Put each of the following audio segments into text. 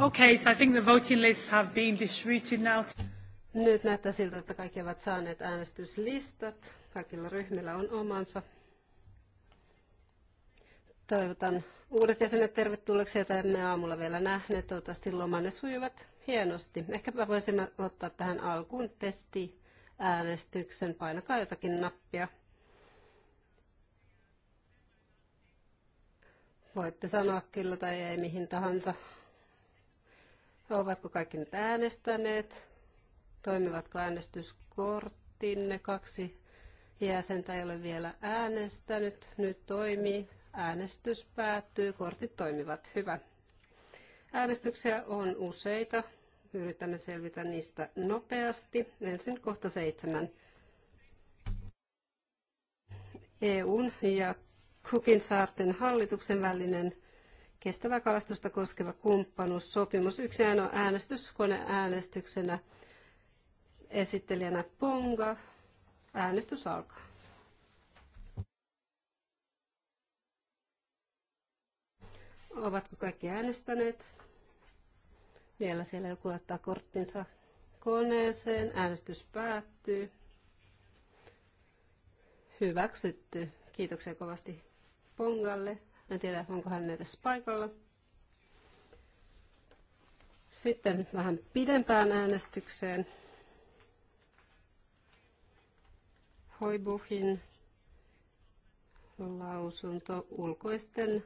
Okay, so I think the voting lists have been distributed now. Nyt näyttää siltä, että kaikki ovat saaneet äänestyslistat. Kaikilla ryhmillä on omansa. Toivotan uudet jäsenet tervetulleeksi, joita emme aamulla vielä nähneet. Toivottavasti lomanne sujuvat hienosti. Ehkäpä voisimme ottaa tähän alkuun testi äänestyksen. Painakaa jotakin nappia. Voitte sanoa kyllä tai ei mihin tahansa Ovatko kaikki nyt äänestäneet? Toimivatko äänestyskorttinne? Kaksi jäsentä ei ole vielä äänestänyt. Nyt toimii. Äänestys päättyy. Kortit toimivat. Hyvä. Äänestyksiä on useita. Yritämme selvitä niistä nopeasti. Ensin kohta seitsemän. EUn ja Kukin saarten hallituksen välinen kestävää kalastusta koskeva kumppanuussopimus. Yksi ainoa äänestys koneäänestyksenä esittelijänä Ponga. Äänestys alkaa. Ovatko kaikki äänestäneet? Vielä siellä joku laittaa korttinsa koneeseen. Äänestys päättyy. Hyväksytty. Kiitoksia kovasti Pongalle. En tiedä, onko hän edes paikalla. Sitten vähän pidempään äänestykseen. Hoibuhin lausunto ulkoisten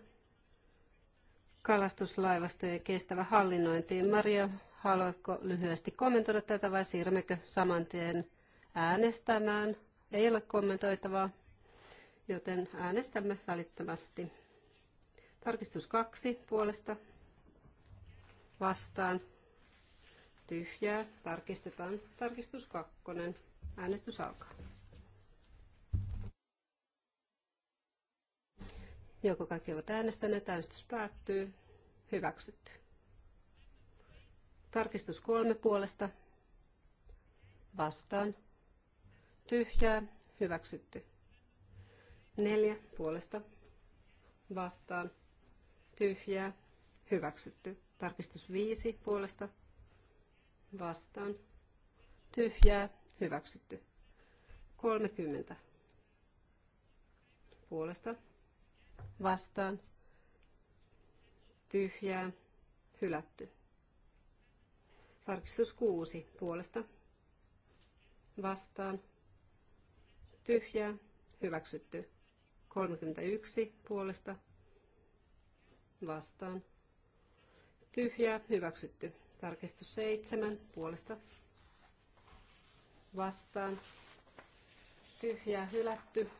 kalastuslaivastojen kestävä hallinnointi. Maria, haluatko lyhyesti kommentoida tätä vai siirrymmekö saman tien äänestämään? Ei ole kommentoitavaa, joten äänestämme välittömästi. Tarkistus kaksi puolesta vastaan tyhjää. Tarkistetaan tarkistus kakkonen. Äänestys alkaa. Joko kaikki ovat äänestäneet, äänestys päättyy. Hyväksytty. Tarkistus kolme puolesta. Vastaan. Tyhjää. Hyväksytty. Neljä puolesta. Vastaan tyhjää, hyväksytty. Tarkistus 5 puolesta vastaan, tyhjää, hyväksytty. 30 puolesta vastaan, tyhjää, hylätty. Tarkistus 6 puolesta vastaan, tyhjää, hyväksytty. 31 puolesta vastaan. Tyhjää, hyväksytty. Tarkistus 7 puolesta vastaan. Tyhjää, hylätty.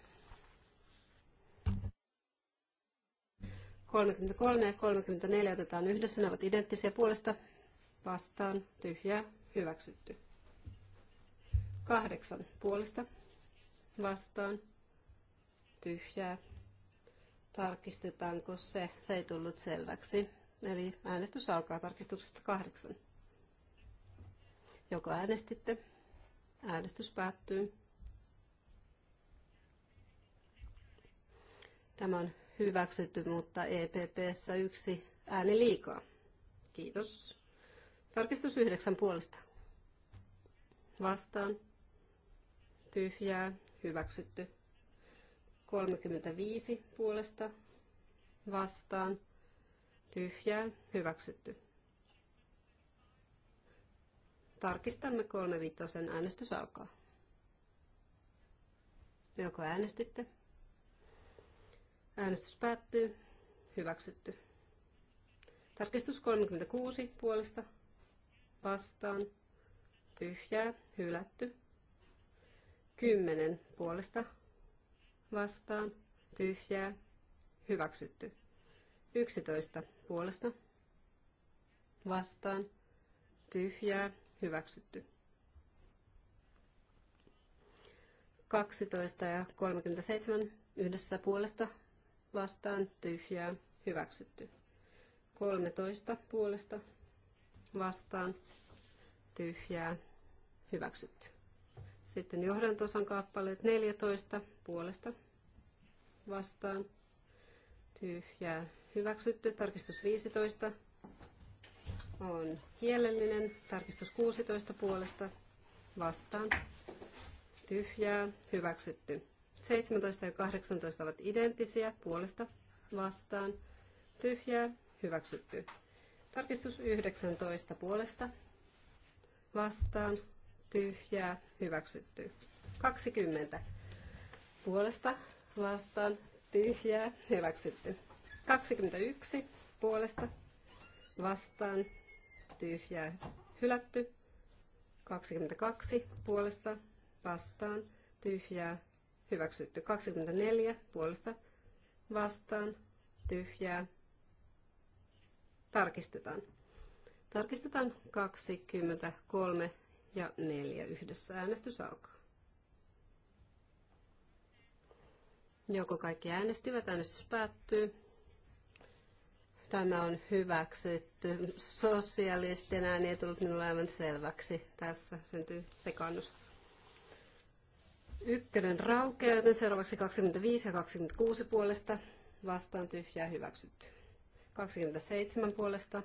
33 ja 34 otetaan yhdessä, ne ovat identtisiä puolesta vastaan, tyhjää, hyväksytty. 8 puolesta vastaan, tyhjää, Tarkistetaanko se? Se ei tullut selväksi. Eli äänestys alkaa tarkistuksesta kahdeksan. Joko äänestitte? Äänestys päättyy. Tämä on hyväksytty, mutta EPPssä yksi ääni liikaa. Kiitos. Tarkistus yhdeksän puolesta. Vastaan. Tyhjää. Hyväksytty. 35 puolesta vastaan tyhjää hyväksytty. Tarkistamme kolme viitosen äänestys alkaa. Joko äänestitte? Äänestys päättyy. Hyväksytty. Tarkistus 36 puolesta vastaan. Tyhjää, hylätty. 10 puolesta vastaan, tyhjää, hyväksytty. 11 puolesta vastaan, tyhjää, hyväksytty. 12 ja 37 yhdessä puolesta vastaan, tyhjää, hyväksytty. 13 puolesta vastaan, tyhjää, hyväksytty. Sitten johdantosan kappaleet 14 puolesta vastaan tyhjää hyväksytty. Tarkistus 15 on kielellinen. Tarkistus 16 puolesta vastaan tyhjää hyväksytty. 17 ja 18 ovat identtisiä puolesta vastaan tyhjää hyväksytty. Tarkistus 19 puolesta vastaan tyhjää hyväksytty. 20 puolesta vastaan tyhjää hyväksytty. 21 puolesta vastaan tyhjää hylätty. 22 puolesta vastaan tyhjää hyväksytty. 24 puolesta vastaan tyhjää tarkistetaan. Tarkistetaan 23 ja 4 yhdessä. Äänestys alkaa. Joko kaikki äänestivät, äänestys päättyy. Tämä on hyväksytty. Sosialistien ääni ei tullut minulle aivan selväksi. Tässä syntyy sekannus. Ykkönen raukeaa, joten seuraavaksi 25 ja 26 puolesta vastaan tyhjää hyväksytty. 27 puolesta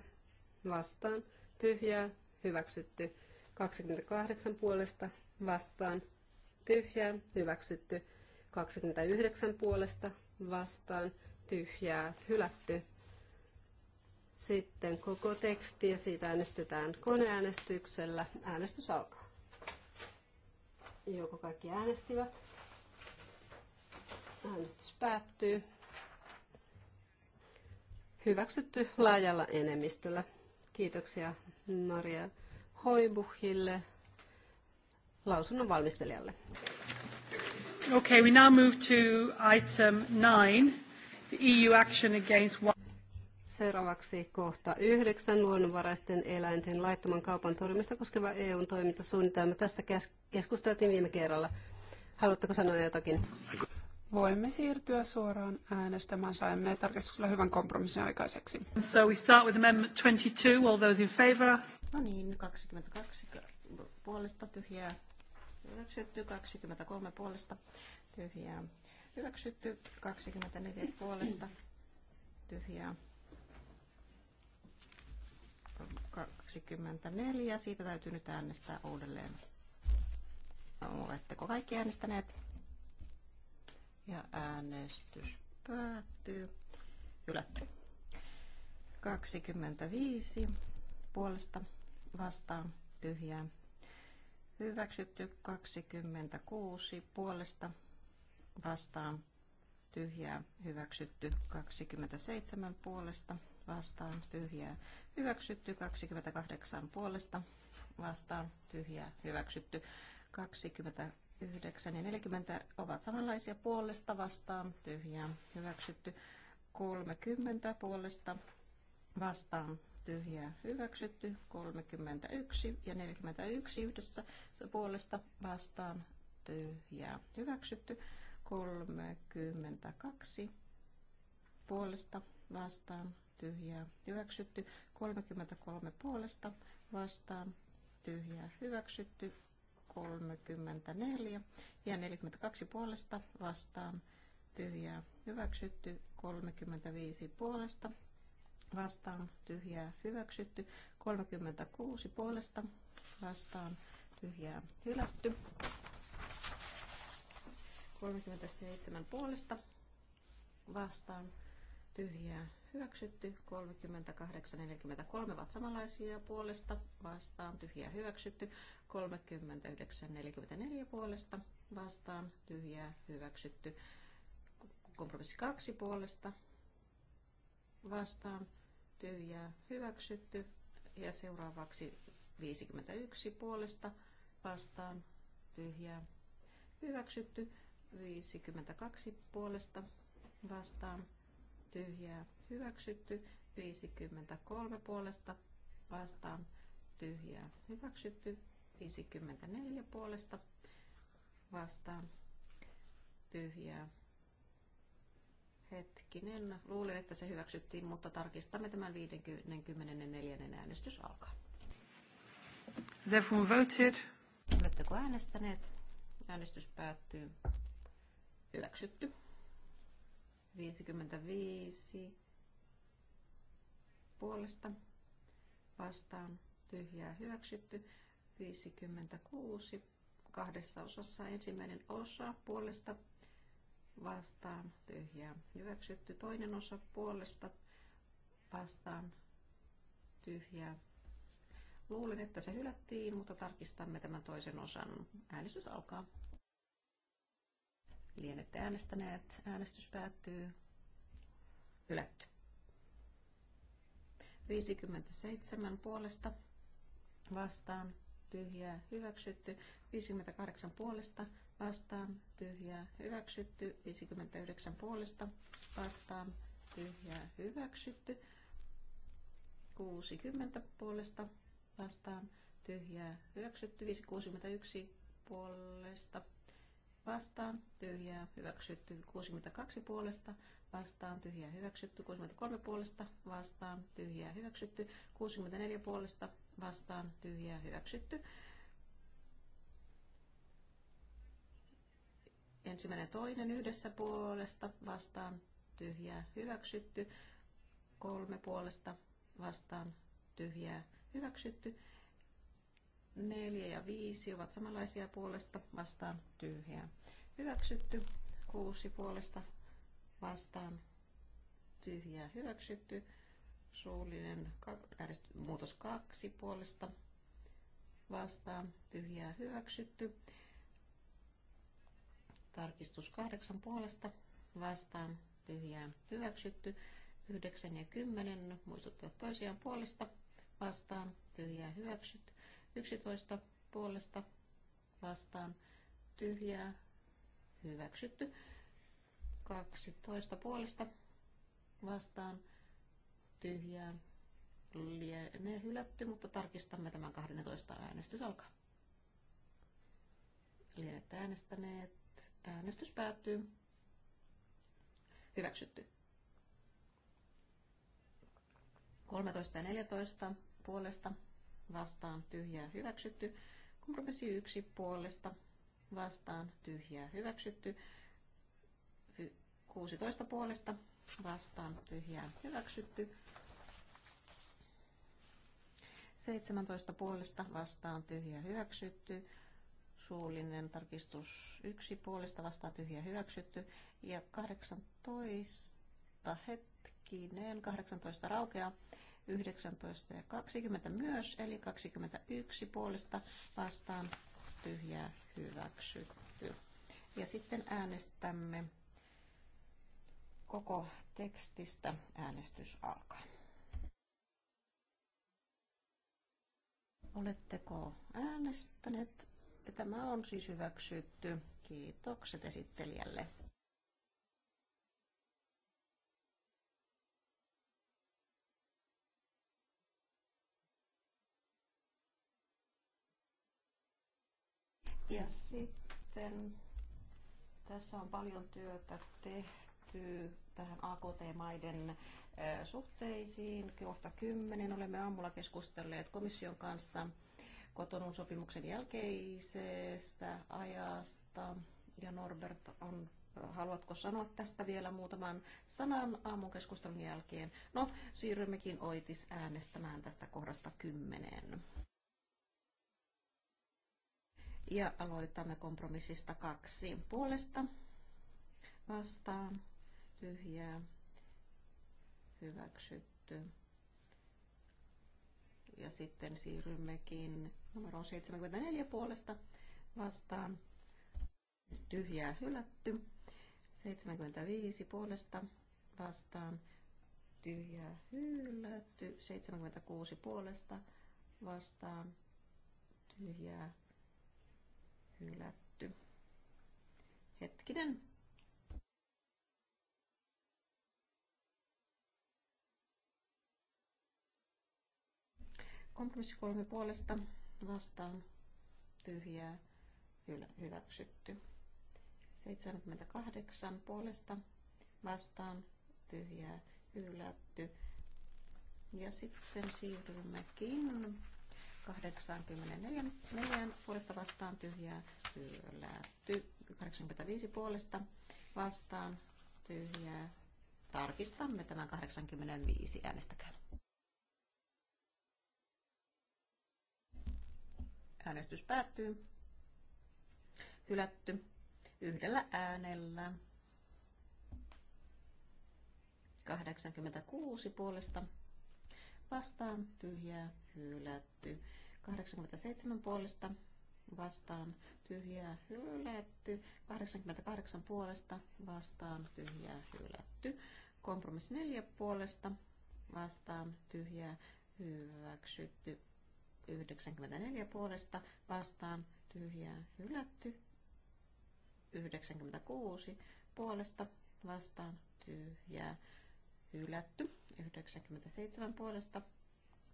vastaan tyhjää hyväksytty. 28 puolesta vastaan tyhjää hyväksytty. 29 puolesta vastaan tyhjää hylätty. Sitten koko teksti ja siitä äänestetään koneäänestyksellä. Äänestys alkaa. Joko kaikki äänestivät? Äänestys päättyy. Hyväksytty laajalla enemmistöllä. Kiitoksia Maria Hoibuhille, lausunnon valmistelijalle. Okay, we now move to item 9, the EU action against... Seuraavaksi kohta yhdeksän luonnonvaraisten eläinten laittoman kaupan torjumista koskeva EUn toimintasuunnitelma. Tästä keskusteltiin viime kerralla. Haluatteko sanoa jotakin? Voimme siirtyä suoraan äänestämään. Saimme tarkistuksella hyvän kompromissin aikaiseksi. So we start with amendment 22. All those in favor? No niin, 22 puolesta tyhjää hyväksytty 23 puolesta, tyhjää hyväksytty 24 puolesta, tyhjää 24. Siitä täytyy nyt äänestää uudelleen. No, oletteko kaikki äänestäneet? Ja äänestys päättyy. Hylätty. 25 puolesta vastaan tyhjää Hyväksytty 26 puolesta vastaan tyhjää. Hyväksytty 27 puolesta vastaan tyhjää. Hyväksytty 28 puolesta vastaan tyhjää. Hyväksytty 29 ja 40 ovat samanlaisia puolesta vastaan tyhjää. Hyväksytty 30 puolesta vastaan tyhjää hyväksytty, 31 ja 41 yhdessä puolesta vastaan tyhjää hyväksytty, 32 puolesta vastaan tyhjää hyväksytty, 33 puolesta vastaan tyhjää hyväksytty, 34 ja 42 puolesta vastaan tyhjää hyväksytty, 35 puolesta vastaan tyhjää hyväksytty. 36 puolesta vastaan tyhjää hylätty. 37 puolesta vastaan tyhjää hyväksytty. 38 43 ovat samanlaisia puolesta vastaan tyhjää hyväksytty. 39 44 puolesta vastaan tyhjää hyväksytty. Kompromissi 2 puolesta vastaan tyhjää hyväksytty. Ja seuraavaksi 51 puolesta vastaan tyhjää hyväksytty. 52 puolesta vastaan tyhjää hyväksytty. 53 puolesta vastaan tyhjää hyväksytty. 54 puolesta vastaan tyhjää Hetkinen, luulin, että se hyväksyttiin, mutta tarkistamme tämän 54. äänestys alkaa. Therefore voted. Oletteko äänestäneet? Äänestys päättyy. Hyväksytty. 55 puolesta vastaan tyhjää hyväksytty. 56 kahdessa osassa ensimmäinen osa puolesta vastaan tyhjää. Hyväksytty toinen osa puolesta vastaan tyhjää. Luulin, että se hylättiin, mutta tarkistamme tämän toisen osan. Äänestys alkaa. Lienette äänestäneet. Äänestys päättyy. Hylätty. 57 puolesta vastaan tyhjää hyväksytty. 58 puolesta vastaan tyhjää hyväksytty, 59 puolesta vastaan tyhjää hyväksytty, 60 puolesta vastaan tyhjää hyväksytty, 561 puolesta vastaan tyhjää hyväksytty, 62 puolesta vastaan tyhjää hyväksytty, 63 puolesta vastaan tyhjää hyväksytty, 64 puolesta vastaan tyhjää hyväksytty. Ensimmäinen toinen yhdessä puolesta vastaan tyhjää hyväksytty. Kolme puolesta vastaan tyhjää hyväksytty. Neljä ja viisi ovat samanlaisia puolesta vastaan tyhjää hyväksytty. Kuusi puolesta vastaan tyhjää hyväksytty. Suullinen muutos kaksi puolesta vastaan tyhjää hyväksytty. Tarkistus 8 puolesta vastaan tyhjää hyväksytty. 9 ja 10 muistuttavat toisiaan puolesta vastaan tyhjää hyväksytty. 11 puolesta vastaan tyhjää hyväksytty. 12 puolesta vastaan tyhjää lienee hylätty, mutta tarkistamme tämän 12 äänestys alkaa. Lienet äänestäneet. Äänestys päättyy. Hyväksytty. 13 ja 14 puolesta vastaan tyhjää hyväksytty. Kompromissi 1 puolesta vastaan tyhjää hyväksytty. 16 puolesta vastaan tyhjää hyväksytty. 17 puolesta vastaan tyhjä hyväksytty suullinen tarkistus yksi puolesta vastaa tyhjä hyväksytty. Ja 18 hetkinen, 18 raukea, 19 ja 20 myös, eli 21 puolesta vastaan tyhjä hyväksytty. Ja sitten äänestämme koko tekstistä. Äänestys alkaa. Oletteko äänestäneet? Tämä on siis hyväksytty. Kiitokset esittelijälle. Ja sitten tässä on paljon työtä tehty tähän AKT-maiden eh, suhteisiin. Kohta kymmenen olemme aamulla keskustelleet komission kanssa kotonusopimuksen jälkeisestä ajasta. Ja Norbert, on, haluatko sanoa tästä vielä muutaman sanan aamukeskustelun jälkeen? No, siirrymmekin Oitis äänestämään tästä kohdasta kymmeneen. Ja aloitamme kompromissista kaksi puolesta vastaan tyhjää hyväksytty. Ja sitten siirrymmekin numeroon 74 puolesta vastaan. Tyhjää hylätty. 75 puolesta vastaan. Tyhjää hylätty. 76 puolesta vastaan. Tyhjää hylätty. Hetkinen. Kompromissi kolme puolesta vastaan tyhjää hyväksytty. 78 puolesta vastaan tyhjää hylätty. Ja sitten siirrymmekin 84 puolesta vastaan tyhjää hylätty. 85 puolesta vastaan tyhjää. Tarkistamme tämän 85 äänestäkään. Äänestys päättyy. Hylätty yhdellä äänellä. 86 puolesta vastaan tyhjää hylätty. 87 puolesta vastaan tyhjää hylätty. 88 puolesta vastaan tyhjää hylätty. Kompromissi 4 puolesta vastaan tyhjää hyväksytty. 94 puolesta vastaan tyhjää hylätty. 96 puolesta vastaan tyhjää hylätty. 97 puolesta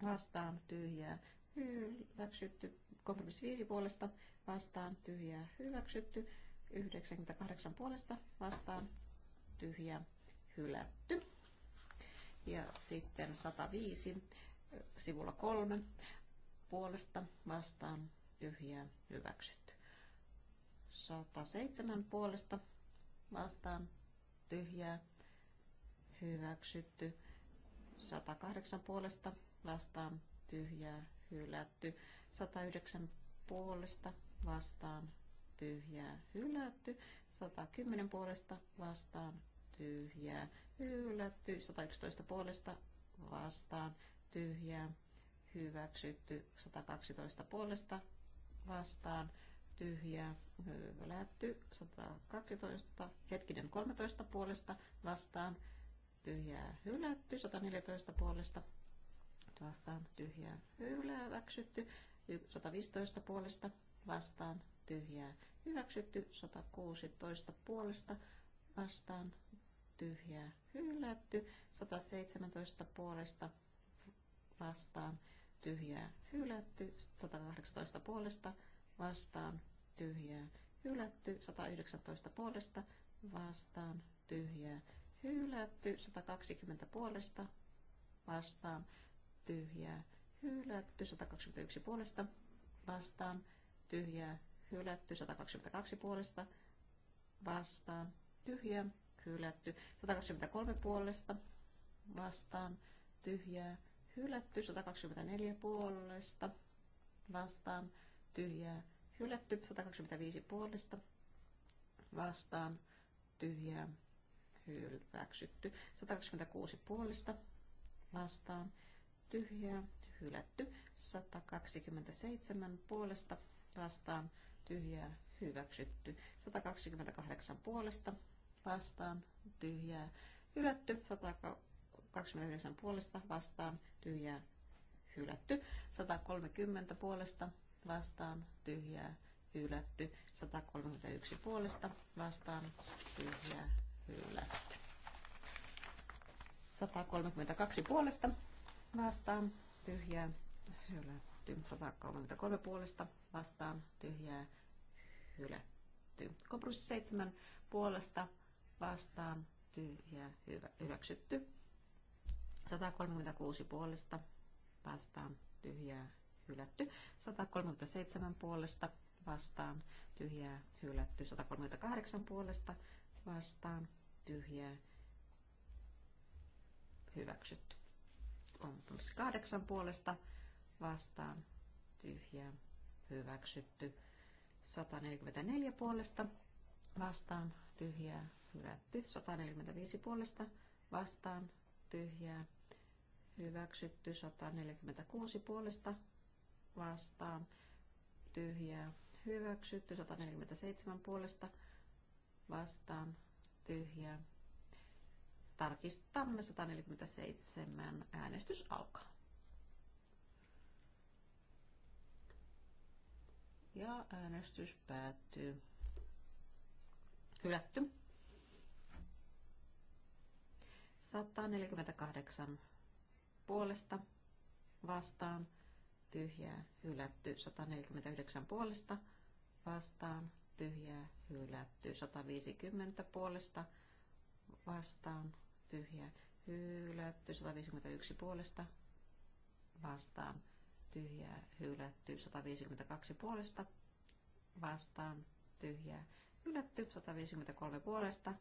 vastaan tyhjää hyväksytty. 35 puolesta vastaan tyhjää hyväksytty. 98 puolesta vastaan tyhjää hylätty. Ja sitten 105 sivulla 3 puolesta vastaan tyhjää hyväksytty. 107 puolesta vastaan tyhjää hyväksytty. 108 puolesta vastaan tyhjää hylätty. 109 puolesta vastaan tyhjää hylätty. 110 puolesta vastaan tyhjää hylätty. 111 puolesta vastaan tyhjää hyväksytty 112 puolesta vastaan, tyhjää, hylätty 112, hetkinen 13 puolesta vastaan, tyhjää hylätty 114 puolesta vastaan, tyhjää hyväksytty 115 puolesta vastaan, tyhjää hyväksytty 116 puolesta vastaan, tyhjää hylätty 117 puolesta vastaan, tyhjää, hylätty. 118 puolesta vastaan, tyhjää, hylätty. 119 puolesta vastaan, tyhjää, hylätty. 120 puolesta vastaan, tyhjää, hylätty. 121 puolesta vastaan, tyhjää, hylätty. 122 puolesta vastaan, tyhjää, hylätty. 123 puolesta vastaan, tyhjää, hylätty, 124 puolesta vastaan tyhjää hylätty, 125 puolesta vastaan tyhjää hyväksytty, 126 puolesta vastaan tyhjää hylätty, 127 puolesta vastaan tyhjää hyväksytty, 128 puolesta vastaan tyhjää hylätty, 100 29 puolesta vastaan tyhjää hylätty. 130 puolesta vastaan tyhjää hylätty. 131 puolesta vastaan tyhjää hylätty. 132 puolesta vastaan tyhjää hylätty. 133 puolesta vastaan tyhjää hylätty. Kompromissi 7 puolesta vastaan tyhjää hyvä, hyväksytty. 136 puolesta vastaan tyhjää hylätty. 137 puolesta vastaan tyhjää hylätty. 138 puolesta vastaan tyhjää hyväksytty. Kompromissi 8 puolesta vastaan tyhjää hyväksytty. 144 puolesta vastaan tyhjää hylätty. 145 puolesta vastaan tyhjää Hyväksytty 146 puolesta vastaan. Tyhjää. Hyväksytty 147 puolesta vastaan. Tyhjää. Tarkistamme 147. Äänestys alkaa. Ja äänestys päättyy. Hylätty. 148 puolesta vastaan tyhjää hylätty 149 puolesta vastaan tyhjää hylätty 150 puolesta vastaan tyhjää hylätty 151 puolesta vastaan tyhjää hylätty 152 puolesta vastaan tyhjää hylätty 153 puolesta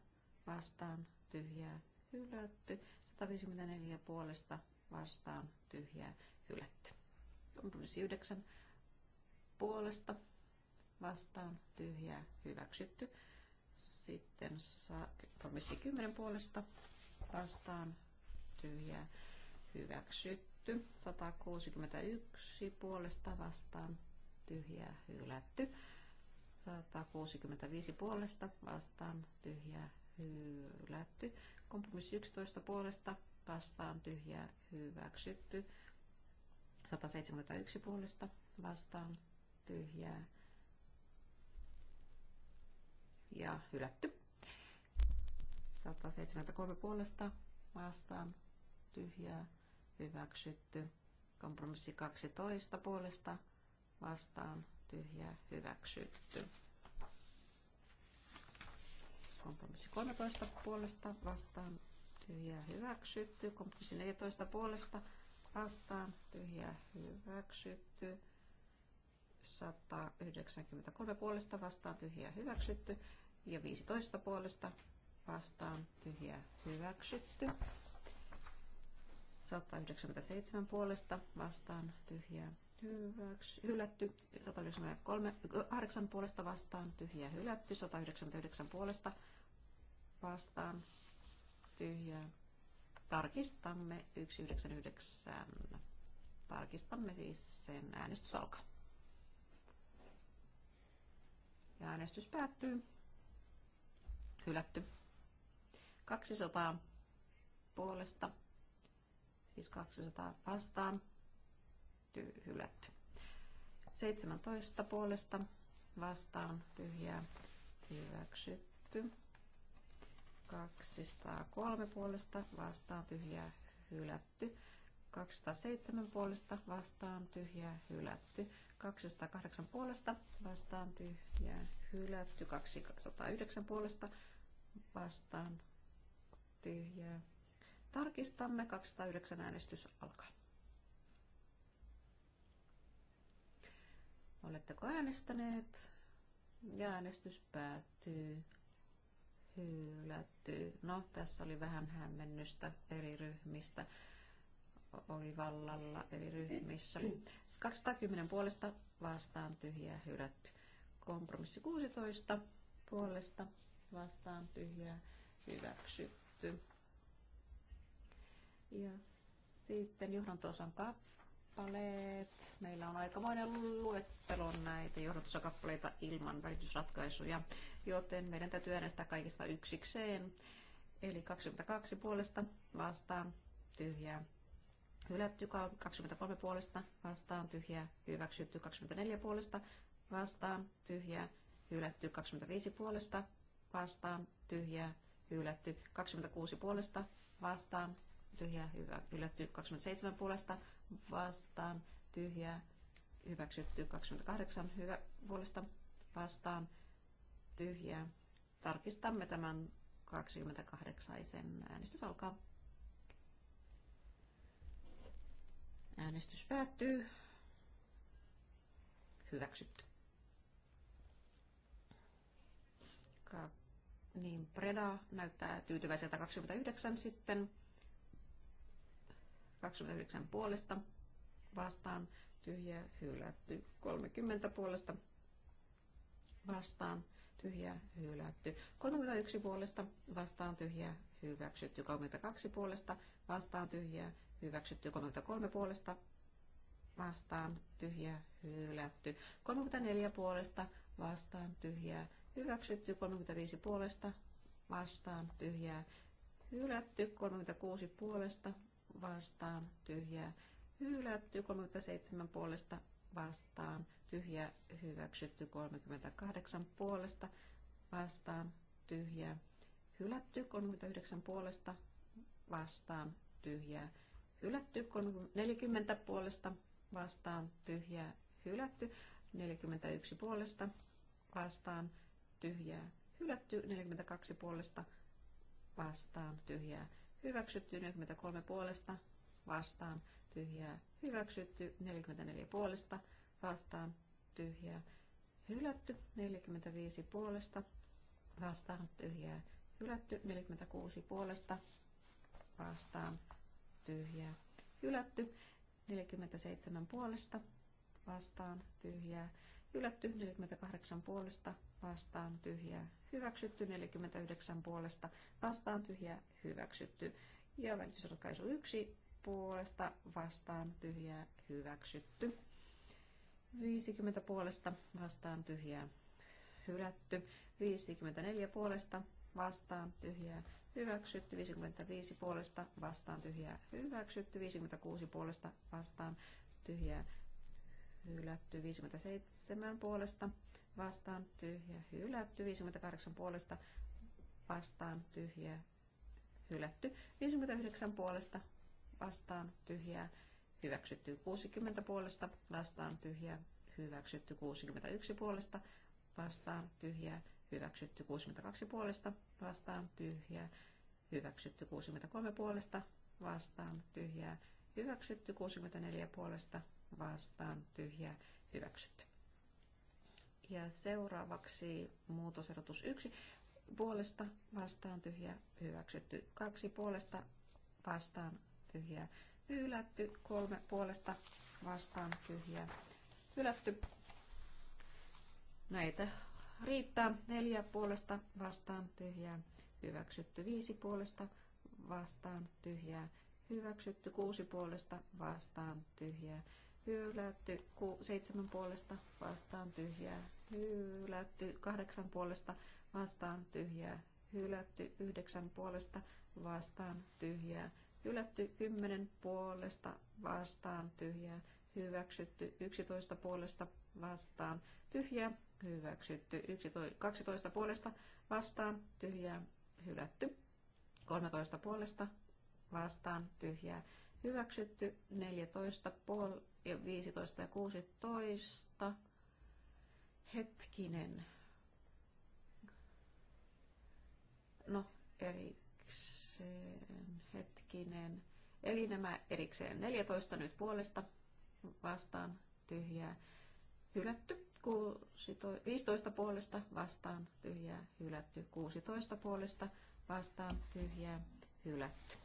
vastaan tyhjää hylätty 154 puolesta vastaan tyhjää hylätty. Kompromissi 9 puolesta vastaan tyhjää hyväksytty. Sitten kompromissi 10 puolesta vastaan tyhjää hyväksytty. 161 puolesta vastaan tyhjää hylätty. 165 puolesta vastaan tyhjää hylätty. Kompromissi 11 puolesta vastaan tyhjä hyväksytty. 171 puolesta vastaan tyhjää ja hylätty. 173 puolesta vastaan tyhjää hyväksytty. Kompromissi 12 puolesta vastaan tyhjää hyväksytty. Kompromissi 13 puolesta vastaan tyhjää hyväksytty. Kompromissi 14 puolesta vastaan tyhjää hyväksytty. 193 puolesta vastaan tyhjää hyväksytty. Ja 15 puolesta vastaan tyhjää hyväksytty. 197 puolesta vastaan tyhjää hyväksy, hylätty, 198 puolesta vastaan, tyhjä hylätty, 199 puolesta vastaan, tyhjää. Tarkistamme 199. Tarkistamme siis sen äänestys alkaa. Ja äänestys päättyy. Hylätty. 200 puolesta, siis 200 vastaan, tyy hylätty. 17 puolesta vastaan, tyhjää, hyväksytty. 203 puolesta vastaan tyhjää hylätty. 207 puolesta vastaan tyhjää hylätty. 208 puolesta vastaan tyhjää hylätty. 209 puolesta vastaan tyhjää. Tarkistamme. 209 äänestys alkaa. Oletteko äänestäneet? Ja äänestys päättyy hylätty. No, tässä oli vähän hämmennystä eri ryhmistä. Oli vallalla eri ryhmissä. 210 siis puolesta vastaan tyhjää hylätty. Kompromissi 16 puolesta vastaan tyhjää hyväksytty. Ja sitten johdantosan kappaleet. Meillä on aikamoinen luettelo näitä johdantosakappaleita ilman välitysratkaisuja joten meidän täytyy äänestää kaikista yksikseen. Eli 22 puolesta vastaan tyhjää hylätty, 23 puolesta vastaan tyhjää hyväksytty, 24 puolesta vastaan tyhjää hylätty, 25 puolesta vastaan tyhjää hylätty, 26 puolesta vastaan tyhjää hyvä, hylätty, 27 puolesta vastaan tyhjää hyväksytty, 28 hyvä, puolesta vastaan tyhjää. Tarkistamme tämän 28. Äänestys alkaa. Äänestys päättyy. Hyväksytty. Ka- niin, Preda näyttää tyytyväiseltä 29 sitten. 29 puolesta vastaan tyhjä hylätty. 30 puolesta vastaan tyhjä hylätty. 31 puolesta vastaan tyhjä, hyväksytty. 32 puolesta vastaan tyhjä, hyväksytty. 33 puolesta vastaan tyhjä hylätty. 34 puolesta vastaan tyhjä, hyväksytty. 35 puolesta vastaan tyhjä hylätty. 36 puolesta vastaan tyhjä hylätty. 37 puolesta vastaan tyhjä hyväksytty 38 puolesta vastaan tyhjä hylätty 39 puolesta vastaan tyhjä hylätty 40 puolesta vastaan tyhjä hylätty 41 puolesta vastaan tyhjä hylätty 42 puolesta vastaan tyhjä hyväksytty 43 puolesta vastaan tyhjää, hyväksytty 44 puolesta, vastaan tyhjää, hylätty 45 puolesta, vastaan tyhjää, hylätty 46 puolesta, vastaan tyhjää, hylätty 47 puolesta, vastaan tyhjää, hylätty 48 puolesta, vastaan tyhjää, hyväksytty 49 puolesta, vastaan tyhjää, hyväksytty. Ja välitysratkaisu 1 puolesta vastaan tyhjää hyväksytty. 50 puolesta vastaan tyhjää hylätty. 54 puolesta vastaan tyhjää hyväksytty. 55 puolesta vastaan tyhjää hyväksytty. 56 puolesta vastaan tyhjää hylätty. 57 puolesta vastaan tyhjä hylätty. 58 puolesta vastaan tyhjä hylätty. 59 puolesta vastaan tyhjää hyväksytty 60 puolesta vastaan tyhjää hyväksytty 61 puolesta vastaan tyhjää hyväksytty 62 puolesta vastaan tyhjää hyväksytty 63 puolesta vastaan tyhjää hyväksytty 64 puolesta vastaan tyhjää hyväksytty. Ja seuraavaksi muutosehdotus 1 puolesta vastaan tyhjä hyväksytty. 2 puolesta vastaan tyhjää hylätty, kolme puolesta vastaan tyhjää hylätty. Näitä riittää. Neljä puolesta vastaan tyhjää hyväksytty, viisi puolesta vastaan tyhjää hyväksytty, kuusi puolesta vastaan tyhjää hylätty, ku, seitsemän puolesta vastaan tyhjää hylätty, kahdeksan puolesta vastaan tyhjää hylätty, yhdeksän puolesta vastaan tyhjää hylätty 10 puolesta vastaan tyhjää, hyväksytty 11 puolesta vastaan tyhjää, hyväksytty 12 puolesta vastaan tyhjää, hylätty 13 puolesta vastaan tyhjää, hyväksytty 14 puol- 15 ja 16 hetkinen. No, erikseen erikseen, hetkinen. Eli nämä erikseen 14 nyt puolesta vastaan tyhjää hylätty, 15 puolesta vastaan tyhjää hylätty, 16 puolesta vastaan tyhjää hylätty,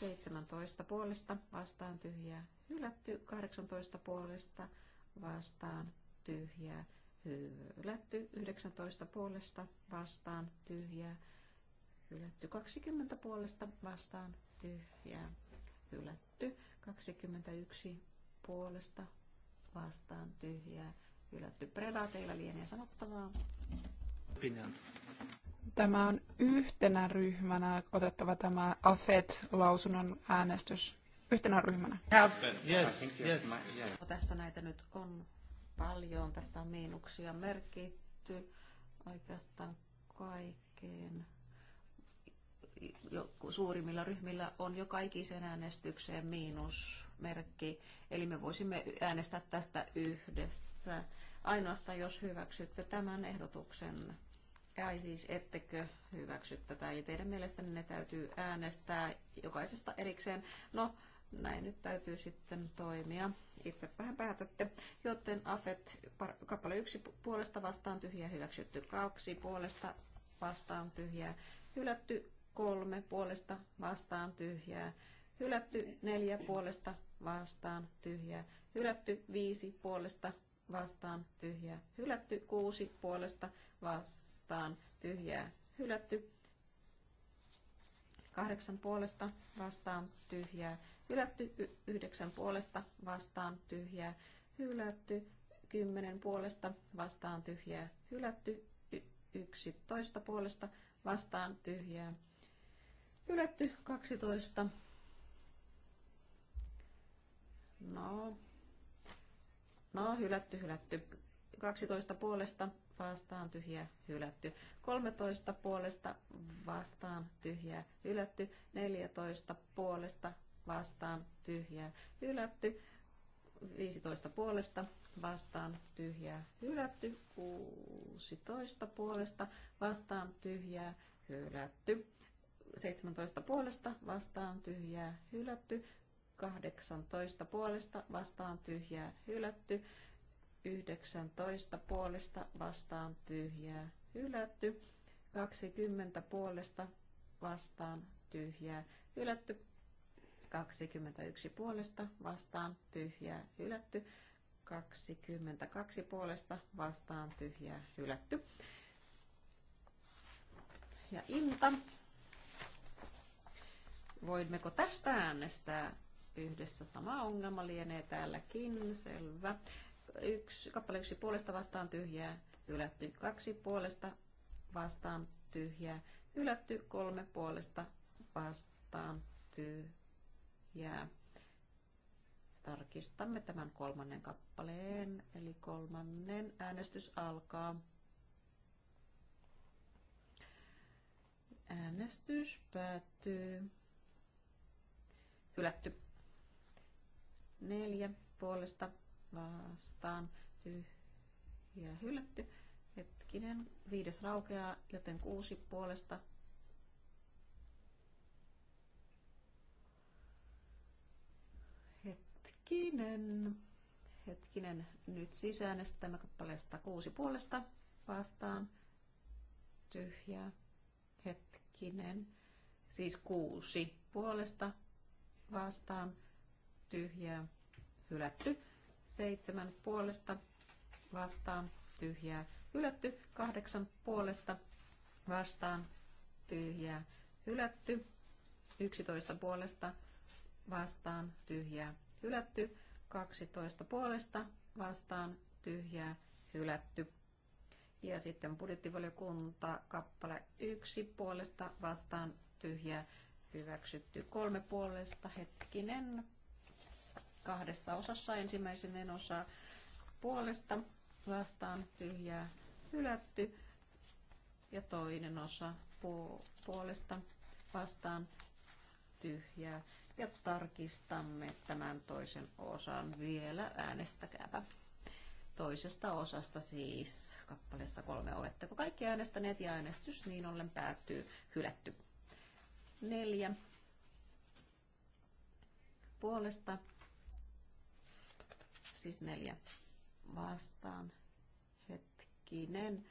17 puolesta vastaan tyhjää hylätty, 18 puolesta vastaan tyhjää hylätty, 19 puolesta vastaan tyhjää hylätty 20 puolesta vastaan tyhjää hylätty 21 puolesta vastaan tyhjää hylätty predateilla lienee sanottavaa. Tämä on yhtenä ryhmänä otettava tämä AFET-lausunnon äänestys. Yhtenä ryhmänä. Yes, yes. Tässä näitä nyt on paljon. Tässä on miinuksia merkitty oikeastaan kaikkeen suurimmilla ryhmillä on jo kaikisen äänestykseen miinusmerkki, eli me voisimme äänestää tästä yhdessä. Ainoastaan jos hyväksytte tämän ehdotuksen. tai siis ettekö hyväksy tätä, eli teidän mielestänne ne täytyy äänestää jokaisesta erikseen. No, näin nyt täytyy sitten toimia. Itsepähän päätätte, joten AFET kappale 1 puolesta vastaan tyhjä hyväksytty, 2 puolesta vastaan tyhjä hylätty, kolme puolesta vastaan tyhjää, hylätty neljä puolesta vastaan tyhjää, hylätty viisi puolesta vastaan tyhjää, hylätty kuusi puolesta vastaan tyhjää, hylätty kahdeksan puolesta vastaan tyhjää, hylätty yhdeksän puolesta vastaan tyhjää, hylätty kymmenen puolesta vastaan tyhjää, hylätty yksi yksitoista puolesta vastaan tyhjää, Hylätty 12. No. No, hylätty, hylätty. 12 puolesta vastaan tyhjä, hylätty. 13 puolesta vastaan tyhjä, hylätty. 14 puolesta vastaan tyhjä, hylätty. 15 puolesta vastaan tyhjä, hylätty, 16 puolesta vastaan tyhjä, hylätty. 17 puolesta vastaan tyhjää hylätty. 18 puolesta vastaan tyhjää hylätty. 19 puolesta vastaan tyhjää hylätty. 20 puolesta vastaan tyhjää hylätty. 21 puolesta vastaan tyhjää hylätty. 22 puolesta vastaan tyhjää hylätty. Ja Inta Voimmeko tästä äänestää yhdessä? Sama ongelma lienee täälläkin, selvä. Yksi, kappale yksi puolesta vastaan tyhjää, ylätty Kaksi puolesta vastaan tyhjää, ylätty Kolme puolesta vastaan tyhjää. Tarkistamme tämän kolmannen kappaleen, eli kolmannen äänestys alkaa. Äänestys päättyy hylätty. Neljä puolesta vastaan tyhjä hylätty. Hetkinen, viides raukeaa, joten kuusi puolesta hetkinen, hetkinen, nyt sisään tämä kappale 106 puolesta vastaan, tyhjä hetkinen, siis kuusi puolesta vastaan tyhjää hylätty. Seitsemän puolesta vastaan tyhjää hylätty. Kahdeksan puolesta vastaan tyhjää hylätty. Yksitoista puolesta vastaan tyhjää hylätty. 12 puolesta vastaan tyhjää hylätty. Ja sitten budjettivaliokunta kappale 1 puolesta vastaan tyhjää hyväksytty kolme puolesta hetkinen kahdessa osassa. Ensimmäisen osa puolesta vastaan tyhjää hylätty ja toinen osa puolesta vastaan tyhjää. Ja tarkistamme tämän toisen osan vielä. Äänestäkääpä toisesta osasta siis kappaleessa kolme. Oletteko kaikki äänestäneet ja äänestys niin ollen päättyy hylätty neljä puolesta, siis neljä vastaan. Hetkinen.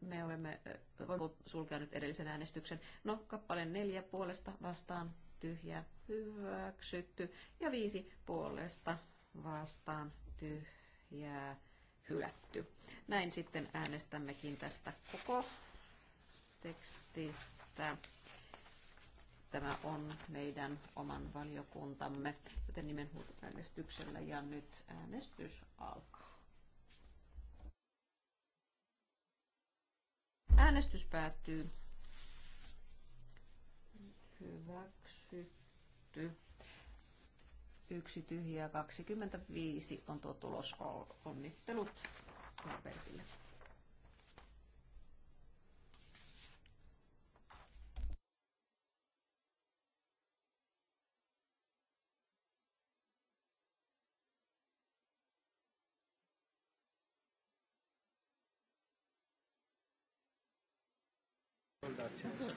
Me olemme, voimme sulkea nyt edellisen äänestyksen. No, kappale neljä puolesta vastaan, tyhjä, hyväksytty. Ja viisi puolesta vastaan, tyhjää, hylätty. Näin sitten äänestämmekin tästä koko tekstistä Tämä on meidän oman valiokuntamme, joten äänestyksellä ja nyt äänestys alkaa. Äänestys päättyy. Hyväksytty. Yksi tyhjää 25 on tuo tulos. Onnittelut Norbertille.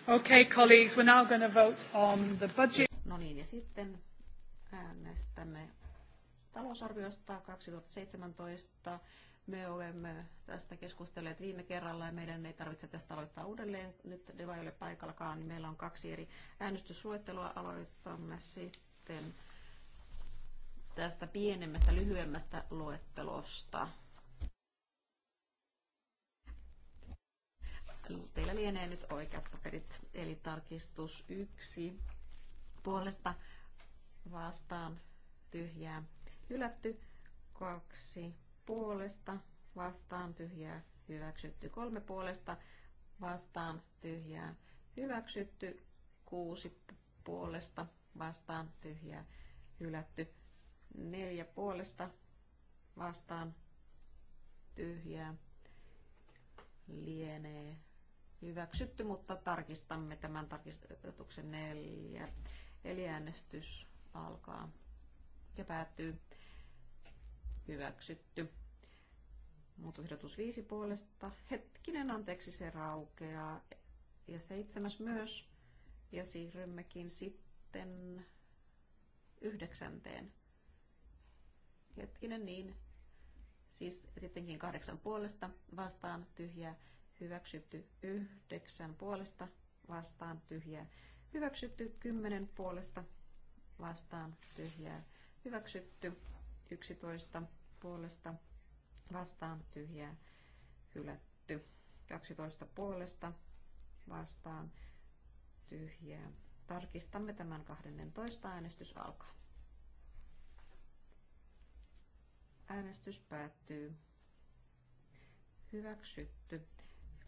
Okay, colleagues, we're now going to vote on the budget. No niin, ja sitten äänestämme talousarviosta 2017. Me olemme tästä keskustelleet viime kerralla ja meidän ei tarvitse tästä aloittaa uudelleen. Nyt Deva ei ole paikallakaan, niin meillä on kaksi eri äänestysluettelua. Aloitamme sitten tästä pienemmästä, lyhyemmästä luettelosta. Teillä lienee nyt oikeat paperit, eli tarkistus yksi puolesta vastaan tyhjää hylätty, kaksi puolesta vastaan tyhjää hyväksytty, kolme puolesta vastaan tyhjää hyväksytty, kuusi puolesta vastaan tyhjää hylätty, neljä puolesta vastaan tyhjää lienee hyväksytty, mutta tarkistamme tämän tarkistuksen neljä. Eli äänestys alkaa ja päättyy hyväksytty. Muutosehdotus viisi puolesta. Hetkinen, anteeksi, se raukeaa. Ja seitsemäs myös. Ja siirrymmekin sitten yhdeksänteen. Hetkinen, niin. Siis sittenkin kahdeksan puolesta vastaan tyhjää hyväksytty yhdeksän puolesta vastaan tyhjää, hyväksytty kymmenen puolesta vastaan tyhjää, hyväksytty yksitoista puolesta vastaan tyhjää, hylätty kaksitoista puolesta vastaan tyhjää. Tarkistamme tämän 12 äänestys alkaa. Äänestys päättyy. Hyväksytty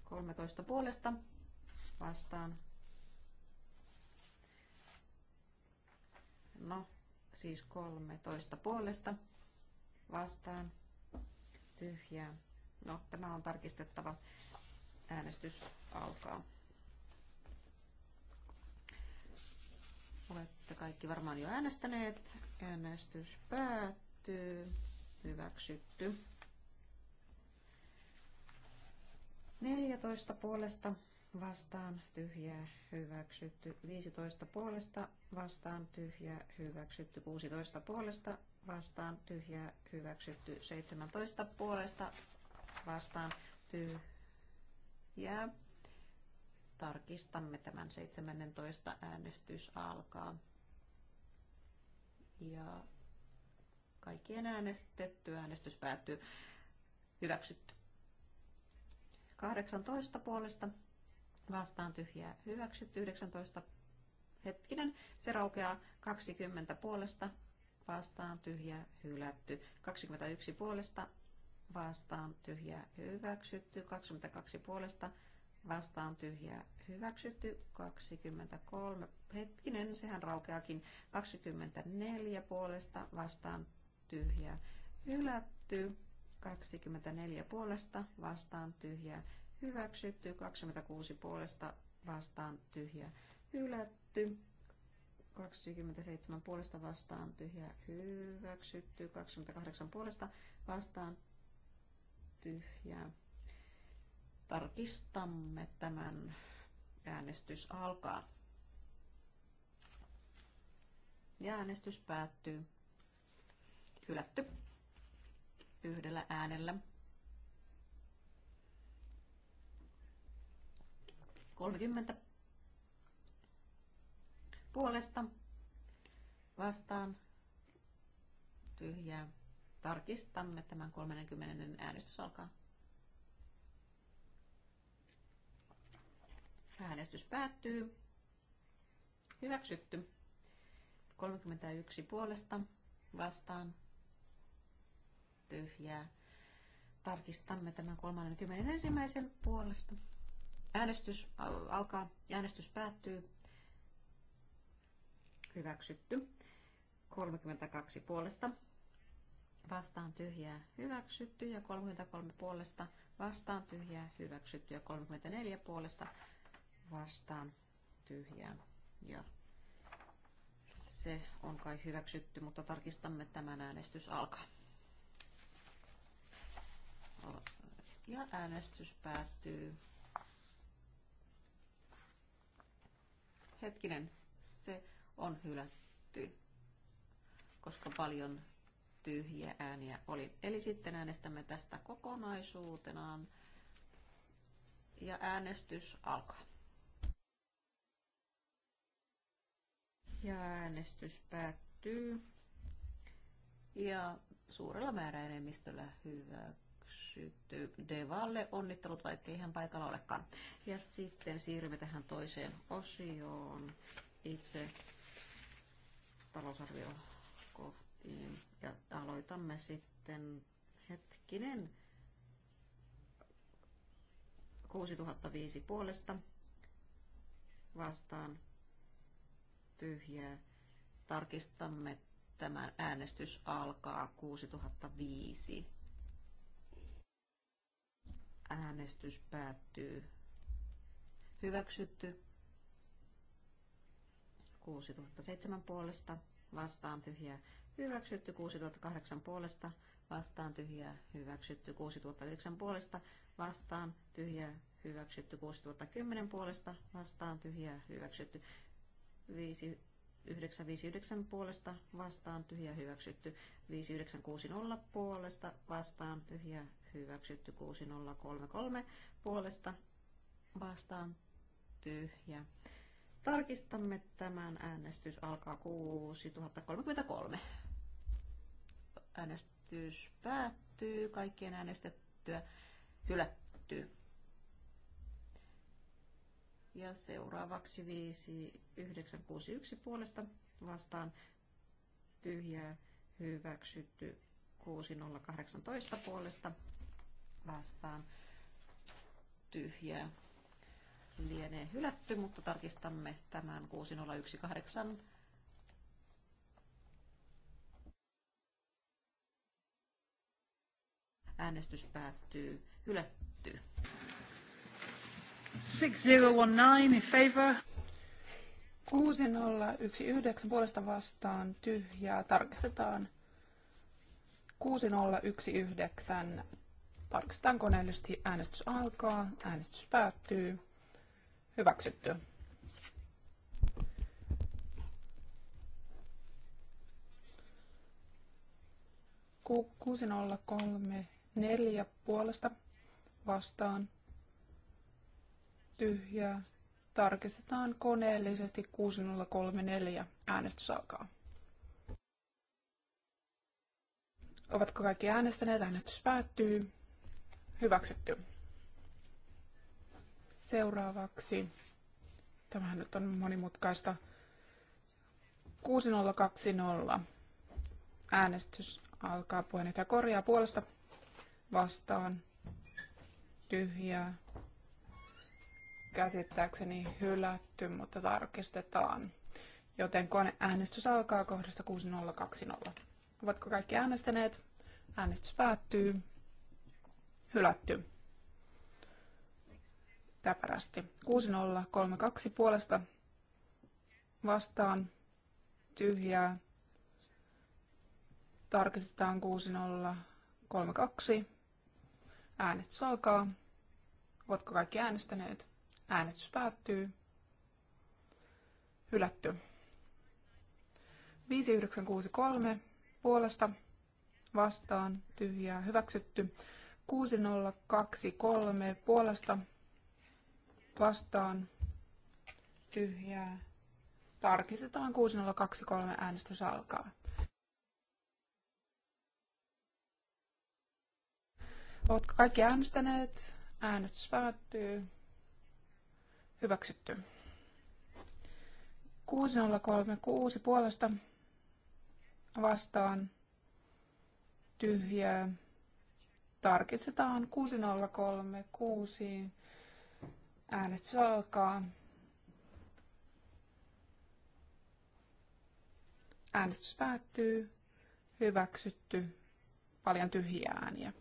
13 puolesta vastaan. No, siis 13 puolesta vastaan. Tyhjää. No, tämä on tarkistettava. Äänestys alkaa. Olette kaikki varmaan jo äänestäneet. Äänestys päättyy. Hyväksytty. 14 puolesta vastaan tyhjää hyväksytty. 15 puolesta vastaan tyhjää hyväksytty. 16 puolesta vastaan tyhjää hyväksytty. 17 puolesta vastaan tyhjää. Tarkistamme tämän 17 äänestys alkaa. Ja kaikkien äänestetty äänestys päättyy. Hyväksytty. 18 puolesta vastaan tyhjää hyväksytty. 19 hetkinen, se raukeaa 20 puolesta vastaan tyhjää hylätty. 21 puolesta vastaan tyhjää hyväksytty. 22 puolesta vastaan tyhjää hyväksytty 23, hetkinen, sehän raukeakin 24 puolesta vastaan tyhjää hylätty 24 puolesta vastaan tyhjää hyväksytty, 26 puolesta vastaan tyhjää hylätty, 27 puolesta vastaan tyhjää hyväksytty, 28 puolesta vastaan tyhjää. Tarkistamme tämän äänestys alkaa. Ja äänestys päättyy. Hylätty yhdellä äänellä. 30 puolesta vastaan tyhjää. Tarkistamme tämän 30 äänestys alkaa. Äänestys päättyy. Hyväksytty. 31 puolesta vastaan tyhjää. Tarkistamme tämän 31. puolesta. Äänestys alkaa äänestys päättyy. Hyväksytty. 32 puolesta. Vastaan tyhjää hyväksytty ja 33 puolesta. Vastaan tyhjää hyväksytty ja 34 puolesta. Vastaan tyhjää. Ja se on kai hyväksytty, mutta tarkistamme tämän äänestys alkaa. Ja äänestys päättyy. Hetkinen, se on hylätty, koska paljon tyhjiä ääniä oli. Eli sitten äänestämme tästä kokonaisuutenaan ja äänestys alkaa. Ja äänestys päättyy. Ja suurella määräenemmistöllä hyväksytty hyväksytty. Devalle onnittelut, vaikka ihan paikalla olekaan. Ja sitten siirrymme tähän toiseen osioon. Itse talousarvio kohtiin. Ja aloitamme sitten hetkinen. 6005 puolesta vastaan tyhjää. Tarkistamme tämän äänestys alkaa 6005. Äänestys päättyy. Hyväksytty. 6007 puolesta vastaan tyhjä Hyväksytty 6008 puolesta vastaan tyhjä Hyväksytty 6009 puolesta vastaan tyhjä Hyväksytty 6010 puolesta vastaan tyhjä Hyväksytty 5959 puolesta vastaan tyhjä hyväksytty. 5960 puolesta vastaan tyhjä hyväksytty 6033 puolesta vastaan tyhjä. Tarkistamme tämän äänestys alkaa 6033. Äänestys päättyy, kaikkien äänestettyä hylättyy. Ja seuraavaksi 5961 puolesta vastaan tyhjää hyväksytty 6018 puolesta vastaan tyhjää lienee hylätty, mutta tarkistamme tämän 6018. Äänestys päättyy hylätty. 6019 in favor. 6019 puolesta vastaan tyhjää. Tarkistetaan 6019 Tarkistetaan koneellisesti. Äänestys alkaa. Äänestys päättyy. Hyväksytty. Ku, 6034 puolesta vastaan tyhjää. Tarkistetaan koneellisesti 6034. Äänestys alkaa. Ovatko kaikki äänestäneet? Äänestys päättyy. Hyväksytty. Seuraavaksi, tämähän nyt on monimutkaista, 6020. Äänestys alkaa puheenjohtaja korjaa puolesta vastaan. Tyhjää. Käsittääkseni hylätty, mutta tarkistetaan. Joten koneäänestys alkaa kohdasta 6020. Ovatko kaikki äänestäneet? Äänestys päättyy hylätty. Täpärästi. 6032 puolesta vastaan tyhjää. Tarkistetaan 6032. Äänestys alkaa. Ovatko kaikki äänestäneet? Äänestys päättyy. Hylätty. 5963 puolesta vastaan tyhjää hyväksytty. 6023 puolesta vastaan tyhjää. Tarkistetaan 6023 äänestys alkaa. Ovatko kaikki äänestäneet? Äänestys päättyy. Hyväksytty. 6036 puolesta vastaan tyhjää tarkistetaan 6036. Äänestys alkaa. Äänestys päättyy. Hyväksytty. Paljon tyhjiä ääniä.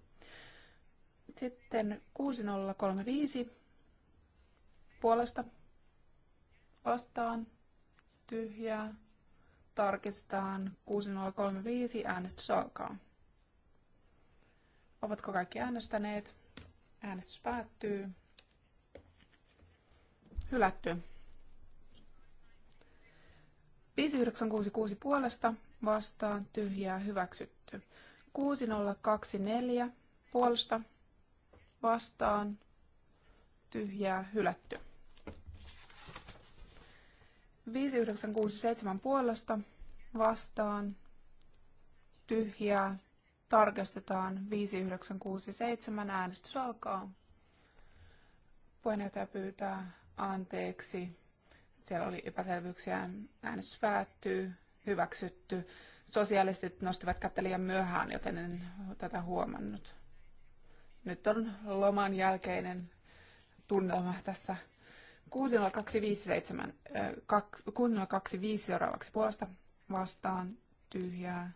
Sitten 6035 puolesta vastaan tyhjää. Tarkistetaan 6035. Äänestys alkaa. Ovatko kaikki äänestäneet? Äänestys päättyy. Hylätty. 5966 puolesta vastaan tyhjää hyväksytty. 6024 puolesta vastaan tyhjää hylätty. 5967 puolesta vastaan tyhjää Tarkastetaan 5967. Äänestys alkaa. Puheenjohtaja pyytää anteeksi. Siellä oli epäselvyyksiä. Äänestys päättyy. Hyväksytty. Sosialistit nostivat kättä liian myöhään, joten en tätä huomannut. Nyt on loman jälkeinen tunnelma tässä 60257, 602 äh, seuraavaksi puolesta vastaan tyhjää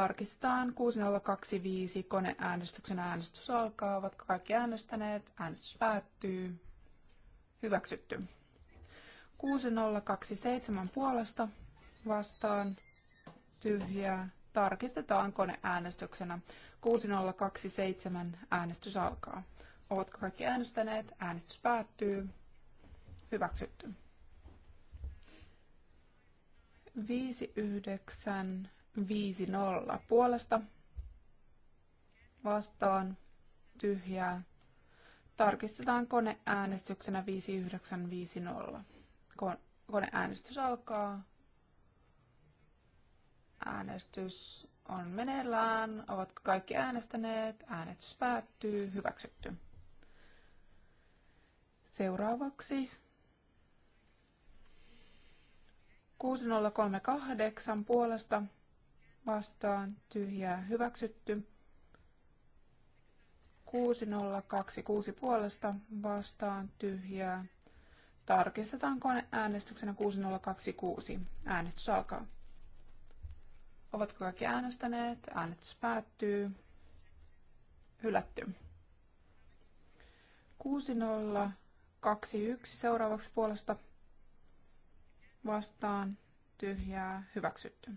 Tarkistetaan 6025 koneäänestyksen äänestys alkaa. Ovatko kaikki äänestäneet? Äänestys päättyy. Hyväksytty. 6027 puolesta vastaan tyhjää. Tarkistetaan koneäänestyksenä. 6027 äänestys alkaa. Ovatko kaikki äänestäneet? Äänestys päättyy. Hyväksytty. 59 5-0 puolesta vastaan tyhjää. Tarkistetaan koneäänestyksenä 5950. Koneäänestys alkaa. Äänestys on meneillään. Ovatko kaikki äänestäneet? Äänestys päättyy. Hyväksytty. Seuraavaksi 6038 puolesta vastaan tyhjää hyväksytty. 6026 puolesta vastaan tyhjää. Tarkistetaan kone äänestyksenä 6026. Äänestys alkaa. Ovatko kaikki äänestäneet? Äänestys päättyy. Hylätty. 6021 seuraavaksi puolesta vastaan tyhjää hyväksytty.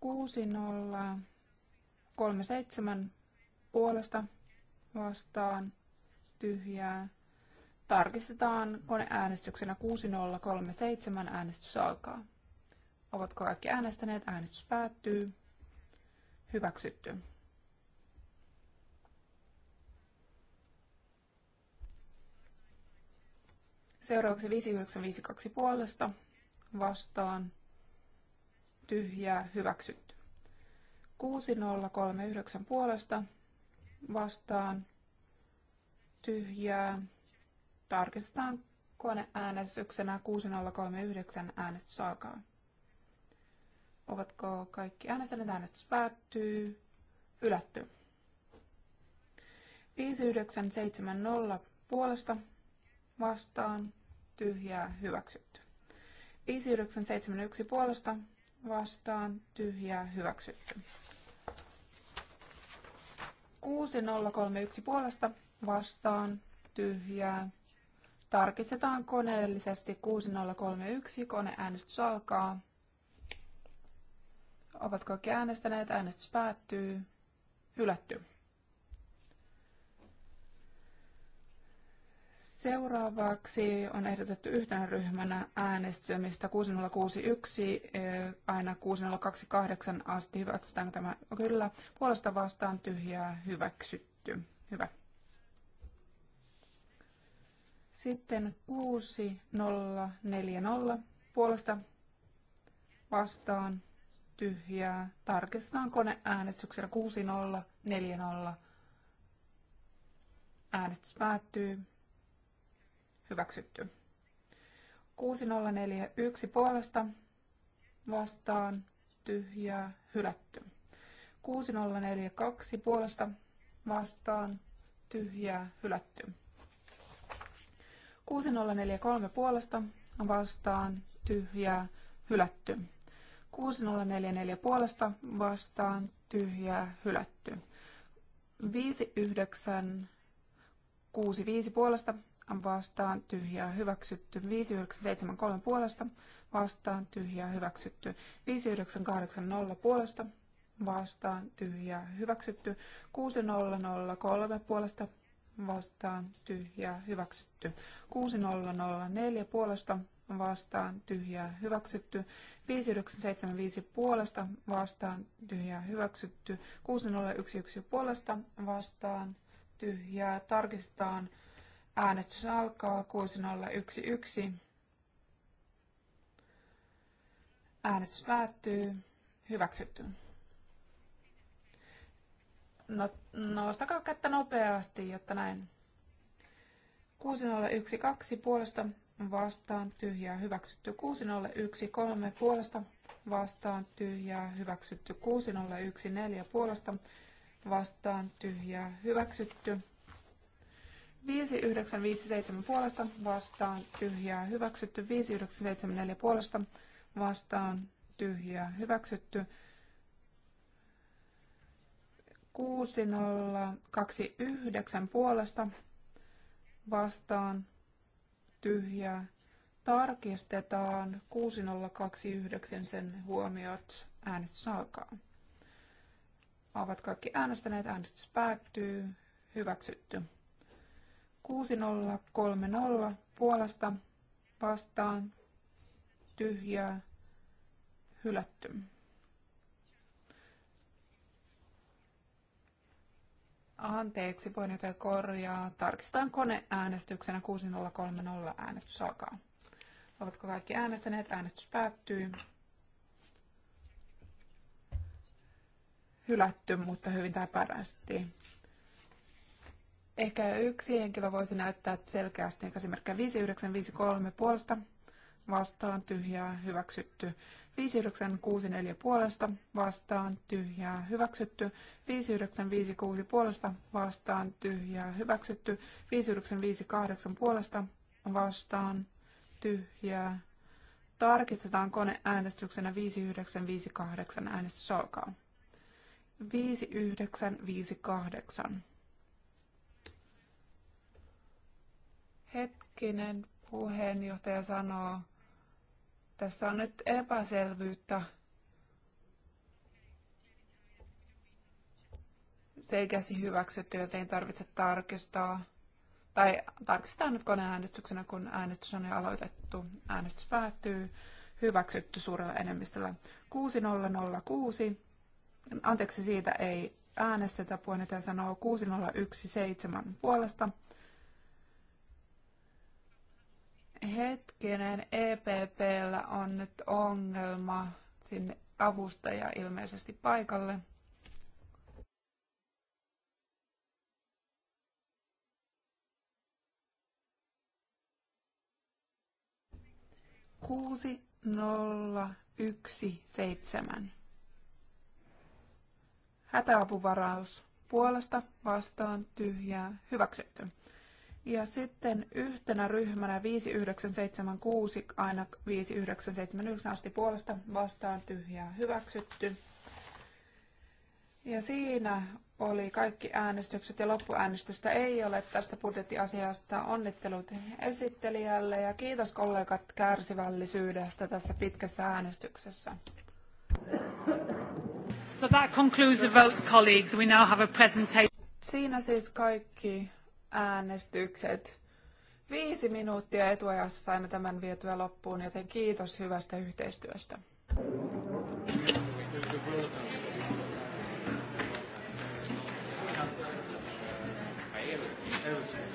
6037 puolesta vastaan tyhjää. Tarkistetaan koneäänestyksenä 6037 äänestys alkaa. Ovatko kaikki äänestäneet? Äänestys päättyy. Hyväksytty. Seuraavaksi 5952 puolesta vastaan tyhjää hyväksytty. 6039 puolesta vastaan tyhjää. Tarkistetaan koneäänestyksenä 6039 äänestys alkaa. Ovatko kaikki äänestäneet? Äänestys päättyy. Ylätty. 5970 puolesta vastaan tyhjää hyväksytty. 5971 puolesta vastaan tyhjää hyväksytty. 6031 puolesta vastaan tyhjää. Tarkistetaan koneellisesti 6031, koneäänestys alkaa. Ovatko kaikki äänestäneet, äänestys päättyy, hylätty. Seuraavaksi on ehdotettu yhtenä ryhmänä äänestymistä 6061 eh, aina 6028 asti. Hyväksytäänkö tämä? No kyllä. Puolesta vastaan tyhjää hyväksytty. Hyvä. Sitten 6040 puolesta vastaan tyhjää. Tarkistetaan koneäänestyksellä 6040. Äänestys päättyy hyväksytty. 6041 puolesta vastaan tyhjää hylätty. 6042 puolesta vastaan tyhjää hylätty. 6043 puolesta vastaan tyhjää hylätty. 6044 puolesta vastaan tyhjää hylätty. 5965 puolesta vastaan tyhjää hyväksytty. 5973 puolesta vastaan tyhjää hyväksytty. 5980 puolesta vastaan tyhjää hyväksytty. 6003 puolesta vastaan tyhjää hyväksytty. 6004 puolesta vastaan tyhjää hyväksytty. 5975 puolesta vastaan tyhjää hyväksytty. 6011 puolesta vastaan tyhjää tarkistetaan Äänestys alkaa 6011. Äänestys päättyy. Hyväksytty. No, nostakaa kättä nopeasti, jotta näin. 6012 puolesta vastaan tyhjää hyväksytty. 6013 puolesta vastaan tyhjää hyväksytty. 6014 puolesta vastaan tyhjää hyväksytty. 5957 puolesta vastaan tyhjää hyväksytty. 5974 puolesta vastaan tyhjää hyväksytty. 6029 puolesta vastaan tyhjää. Tarkistetaan 6029 sen huomiot. Äänestys alkaa. Ovat kaikki äänestäneet. Äänestys päättyy. Hyväksytty. 6030 puolesta vastaan tyhjää hylätty. Anteeksi, puheenjohtaja korjaa. Tarkistetaan koneäänestyksenä 6030 äänestys alkaa. Ovatko kaikki äänestäneet? Äänestys päättyy. Hylätty, mutta hyvin täpärästi. Ehkä yksi henkilö voisi näyttää selkeästi esimerkiksi 5953 puolesta vastaan tyhjää hyväksytty. 5964 puolesta vastaan tyhjää hyväksytty. 5956 puolesta vastaan tyhjää hyväksytty. 5958 puolesta vastaan tyhjää. Tarkistetaan kone äänestyksenä 5958 äänestys alkaa. 5958. Hetkinen, puheenjohtaja sanoo, tässä on nyt epäselvyyttä. Selkeästi hyväksytty, joten ei tarvitse tarkistaa. Tai tarkistetaan nyt koneäänestyksenä, kun äänestys on jo aloitettu. Äänestys päättyy. Hyväksytty suurella enemmistöllä. 6006. Anteeksi, siitä ei äänestetä. Puheenjohtaja sanoo 6017 puolesta Hetkinen, EPPllä on nyt ongelma. Sinne avustaja ilmeisesti paikalle. Kuusi nolla yksi seitsemän. Hätäapuvaraus puolesta vastaan tyhjää hyväksytty. Ja sitten yhtenä ryhmänä 5976 aina 5979 asti puolesta vastaan tyhjää hyväksytty. Ja siinä oli kaikki äänestykset ja loppuäänestystä ei ole tästä budjettiasiasta. Onnittelut esittelijälle ja kiitos kollegat kärsivällisyydestä tässä pitkässä äänestyksessä. So that concludes the votes, colleagues. We now have a presentation. Siinä siis kaikki äänestykset. Viisi minuuttia etuajassa saimme tämän vietyä loppuun, joten kiitos hyvästä yhteistyöstä. you.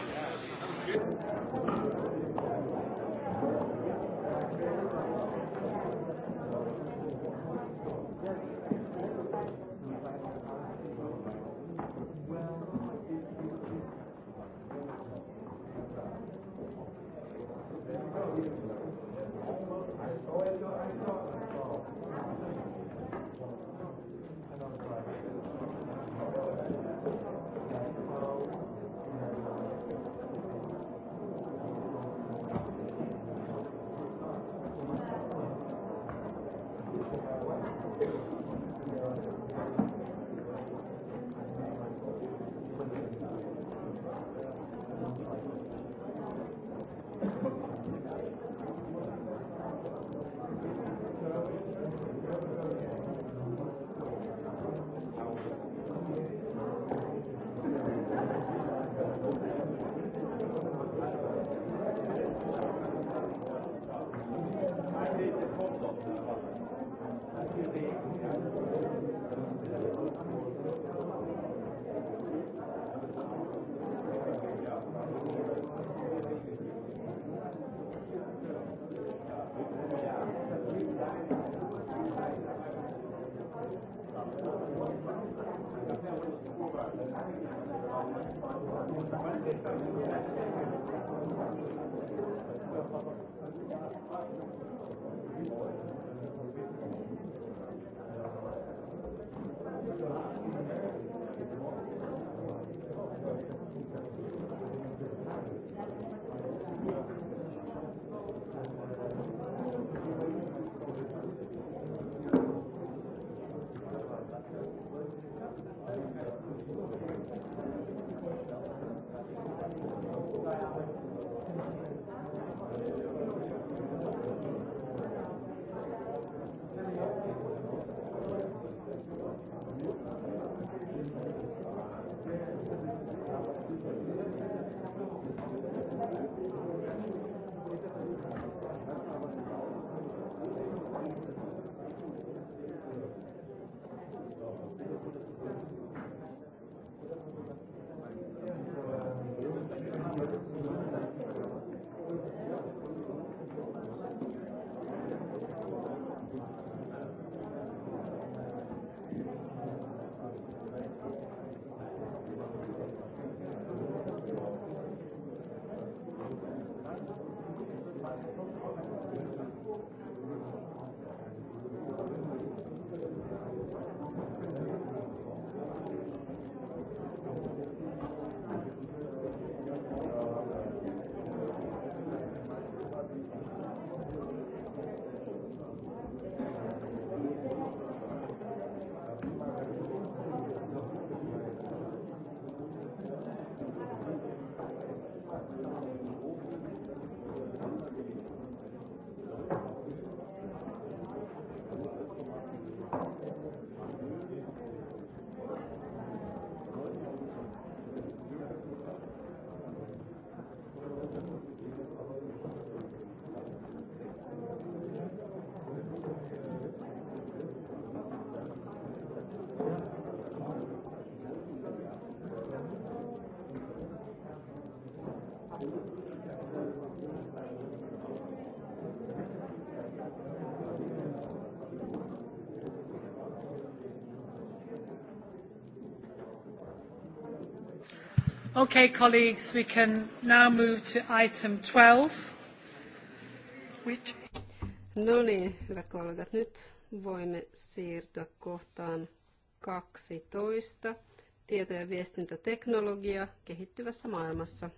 Okay, colleagues, we can now move to item 12, which... No niin, hyvät kollegat, nyt voimme siirtyä kohtaan 12, tieto- ja viestintäteknologia kehittyvässä maailmassa.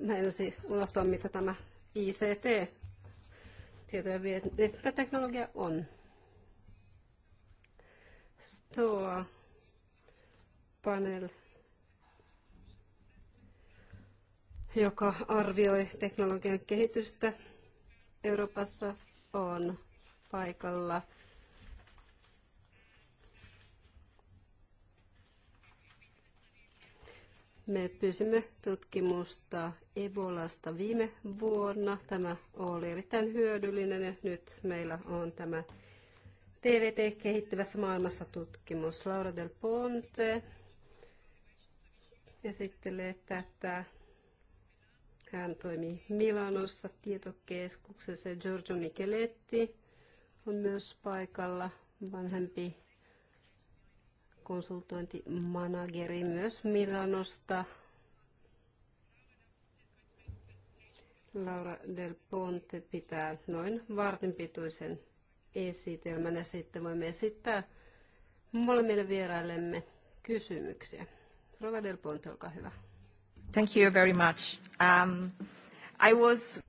Mä en olisi unohtua, mitä tämä ICT, tieto- ja viestintäteknologia on. Store. Panel, joka arvioi teknologian kehitystä Euroopassa, on paikalla. Me pysymme tutkimusta Ebolasta viime vuonna. Tämä oli erittäin hyödyllinen ja nyt meillä on tämä TVT kehittyvässä maailmassa tutkimus. Laura Del Ponte esittelee tätä. Hän toimi Milanossa tietokeskuksessa. Giorgio Micheletti on myös paikalla, vanhempi konsultointimanageri myös Milanosta. Laura Del Ponte pitää noin vartinpituisen esitelmän ja sitten voimme esittää molemmille vieraillemme kysymyksiä. Del Ponte, olkaa hyvä. Thank you very much. Um, I was...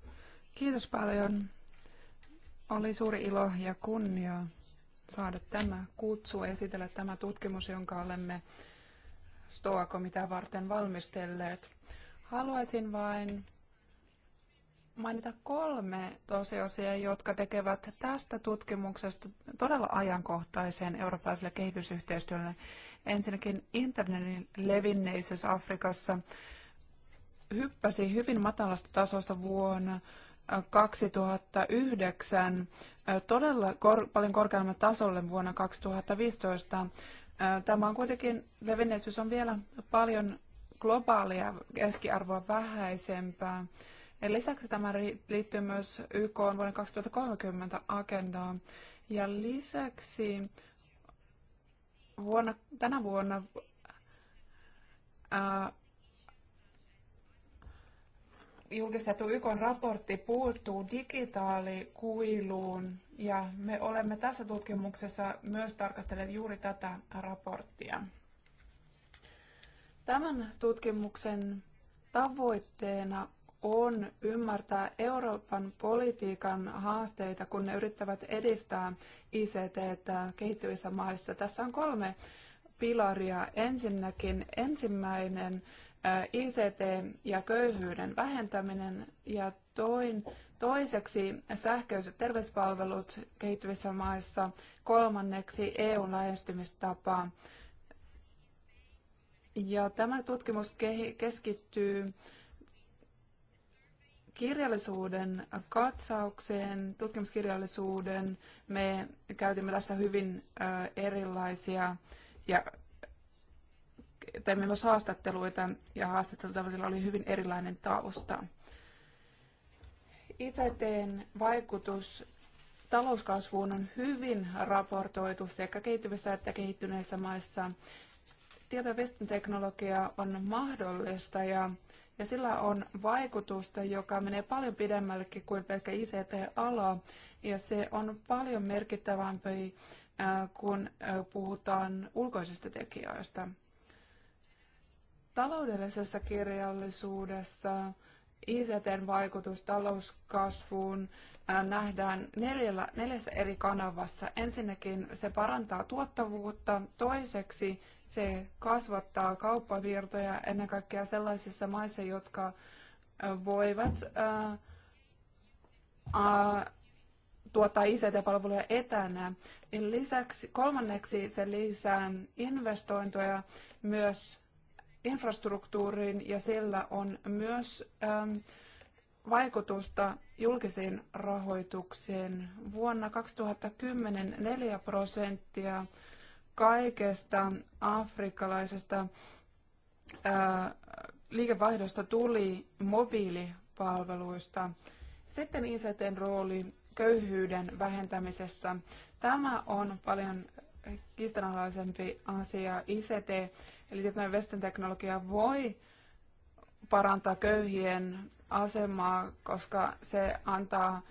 Kiitos paljon. Oli suuri ilo ja kunnia saada tämä kutsu, esitellä tämä tutkimus, jonka olemme STOA-komitea varten valmistelleet. Haluaisin vain mainita kolme tosiasiaa, jotka tekevät tästä tutkimuksesta todella ajankohtaisen eurooppalaiselle kehitysyhteistyölle. Ensinnäkin internetin levinneisyys Afrikassa hyppäsi hyvin matalasta tasosta vuonna 2009 äh, äh, todella kor- paljon korkeammalle tasolle vuonna 2015. Äh, tämä on kuitenkin, levinneisyys on vielä paljon globaalia, keskiarvoa vähäisempää. Ja lisäksi tämä liittyy myös YK vuoden 2030 agendaan. Ja lisäksi vuonna, tänä vuonna ää, julkistettu YKn raportti puuttuu digitaalikuiluun ja me olemme tässä tutkimuksessa myös tarkastelleet juuri tätä raporttia. Tämän tutkimuksen tavoitteena on ymmärtää Euroopan politiikan haasteita, kun ne yrittävät edistää ICT kehittyvissä maissa. Tässä on kolme pilaria. Ensinnäkin ensimmäinen ICT ja köyhyyden vähentäminen ja toin, toiseksi sähköiset terveyspalvelut kehittyvissä maissa, kolmanneksi EU-lähestymistapa. Ja tämä tutkimus keskittyy kirjallisuuden katsaukseen, tutkimuskirjallisuuden, me käytimme tässä hyvin erilaisia ja teimme myös haastatteluita ja haastatteluilla oli hyvin erilainen tausta. ICTn vaikutus talouskasvuun on hyvin raportoitu sekä kehittyvissä että kehittyneissä maissa. Tieto- ja on mahdollista ja ja sillä on vaikutusta, joka menee paljon pidemmällekin kuin pelkkä ICT-ala, ja se on paljon merkittävämpi, äh, kun äh, puhutaan ulkoisista tekijöistä. Taloudellisessa kirjallisuudessa ICTn vaikutus talouskasvuun äh, nähdään neljällä, neljässä eri kanavassa. Ensinnäkin se parantaa tuottavuutta, toiseksi se kasvattaa kauppavirtoja ennen kaikkea sellaisissa maissa, jotka voivat ää, ää, tuottaa ICT-palveluja etänä. Lisäksi kolmanneksi se lisää investointoja myös infrastruktuuriin ja sillä on myös ää, vaikutusta julkisiin rahoituksiin. Vuonna 2010 4 prosenttia kaikesta afrikkalaisesta ää, liikevaihdosta tuli mobiilipalveluista. Sitten ICTn rooli köyhyyden vähentämisessä. Tämä on paljon kiistanalaisempi asia. ICT, eli tietoinen teknologia, voi parantaa köyhien asemaa, koska se antaa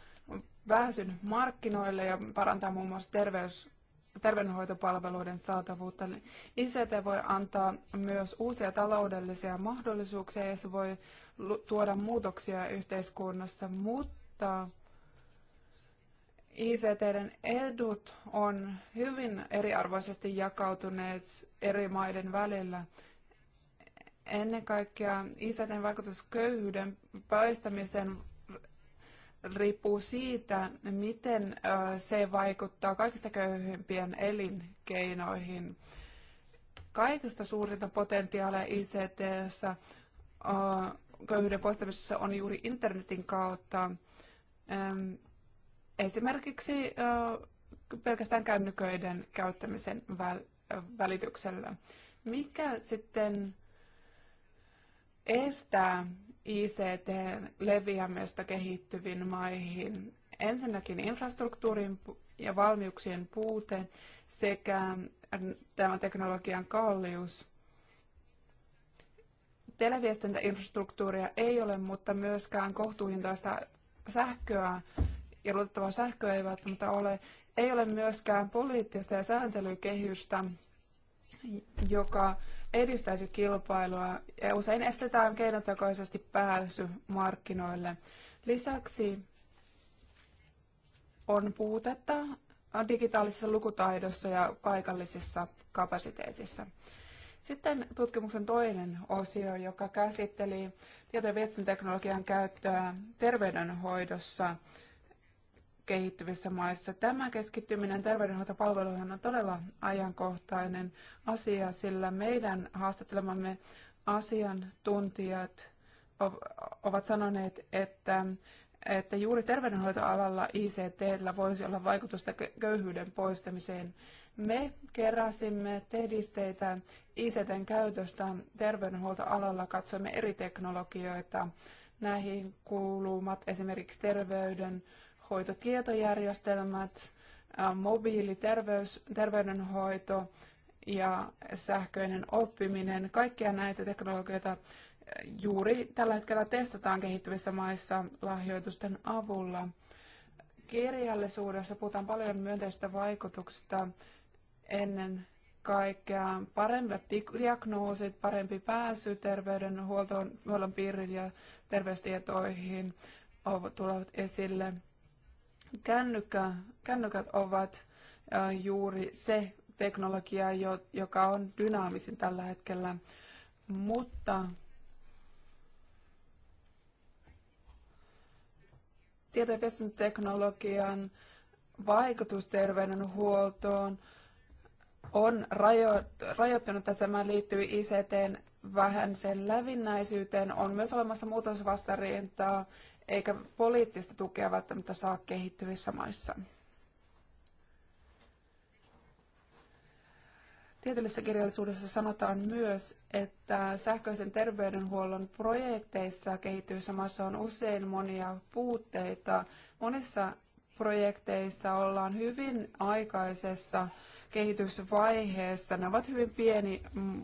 pääsyn markkinoille ja parantaa muun muassa terveys terveydenhoitopalveluiden saatavuutta. ICT niin voi antaa myös uusia taloudellisia mahdollisuuksia ja se voi tuoda muutoksia yhteiskunnassa, mutta ICTn edut on hyvin eriarvoisesti jakautuneet eri maiden välillä. Ennen kaikkea ICTn vaikutus köyhyyden poistamiseen riippuu siitä, miten se vaikuttaa kaikista köyhimpien elinkeinoihin. Kaikista suurinta potentiaalia ict köyhyyden poistamisessa on juuri internetin kautta. Esimerkiksi pelkästään kännyköiden käyttämisen välityksellä. Mikä sitten estää ICT leviämistä kehittyviin maihin. Ensinnäkin infrastruktuurin ja valmiuksien puute sekä tämän teknologian kallius. Televiestintäinfrastruktuuria ei ole, mutta myöskään kohtuuhintaista sähköä ja luotettavaa sähköä ei välttämättä ole. Ei ole myöskään poliittista ja sääntelykehystä, joka edistäisi kilpailua ja usein estetään keinotekoisesti pääsy markkinoille. Lisäksi on puutetta digitaalisessa lukutaidossa ja paikallisessa kapasiteetissa. Sitten tutkimuksen toinen osio, joka käsitteli tieto- ja viestintäteknologian käyttöä terveydenhoidossa kehittyvissä maissa. Tämä keskittyminen terveydenhoitopalveluihin on todella ajankohtainen asia, sillä meidän haastattelemamme asiantuntijat ovat sanoneet, että, että juuri terveydenhoitoalalla ict voisi olla vaikutusta köyhyyden poistamiseen. Me keräsimme tehdisteitä ICTn käytöstä terveydenhuoltoalalla, katsoimme eri teknologioita. Näihin kuuluvat esimerkiksi terveyden hoitotietojärjestelmät, mobiiliterveydenhoito ja sähköinen oppiminen. Kaikkia näitä teknologioita juuri tällä hetkellä testataan kehittyvissä maissa lahjoitusten avulla. Kirjallisuudessa puhutaan paljon myönteistä vaikutuksista ennen kaikkea paremmat diagnoosit, parempi pääsy terveydenhuoltoon, piirin ja terveystietoihin tulevat esille. Kännykkä, kännykät ovat juuri se teknologia, joka on dynaamisin tällä hetkellä, mutta tieto- ja viestintäteknologian vaikutus terveydenhuoltoon on rajoittunut, että tämä liittyy ICTn vähän sen lävinnäisyyteen. On myös olemassa muutosvastarintaa eikä poliittista tukea välttämättä saa kehittyvissä maissa. Tieteellisessä kirjallisuudessa sanotaan myös, että sähköisen terveydenhuollon projekteissa kehittyvissä maissa on usein monia puutteita. Monissa projekteissa ollaan hyvin aikaisessa kehitysvaiheessa. Ne ovat hyvin pieni, mm,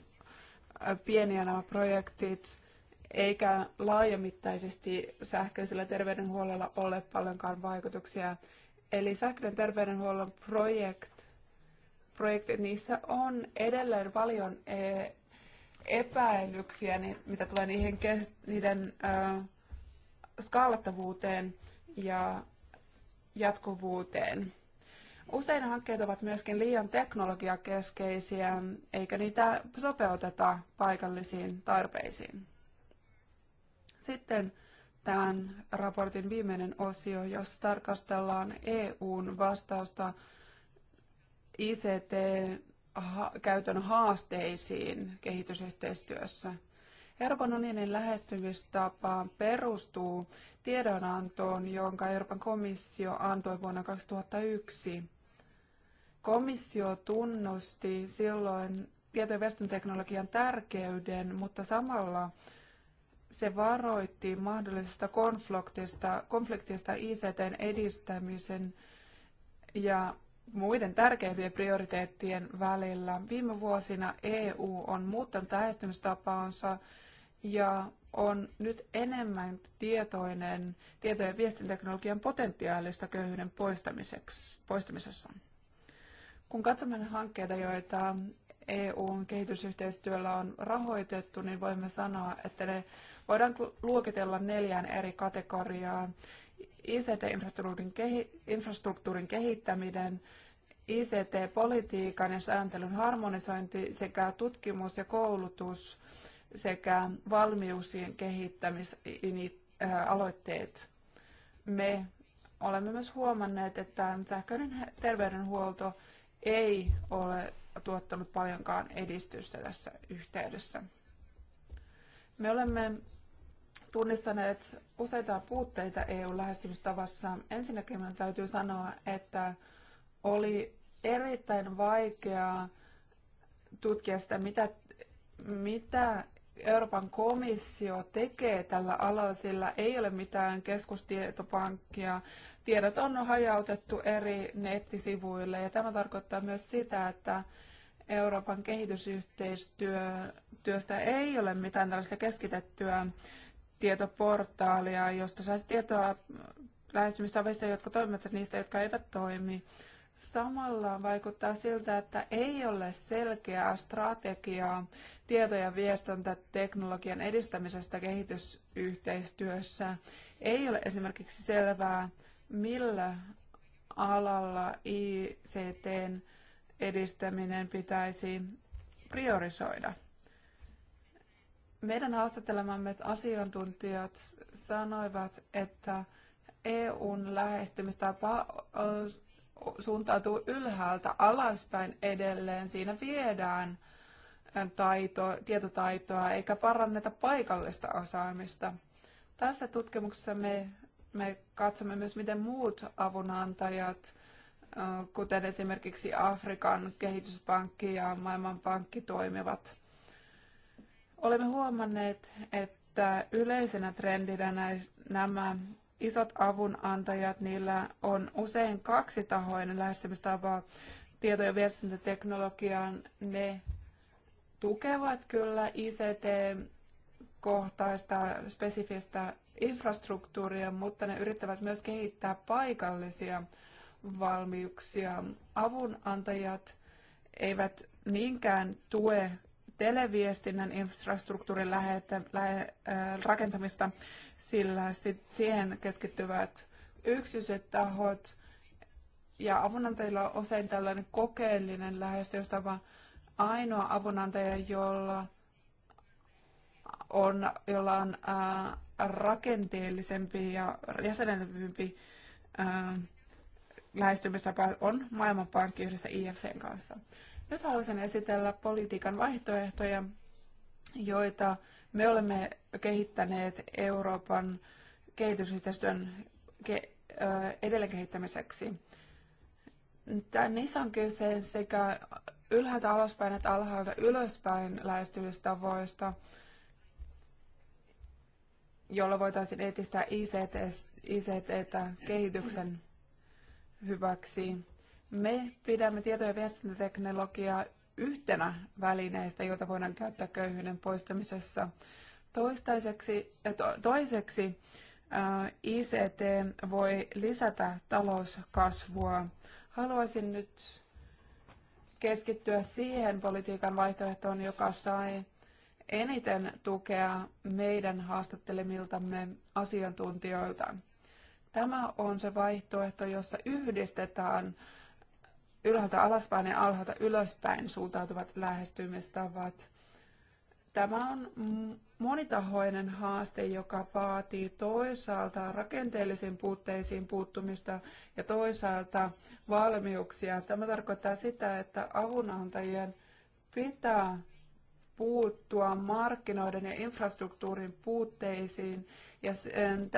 äh, pieniä nämä projektit eikä laajamittaisesti sähköisellä terveydenhuollolla ole paljonkaan vaikutuksia. Eli sähköinen terveydenhuollon projekt, projektit, niissä on edelleen paljon e, epäilyksiä, mitä tulee niihin, niiden skaalattavuuteen ja jatkuvuuteen. Usein hankkeet ovat myöskin liian teknologiakeskeisiä, eikä niitä sopeuteta paikallisiin tarpeisiin. Sitten tämän raportin viimeinen osio, jos tarkastellaan EUn vastausta ICT-käytön haasteisiin kehitysyhteistyössä. Euroopan unionin lähestymistapa perustuu tiedonantoon, jonka Euroopan komissio antoi vuonna 2001. Komissio tunnusti silloin tieto- ja tärkeyden, mutta samalla se varoitti mahdollisesta konfliktista, konfliktista ICTn edistämisen ja muiden tärkeimpien prioriteettien välillä. Viime vuosina EU on muuttanut lähestymistapaansa ja on nyt enemmän tietoinen tieto- ja viestintäteknologian potentiaalista köyhyyden poistamiseksi, poistamisessa. Kun katsomme hankkeita, joita EUn kehitysyhteistyöllä on rahoitettu, niin voimme sanoa, että ne voidaan luokitella neljään eri kategoriaan. ICT-infrastruktuurin kehi- kehittäminen, ICT-politiikan ja sääntelyn harmonisointi sekä tutkimus ja koulutus sekä valmiuksien kehittämisaloitteet. Äh, Me olemme myös huomanneet, että sähköinen terveydenhuolto ei ole tuottanut paljonkaan edistystä tässä yhteydessä. Me olemme tunnistaneet useita puutteita EU-lähestymistavassa. Ensinnäkin minun täytyy sanoa, että oli erittäin vaikeaa tutkia sitä, mitä, mitä Euroopan komissio tekee tällä alalla, sillä ei ole mitään keskustietopankkia. Tiedot on hajautettu eri nettisivuille ja tämä tarkoittaa myös sitä, että Euroopan kehitysyhteistyöstä ei ole mitään tällaista keskitettyä tietoportaalia, josta saisi tietoa lähestymistavista, jotka toimivat ja niistä, jotka eivät toimi. Samalla vaikuttaa siltä, että ei ole selkeää strategiaa tieto- ja viestintäteknologian edistämisestä kehitysyhteistyössä. Ei ole esimerkiksi selvää, millä alalla ICTn edistäminen pitäisi priorisoida. Meidän haastattelemamme asiantuntijat sanoivat, että EUn lähestymistapa suuntautuu ylhäältä alaspäin edelleen. Siinä viedään taito, tietotaitoa eikä paranneta paikallista osaamista. Tässä tutkimuksessa me, me katsomme myös, miten muut avunantajat, kuten esimerkiksi Afrikan kehityspankki ja Maailmanpankki, toimivat. Olemme huomanneet, että yleisenä trendinä nämä isot avunantajat, niillä on usein kaksitahoinen lähestymistapa tieto- ja viestintäteknologiaan. Ne tukevat kyllä ICT-kohtaista spesifistä infrastruktuuria, mutta ne yrittävät myös kehittää paikallisia valmiuksia. Avunantajat eivät niinkään tue televiestinnän infrastruktuurin lähetä, lähe, äh, rakentamista, sillä sit siihen keskittyvät yksityiset tahot ja avunantajilla on usein tällainen kokeellinen lähestymistapa. Ainoa avunantaja, jolla on, jolla on ää, äh, rakenteellisempi ja jäsenellisempi äh, lähestymistapa on Maailmanpankki yhdessä IFCn kanssa. Nyt haluaisin esitellä politiikan vaihtoehtoja, joita me olemme kehittäneet Euroopan kehitysyhteistyön ke- edelläkehittämiseksi. Niissä on kyse sekä ylhäältä alaspäin että alhaalta ylöspäin lähestymistavoista, jolla voitaisiin edistää ICT, kehityksen hyväksi. Me pidämme tieto- ja viestintäteknologiaa yhtenä välineistä, jota voidaan käyttää köyhyyden poistamisessa. Toistaiseksi, äh, to, toiseksi äh, ICT voi lisätä talouskasvua. Haluaisin nyt keskittyä siihen politiikan vaihtoehtoon, joka sai eniten tukea meidän haastattelemiltamme asiantuntijoilta. Tämä on se vaihtoehto, jossa yhdistetään ylhäältä alaspäin ja alhaalta ylöspäin suuntautuvat lähestymistavat. Tämä on monitahoinen haaste, joka vaatii toisaalta rakenteellisiin puutteisiin puuttumista ja toisaalta valmiuksia. Tämä tarkoittaa sitä, että avunantajien pitää puuttua markkinoiden ja infrastruktuurin puutteisiin, ja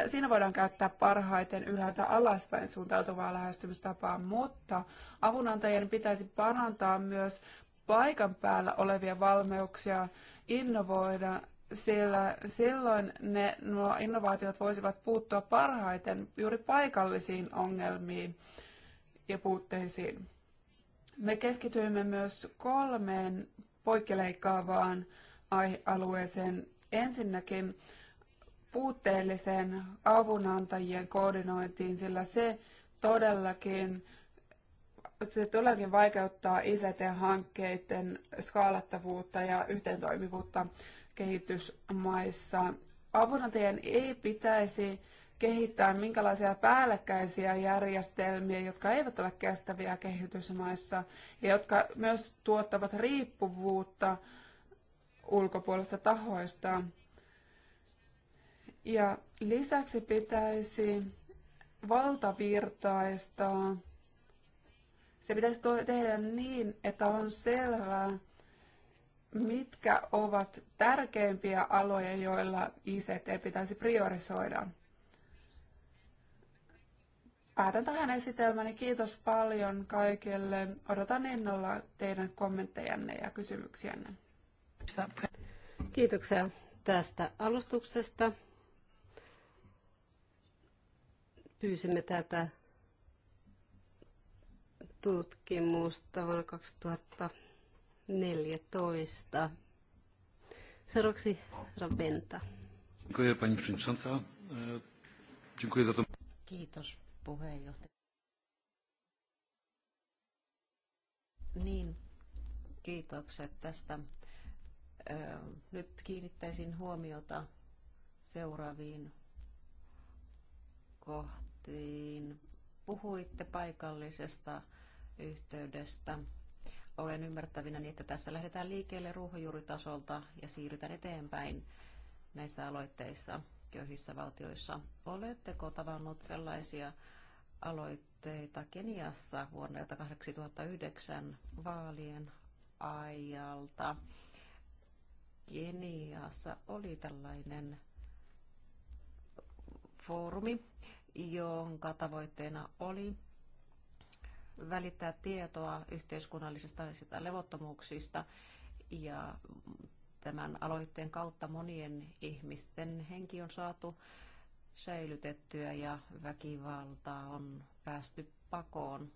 siinä voidaan käyttää parhaiten ylhäältä alaspäin suuntautuvaa lähestymistapaa, mutta avunantajien pitäisi parantaa myös paikan päällä olevia valmeuksia innovoida, sillä silloin ne, nuo innovaatiot voisivat puuttua parhaiten juuri paikallisiin ongelmiin ja puutteisiin. Me keskityimme myös kolmeen poikkileikkaavaan aihealueeseen. Ensinnäkin puutteelliseen avunantajien koordinointiin, sillä se todellakin, se todellakin vaikeuttaa ICT-hankkeiden skaalattavuutta ja yhteentoimivuutta kehitysmaissa. Avunantajien ei pitäisi kehittää minkälaisia päällekkäisiä järjestelmiä, jotka eivät ole kestäviä kehitysmaissa ja jotka myös tuottavat riippuvuutta ulkopuolista tahoista. Ja lisäksi pitäisi valtavirtaistaa. Se pitäisi tehdä niin, että on selvää, mitkä ovat tärkeimpiä aloja, joilla ICT pitäisi priorisoida päätän tähän esitelmäni. Kiitos paljon kaikille. Odotan innolla teidän kommenttejanne ja kysymyksiänne. Kiitoksia tästä alustuksesta. Pyysimme tätä tutkimusta vuonna 2014. Seuraavaksi Raventa. Pani Przewodnicząca. E, Kiitos puheenjohtaja. Niin, kiitokset tästä. Nyt kiinnittäisin huomiota seuraaviin kohtiin. Puhuitte paikallisesta yhteydestä. Olen ymmärtävinä, niin, että tässä lähdetään liikkeelle ruohonjuuritasolta ja siirrytään eteenpäin näissä aloitteissa köyhissä valtioissa. Oletteko tavannut sellaisia aloitteita Keniassa vuonna 2009 vaalien ajalta. Keniassa oli tällainen foorumi, jonka tavoitteena oli välittää tietoa yhteiskunnallisista levottomuuksista ja tämän aloitteen kautta monien ihmisten henki on saatu säilytettyä ja väkivaltaa on päästy pakoon.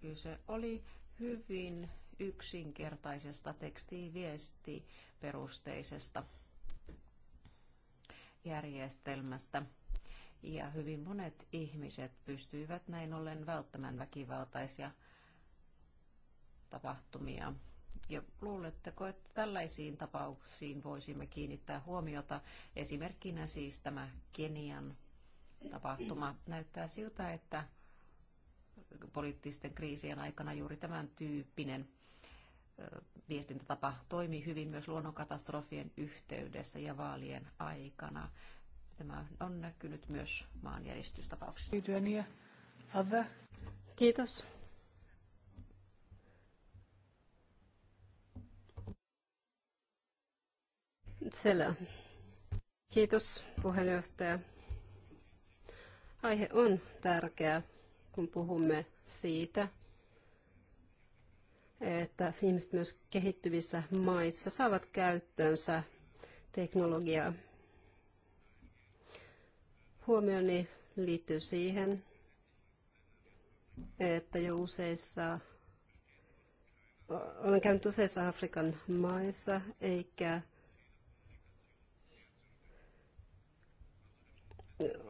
Kyse oli hyvin yksinkertaisesta tekstiviestiperusteisesta järjestelmästä. Ja hyvin monet ihmiset pystyivät näin ollen välttämään väkivaltaisia tapahtumia. Ja luuletteko, että tällaisiin tapauksiin voisimme kiinnittää huomiota? Esimerkkinä siis tämä Kenian tapahtuma. Näyttää siltä, että poliittisten kriisien aikana juuri tämän tyyppinen viestintätapa toimi hyvin myös luonnonkatastrofien yhteydessä ja vaalien aikana. Tämä on näkynyt myös maanjäristystapauksissa. Kiitos. Selvä. Kiitos puheenjohtaja. Aihe on tärkeä, kun puhumme siitä, että ihmiset myös kehittyvissä maissa saavat käyttöönsä teknologiaa. Huomioni liittyy siihen, että jo useissa, olen käynyt useissa Afrikan maissa, eikä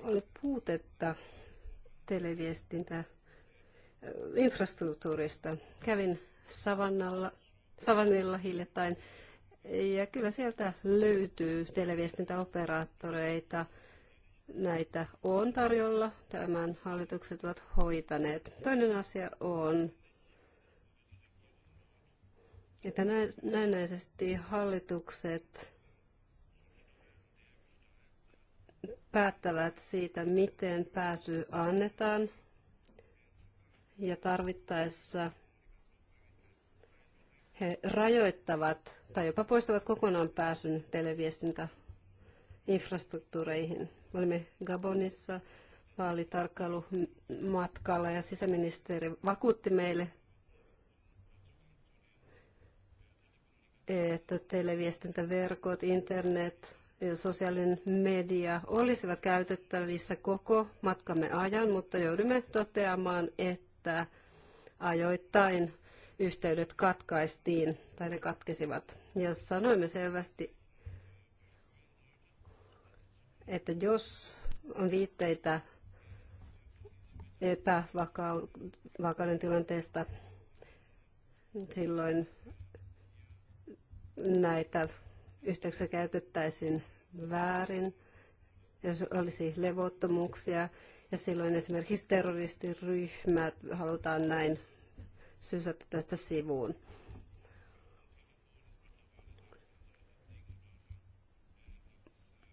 oli puutetta televiestintä infrastruktuurista. Kävin Savannalla, Savannilla hiljattain ja kyllä sieltä löytyy televiestintäoperaattoreita. Näitä on tarjolla, tämän hallitukset ovat hoitaneet. Toinen asia on, että näennäisesti hallitukset päättävät siitä, miten pääsy annetaan ja tarvittaessa he rajoittavat tai jopa poistavat kokonaan pääsyn televiestintäinfrastruktuureihin. Olimme Gabonissa vaalitarkkailumatkalla ja sisäministeri vakuutti meille, että televiestintäverkot, internet, sosiaalinen media olisivat käytettävissä koko matkamme ajan, mutta joudumme toteamaan, että ajoittain yhteydet katkaistiin tai ne katkesivat. Ja sanoimme selvästi, että jos on viitteitä epävakauden tilanteesta, silloin näitä yhteyksiä käytettäisiin väärin, jos olisi levottomuuksia, ja silloin esimerkiksi terroristiryhmät halutaan näin sysätä tästä sivuun.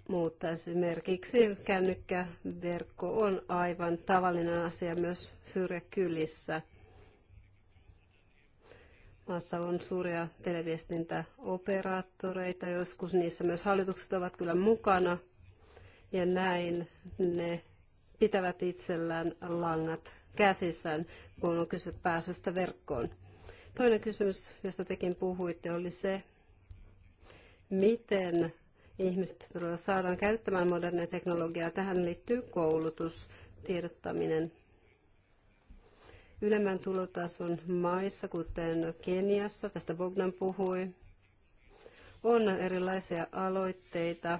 Mutta esimerkiksi kännykkäverkko on aivan tavallinen asia myös syrjäkylissä – maassa on suuria televiestintäoperaattoreita, joskus niissä myös hallitukset ovat kyllä mukana, ja näin ne pitävät itsellään langat käsissään, kun on kyse pääsystä verkkoon. Toinen kysymys, josta tekin puhuitte, oli se, miten ihmiset todella saadaan käyttämään modernia teknologiaa. Tähän liittyy koulutus, tiedottaminen – ylemmän tulotason maissa, kuten Keniassa, tästä Bogdan puhui, on erilaisia aloitteita,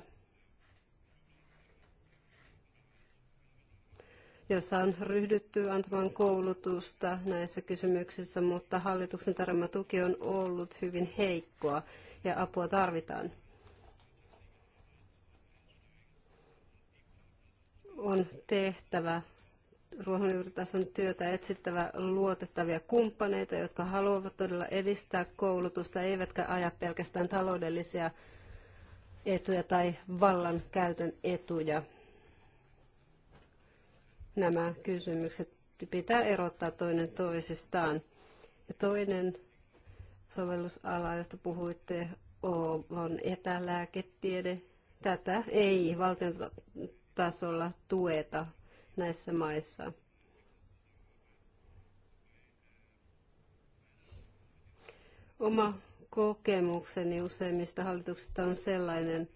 jossa on ryhdytty antamaan koulutusta näissä kysymyksissä, mutta hallituksen tarjoama tuki on ollut hyvin heikkoa ja apua tarvitaan. On tehtävä ruohonjuuritason työtä etsittävä luotettavia kumppaneita, jotka haluavat todella edistää koulutusta, eivätkä aja pelkästään taloudellisia etuja tai vallan käytön etuja. Nämä kysymykset pitää erottaa toinen toisistaan. Ja toinen sovellusala, josta puhuitte, on etälääketiede. Tätä ei valtion tasolla tueta näissä maissa. Oma kokemukseni useimmista hallituksista on sellainen,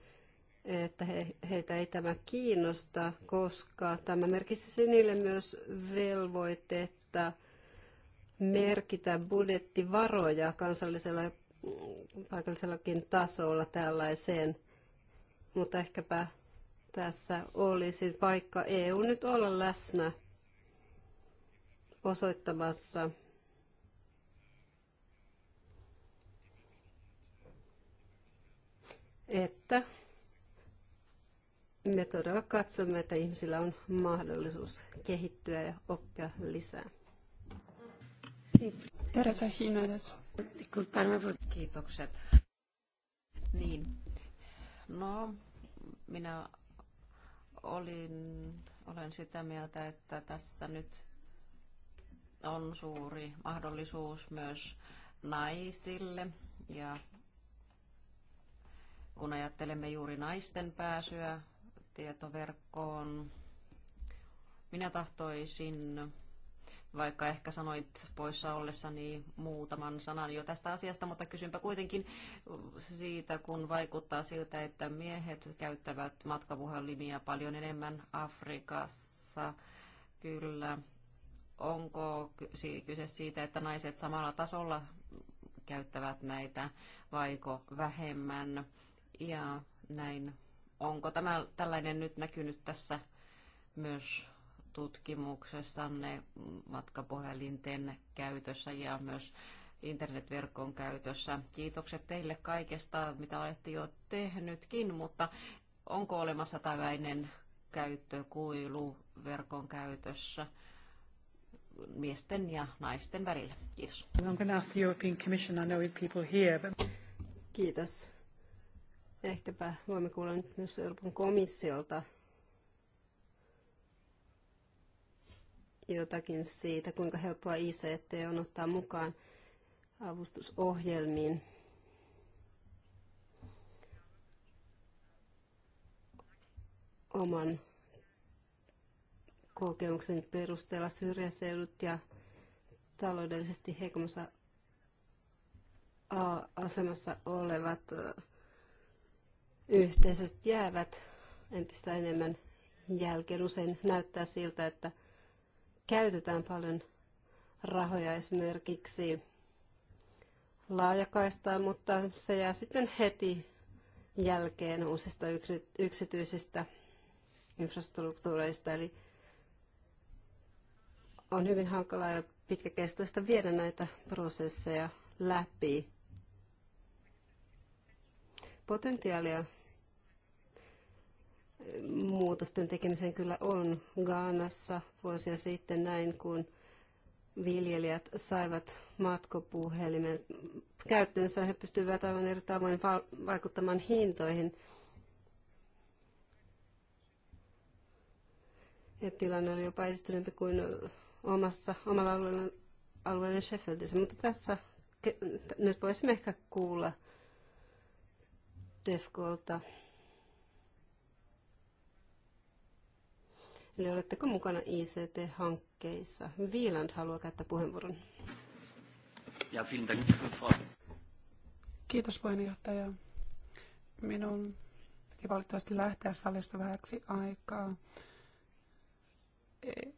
että he, heitä ei tämä kiinnosta, koska tämä merkitsisi niille myös velvoitetta merkitä budjettivaroja kansallisella paikallisellakin tasolla tällaiseen, mutta ehkäpä tässä olisi paikka EU nyt olla läsnä osoittamassa että me todella katsomme, että ihmisillä on mahdollisuus kehittyä ja oppia lisää. Kiitokset. Niin. No, minä olin, olen sitä mieltä, että tässä nyt on suuri mahdollisuus myös naisille ja kun ajattelemme juuri naisten pääsyä tietoverkkoon, minä tahtoisin vaikka ehkä sanoit poissa ollessani muutaman sanan jo tästä asiasta, mutta kysynpä kuitenkin siitä, kun vaikuttaa siltä, että miehet käyttävät matkapuhelimia paljon enemmän Afrikassa. Kyllä. Onko kyse siitä, että naiset samalla tasolla käyttävät näitä vaiko vähemmän? Ja näin. Onko tämä tällainen nyt näkynyt tässä myös tutkimuksessanne matkapuhelinten käytössä ja myös internetverkon käytössä. Kiitokset teille kaikesta, mitä olette jo tehnytkin, mutta onko olemassa tällainen käyttökuilu verkon käytössä miesten ja naisten välillä? Kiitos. Kiitos. Ehkäpä voimme kuulla nyt myös Euroopan komissiolta jotakin siitä, kuinka helppoa ICT on ottaa mukaan avustusohjelmiin. Oman kokemuksen perusteella syrjäseudut ja taloudellisesti heikommassa asemassa olevat yhteisöt jäävät entistä enemmän jälkeen. Usein näyttää siltä, että käytetään paljon rahoja esimerkiksi laajakaistaa, mutta se jää sitten heti jälkeen uusista yksityisistä infrastruktuureista. Eli on hyvin hankalaa ja pitkäkestoista viedä näitä prosesseja läpi. Potentiaalia muutosten tekemiseen kyllä on. Gaanassa vuosia sitten näin, kun viljelijät saivat matkopuhelimen käyttöönsä, he pystyivät aivan eri tavoin vaikuttamaan hintoihin. Ja tilanne oli jopa edistyneempi kuin omassa, omalla alueella, alueella Sheffieldissä. Mutta tässä nyt voisimme ehkä kuulla Defkolta Eli oletteko mukana ICT-hankkeissa? Wieland haluaa käyttää puheenvuoron. Ja, Kiitos puheenjohtaja. Minun piti valitettavasti lähteä salista vähäksi aikaa. E-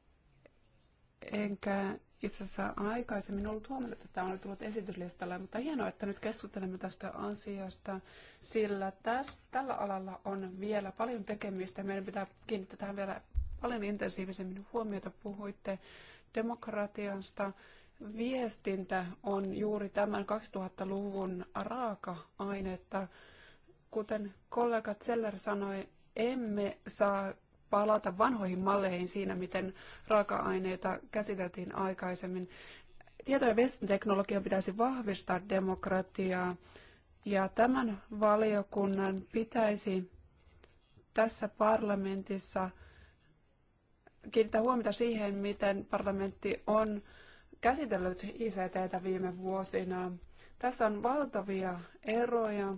enkä itse asiassa aikaisemmin ollut huomannut, että tämä on tullut esityslistalle, mutta hienoa, että nyt keskustelemme tästä asiasta, sillä tässä, tällä alalla on vielä paljon tekemistä. Meidän pitää kiinnittää tähän vielä paljon intensiivisemmin huomiota. Puhuitte demokratiasta. Viestintä on juuri tämän 2000-luvun raaka-ainetta. Kuten kollega Zeller sanoi, emme saa palata vanhoihin malleihin siinä, miten raaka-aineita käsiteltiin aikaisemmin. Tieto- ja viestintäteknologia pitäisi vahvistaa demokratiaa ja tämän valiokunnan pitäisi tässä parlamentissa – kiinnittää huomiota siihen, miten parlamentti on käsitellyt ICTtä viime vuosina. Tässä on valtavia eroja.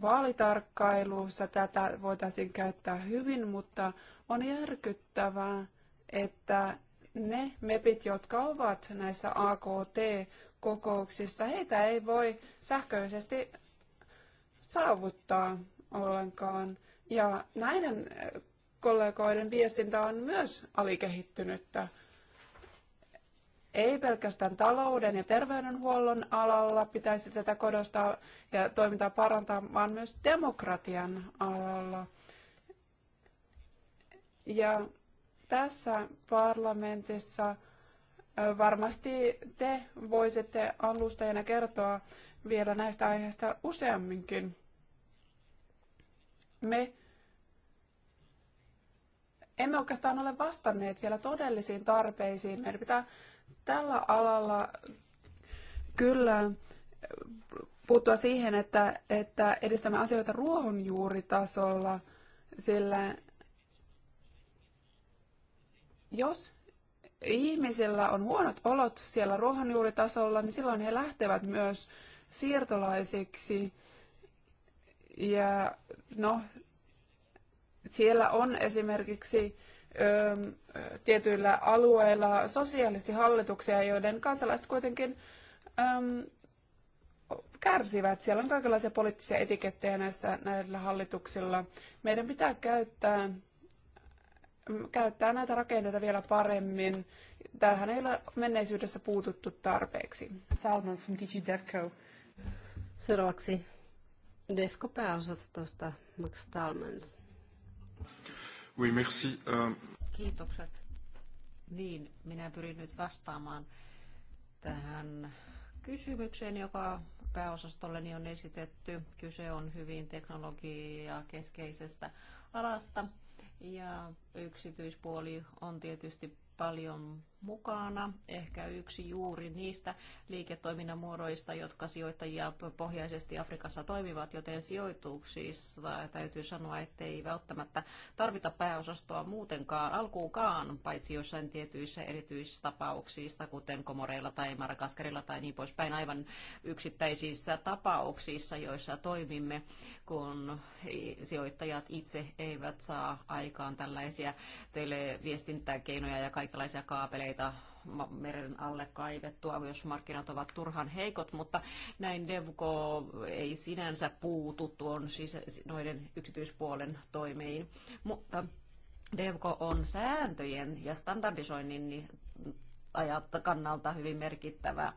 Vaalitarkkailussa tätä voitaisiin käyttää hyvin, mutta on järkyttävää, että ne mepit, jotka ovat näissä AKT-kokouksissa, heitä ei voi sähköisesti saavuttaa ollenkaan. Ja näiden kollegoiden viestintä on myös alikehittynyttä. Ei pelkästään talouden ja terveydenhuollon alalla pitäisi tätä kodostaa ja toimintaa parantaa, vaan myös demokratian alalla. Ja tässä parlamentissa varmasti te voisitte alustajana kertoa vielä näistä aiheista useamminkin. Me emme oikeastaan ole vastanneet vielä todellisiin tarpeisiin. Meidän pitää tällä alalla kyllä puuttua siihen, että, että edistämme asioita ruohonjuuritasolla, sillä jos ihmisillä on huonot olot siellä ruohonjuuritasolla, niin silloin he lähtevät myös siirtolaisiksi. Ja no, siellä on esimerkiksi ö, tietyillä alueilla sosiaalisesti hallituksia, joiden kansalaiset kuitenkin ö, kärsivät. Siellä on kaikenlaisia poliittisia etikettejä näissä, näillä hallituksilla. Meidän pitää käyttää, käyttää näitä rakenteita vielä paremmin. Tähän ei ole menneisyydessä puututtu tarpeeksi. Salman from DigiDevco. Seuraavaksi Devco pääosastosta Max Talmans. Oui, merci. Euh, Kiitokset. Niin, minä pyrin nyt vastaamaan tähän kysymykseen, joka pääosastolleni on esitetty. Kyse on hyvin keskeisestä alasta ja yksityispuoli on tietysti paljon mukana. Ehkä yksi juuri niistä liiketoiminnan muodoista, jotka sijoittajia pohjaisesti Afrikassa toimivat, joten sijoituksissa täytyy sanoa, ei välttämättä tarvita pääosastoa muutenkaan alkuunkaan, paitsi jossain tietyissä erityistapauksissa, kuten Komoreilla tai Marakaskarilla tai niin poispäin, aivan yksittäisissä tapauksissa, joissa toimimme, kun sijoittajat itse eivät saa aikaan tällaisia televiestintäkeinoja ja kaikenlaisia kaapeleita tuotteita meren alle kaivettua, jos markkinat ovat turhan heikot, mutta näin Devco ei sinänsä puutu tuon sisä, noiden yksityispuolen toimiin. Mutta Devco on sääntöjen ja standardisoinnin ajatta kannalta hyvin merkittävä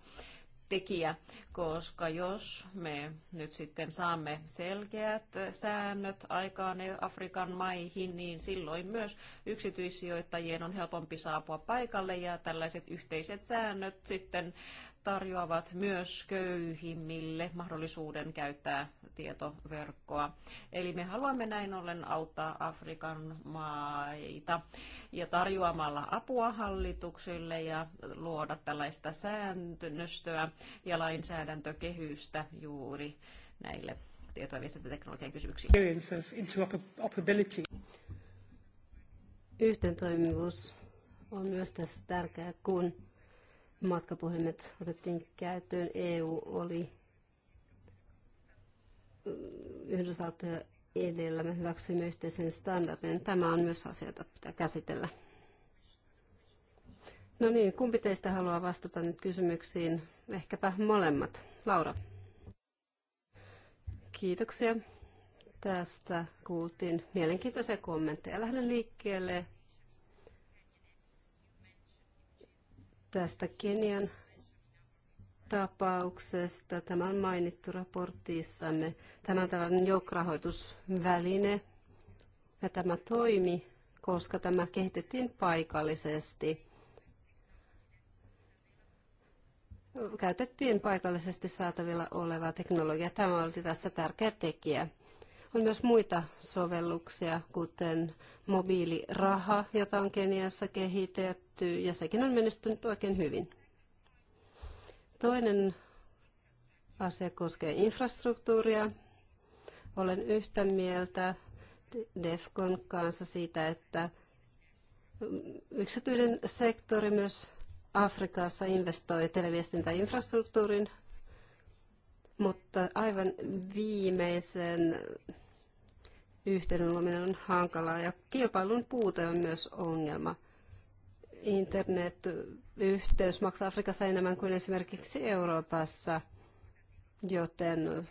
tekijä, koska jos me nyt sitten saamme selkeät säännöt aikaan Afrikan maihin, niin silloin myös yksityissijoittajien on helpompi saapua paikalle ja tällaiset yhteiset säännöt sitten tarjoavat myös köyhimmille mahdollisuuden käyttää tietoverkkoa. Eli me haluamme näin ollen auttaa Afrikan maita ja tarjoamalla apua hallituksille ja luoda tällaista säännöstöä ja lainsäädäntökehystä juuri näille tieto- ja viestintäteknologian kysymyksiin. Yhteentoimivuus on myös tässä tärkeää, kun matkapuhelimet otettiin käyttöön, EU oli mm, Yhdysvaltoja edellä. Me hyväksyimme yhteisen standardin. Tämä on myös asia, jota pitää käsitellä. No niin, kumpi teistä haluaa vastata nyt kysymyksiin? Ehkäpä molemmat. Laura. Kiitoksia. Tästä kuultiin mielenkiintoisia kommentteja. Lähden liikkeelle tästä Kenian tapauksesta. Tämä on mainittu raportissamme. Tämä on tällainen joukkorahoitusväline ja tämä toimi, koska tämä kehitettiin paikallisesti. Käytettyjen paikallisesti saatavilla oleva teknologia Tämä oli tässä tärkeä tekijä. On myös muita sovelluksia, kuten mobiiliraha, jota on Keniassa kehitetty menestyy ja sekin on menestynyt oikein hyvin. Toinen asia koskee infrastruktuuria. Olen yhtä mieltä DEFCON kanssa siitä, että yksityinen sektori myös Afrikassa investoi televiestintäinfrastruktuurin, mutta aivan viimeisen yhteyden luominen on hankalaa ja kilpailun puute on myös ongelma – internetyhteys maksaa Afrikassa enemmän kuin esimerkiksi Euroopassa, joten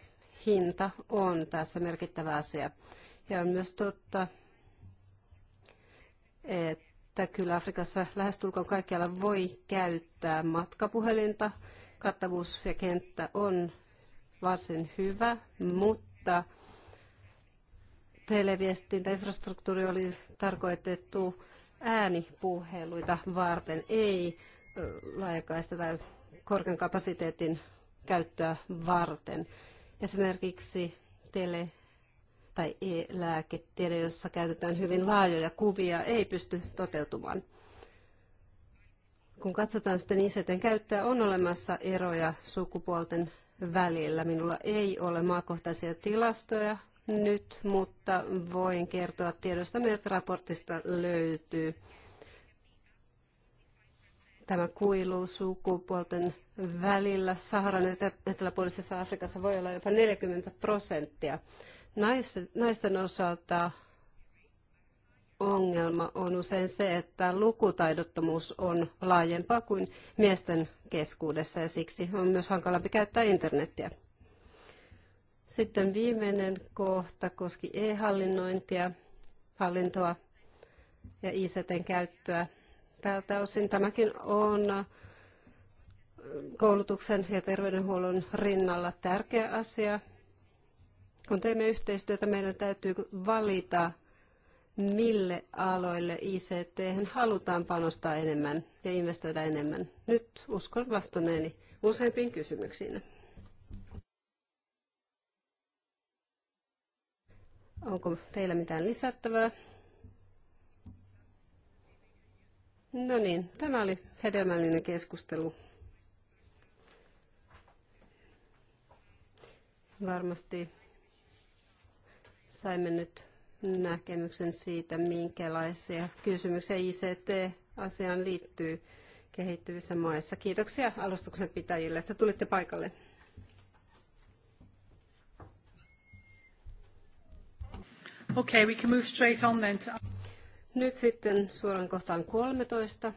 hinta on tässä merkittävä asia. Ja on myös totta, että kyllä Afrikassa lähestulkoon kaikkialla voi käyttää matkapuhelinta. Kattavuus ja kenttä on varsin hyvä, mutta televiestintäinfrastruktuuri oli tarkoitettu äänipuheluita varten, ei laajakaista tai korkean kapasiteetin käyttöä varten. Esimerkiksi tele- tai e-lääketiede, jossa käytetään hyvin laajoja kuvia, ei pysty toteutumaan. Kun katsotaan sitten ICTn käyttöä, on olemassa eroja sukupuolten välillä. Minulla ei ole maakohtaisia tilastoja, nyt, mutta voin kertoa tiedosta, että raportista löytyy. Tämä kuilu sukupuolten välillä Saharan eteläpuolisessa Afrikassa voi olla jopa 40 prosenttia. Naisten osalta ongelma on usein se, että lukutaidottomuus on laajempaa kuin miesten keskuudessa ja siksi on myös hankalampi käyttää internetiä. Sitten viimeinen kohta koski e-hallinnointia, hallintoa ja ICTn käyttöä. Tältä osin tämäkin on äh, koulutuksen ja terveydenhuollon rinnalla tärkeä asia. Kun teemme yhteistyötä, meidän täytyy valita, mille aloille ICT halutaan panostaa enemmän ja investoida enemmän. Nyt uskon vastanneeni useimpiin kysymyksiin. Onko teillä mitään lisättävää? No niin, tämä oli hedelmällinen keskustelu. Varmasti saimme nyt näkemyksen siitä, minkälaisia kysymyksiä ICT-asiaan liittyy kehittyvissä maissa. Kiitoksia alustuksen pitäjille, että tulitte paikalle. Okay, we can move straight on then to... Nyt sitten suoraan kohtaan 13.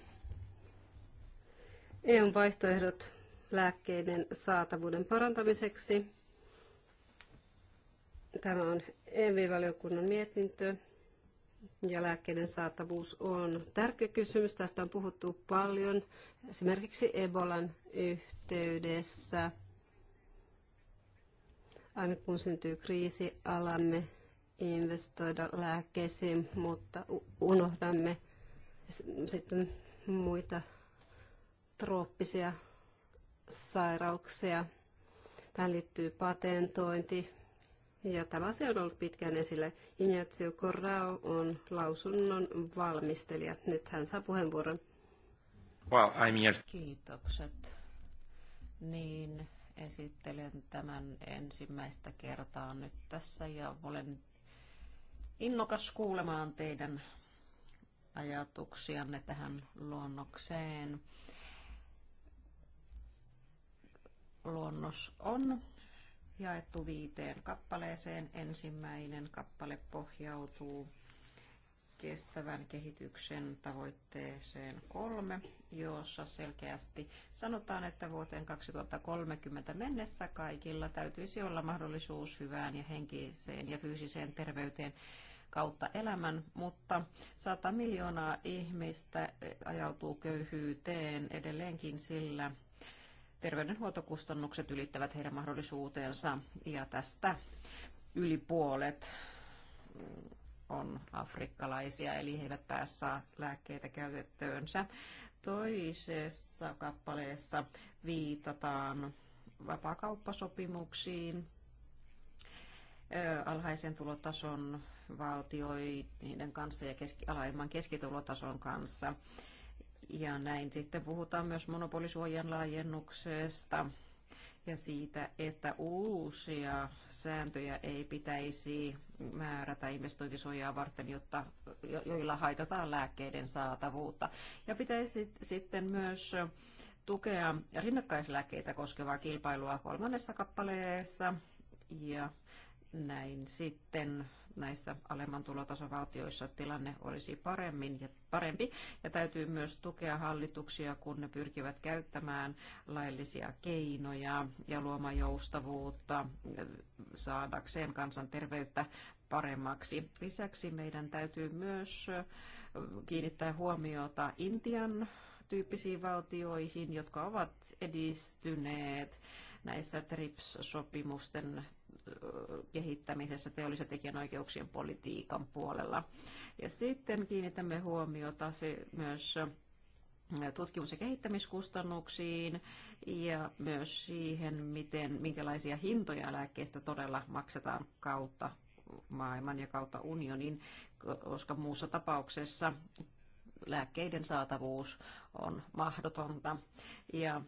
EUn vaihtoehdot lääkkeiden saatavuuden parantamiseksi. Tämä on eu valiokunnan mietintö ja lääkkeiden saatavuus on tärkeä kysymys. Tästä on puhuttu paljon esimerkiksi Ebolan yhteydessä. Aina kun syntyy kriisi, alamme investoida lääkkeisiin, mutta unohdamme sitten muita trooppisia sairauksia. Tähän liittyy patentointi, ja tämä asia on ollut pitkään esillä. Ignacio Corrao on lausunnon valmistelija. Nyt hän saa puheenvuoron. Well, I'm here. Kiitokset. Niin, esittelen tämän ensimmäistä kertaa nyt tässä ja olen innokas kuulemaan teidän ajatuksianne tähän luonnokseen. Luonnos on jaettu viiteen kappaleeseen. Ensimmäinen kappale pohjautuu kestävän kehityksen tavoitteeseen kolme, jossa selkeästi sanotaan, että vuoteen 2030 mennessä kaikilla täytyisi olla mahdollisuus hyvään ja henkiseen ja fyysiseen terveyteen kautta elämän, mutta 100 miljoonaa ihmistä ajautuu köyhyyteen edelleenkin sillä terveydenhuoltokustannukset ylittävät heidän mahdollisuutensa ja tästä yli puolet on afrikkalaisia, eli he eivät pääse lääkkeitä käytettöönsä. Toisessa kappaleessa viitataan vapaakauppasopimuksiin, alhaisen tulotason valtioiden kanssa ja keski, alaimman keskitulotason kanssa. Ja näin sitten puhutaan myös monopolisuojan laajennuksesta ja siitä, että uusia sääntöjä ei pitäisi määrätä investointisuojaa varten, jotta, jo, joilla haitataan lääkkeiden saatavuutta. Ja pitäisi sitten myös tukea rinnakkaislääkkeitä koskevaa kilpailua kolmannessa kappaleessa ja näin sitten näissä alemman tulotasovaltioissa tilanne olisi paremmin ja parempi. Ja täytyy myös tukea hallituksia, kun ne pyrkivät käyttämään laillisia keinoja ja luomaan joustavuutta saadakseen kansanterveyttä paremmaksi. Lisäksi meidän täytyy myös kiinnittää huomiota Intian tyyppisiin valtioihin, jotka ovat edistyneet näissä TRIPS-sopimusten kehittämisessä teollisen tekijänoikeuksien politiikan puolella. Ja sitten kiinnitämme huomiota myös tutkimus- ja kehittämiskustannuksiin ja myös siihen, miten, minkälaisia hintoja lääkkeistä todella maksetaan kautta maailman ja kautta unionin, koska muussa tapauksessa lääkkeiden saatavuus on mahdotonta. Ja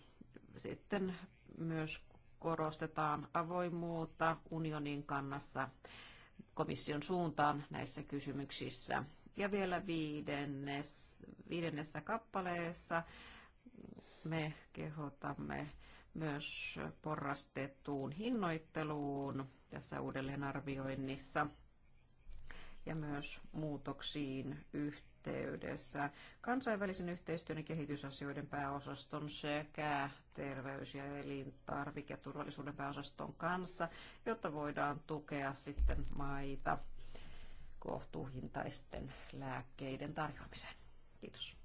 sitten myös korostetaan avoimuutta unionin kannassa komission suuntaan näissä kysymyksissä. Ja vielä viidennes, viidennessä kappaleessa me kehotamme myös porrastettuun hinnoitteluun tässä uudelleenarvioinnissa ja myös muutoksiin yhteydessä kansainvälisen yhteistyön ja kehitysasioiden pääosaston sekä terveys- ja elintarviketurvallisuuden pääosaston kanssa, jotta voidaan tukea sitten maita kohtuuhintaisten lääkkeiden tarjoamiseen. Kiitos.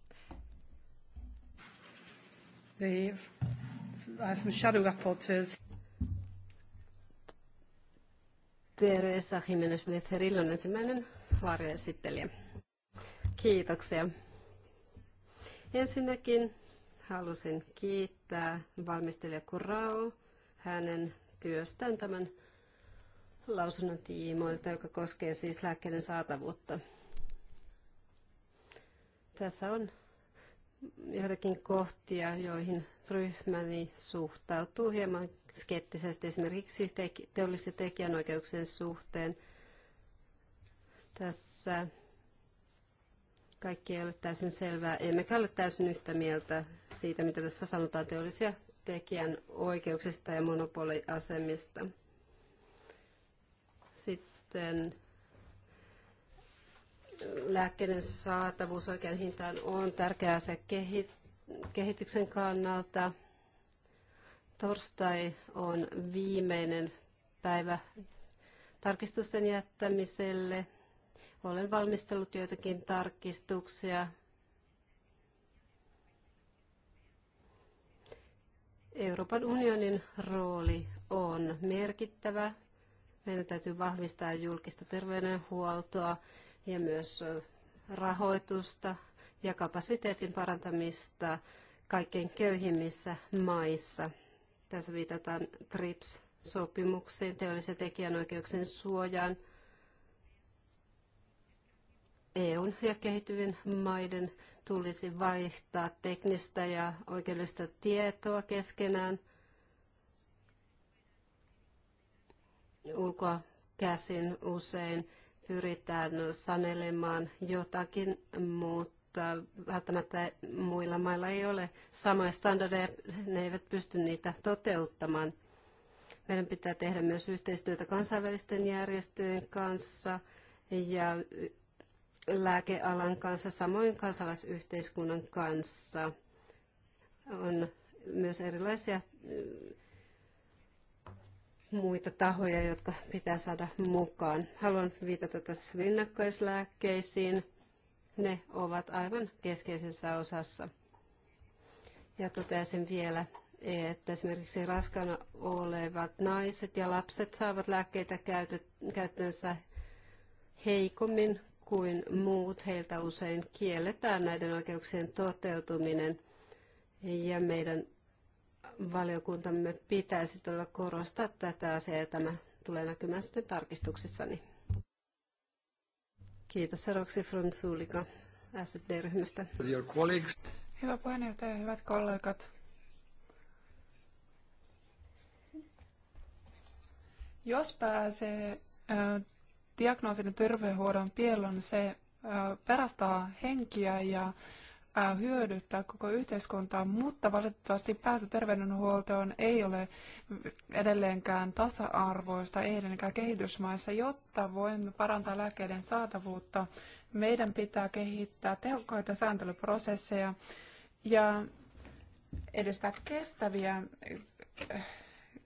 Teresa Jimenez Becerril on ensimmäinen varjoesittelijä. Kiitoksia. Ensinnäkin halusin kiittää valmistelija Kurao hänen työstään tämän lausunnon tiimoilta, joka koskee siis lääkkeiden saatavuutta. Tässä on joitakin kohtia, joihin ryhmäni suhtautuu hieman skeptisesti esimerkiksi teollisten tekijänoikeuksien suhteen. Tässä kaikki ei ole täysin selvää, emmekä ole täysin yhtä mieltä siitä, mitä tässä sanotaan teollisia tekijän oikeuksista ja monopoliasemista. Sitten lääkkeiden saatavuus oikean hintaan on tärkeä asia kehityksen kannalta. Torstai on viimeinen päivä tarkistusten jättämiselle. Olen valmistellut joitakin tarkistuksia. Euroopan unionin rooli on merkittävä. Meidän täytyy vahvistaa julkista terveydenhuoltoa ja myös rahoitusta ja kapasiteetin parantamista kaikkein köyhimmissä maissa. Tässä viitataan TRIPS-sopimukseen, teollisen tekijänoikeuksien suojaan – EUn ja kehittyvien maiden tulisi vaihtaa teknistä ja oikeudellista tietoa keskenään ulkoa käsin usein pyritään sanelemaan jotakin, mutta välttämättä muilla mailla ei ole samoja standardeja, ne eivät pysty niitä toteuttamaan. Meidän pitää tehdä myös yhteistyötä kansainvälisten järjestöjen kanssa ja lääkealan kanssa, samoin kansalaisyhteiskunnan kanssa. On myös erilaisia mm, muita tahoja, jotka pitää saada mukaan. Haluan viitata tässä rinnakkaislääkkeisiin. Ne ovat aivan keskeisessä osassa. Ja toteaisin vielä, että esimerkiksi raskana olevat naiset ja lapset saavat lääkkeitä käytönsä heikommin kuin muut. Heiltä usein kielletään näiden oikeuksien toteutuminen ja meidän valiokuntamme pitäisi todella korostaa tätä asiaa ja tämä tulee näkymään sitten tarkistuksissani. Kiitos Roksi Fronsulika SD-ryhmästä. Hyvä puheenjohtaja, hyvät kollegat. Jos pääsee ja terveydenhuollon pielon, se äh, perastaa henkiä ja äh, hyödyttää koko yhteiskuntaa, mutta valitettavasti pääsy terveydenhuoltoon ei ole edelleenkään tasa-arvoista, ei edelleenkään kehitysmaissa. Jotta voimme parantaa lääkkeiden saatavuutta, meidän pitää kehittää tehokkaita sääntelyprosesseja ja edistää kestäviä äh,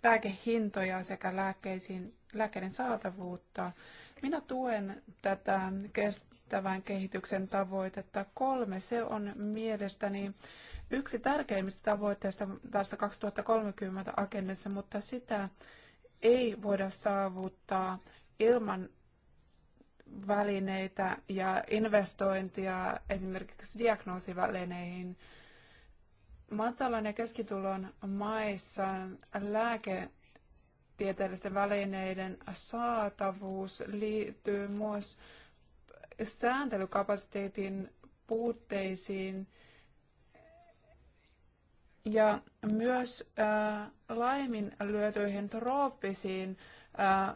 lääkehintoja sekä lääkkeisiin, lääkkeiden saatavuutta. Minä tuen tätä kestävän kehityksen tavoitetta kolme. Se on mielestäni yksi tärkeimmistä tavoitteista tässä 2030-agendassa, mutta sitä ei voida saavuttaa ilman välineitä ja investointia esimerkiksi diagnoosivälineihin. Matalan ja keskitulon maissa lääke tieteellisten välineiden saatavuus liittyy myös sääntelykapasiteetin puutteisiin ja myös äh, laiminlyötyihin trooppisiin äh,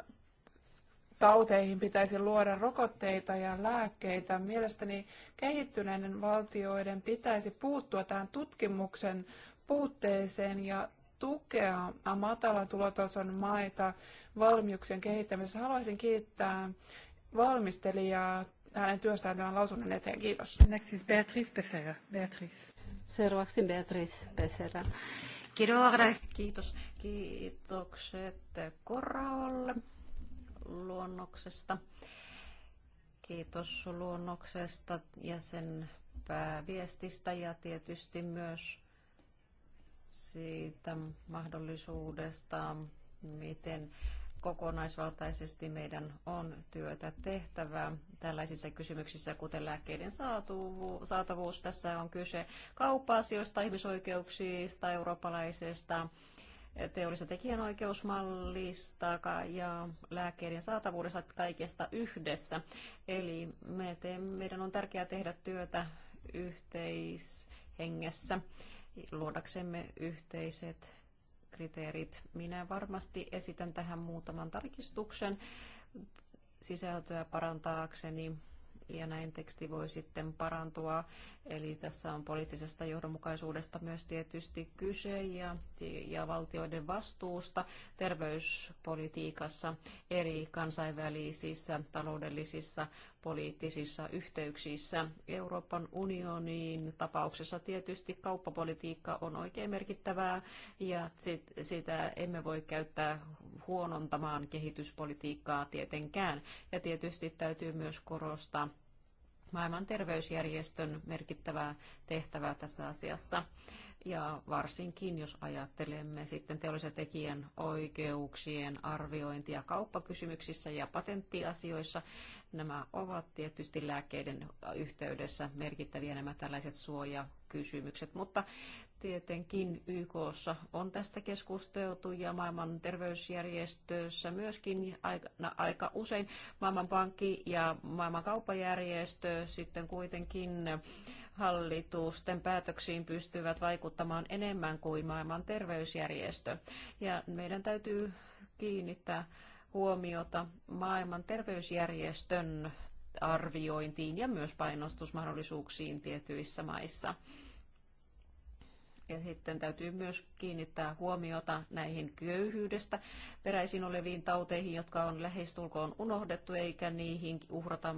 tauteihin pitäisi luoda rokotteita ja lääkkeitä. Mielestäni kehittyneiden valtioiden pitäisi puuttua tähän tutkimuksen puutteeseen ja tukea matalatulotason maita valmiuksien kehittämisessä. Haluaisin kiittää valmistelijaa hänen työstään tämän lausunnon eteen. Kiitos. Next is Beatriz Becerra. Beatriz. Seuraavaksi Beatrice Becerra. Kiitos. Kiitokset Koraolle luonnoksesta. Kiitos luonnoksesta ja sen pääviestistä ja tietysti myös siitä mahdollisuudesta, miten kokonaisvaltaisesti meidän on työtä tehtävä tällaisissa kysymyksissä, kuten lääkkeiden saatavuus. Tässä on kyse kauppa-asioista, ihmisoikeuksista, eurooppalaisesta teollisesta tekijänoikeusmallista ja lääkkeiden saatavuudesta kaikesta yhdessä. Eli me teemme, meidän on tärkeää tehdä työtä yhteishengessä luodaksemme yhteiset kriteerit. Minä varmasti esitän tähän muutaman tarkistuksen sisältöä parantaakseni ja näin teksti voi sitten parantua. Eli tässä on poliittisesta johdonmukaisuudesta myös tietysti kyse ja, ja valtioiden vastuusta terveyspolitiikassa eri kansainvälisissä taloudellisissa poliittisissa yhteyksissä. Euroopan unionin tapauksessa tietysti kauppapolitiikka on oikein merkittävää ja sitä emme voi käyttää huonontamaan kehityspolitiikkaa tietenkään. Ja tietysti täytyy myös korostaa maailman terveysjärjestön merkittävää tehtävää tässä asiassa. Ja varsinkin jos ajattelemme sitten teollisen tekijän oikeuksien arviointia kauppakysymyksissä ja patenttiasioissa, nämä ovat tietysti lääkkeiden yhteydessä merkittäviä nämä tällaiset suojakysymykset, mutta Tietenkin YKssa on tästä keskusteltu ja maailman terveysjärjestössä myöskin aika, aika usein. Maailmanpankki ja maailman kauppajärjestö sitten kuitenkin hallitusten päätöksiin pystyvät vaikuttamaan enemmän kuin maailman terveysjärjestö. Ja meidän täytyy kiinnittää huomiota maailman terveysjärjestön arviointiin ja myös painostusmahdollisuuksiin tietyissä maissa. Ja sitten täytyy myös kiinnittää huomiota näihin köyhyydestä peräisin oleviin tauteihin, jotka on lähestulkoon unohdettu, eikä niihin uhrata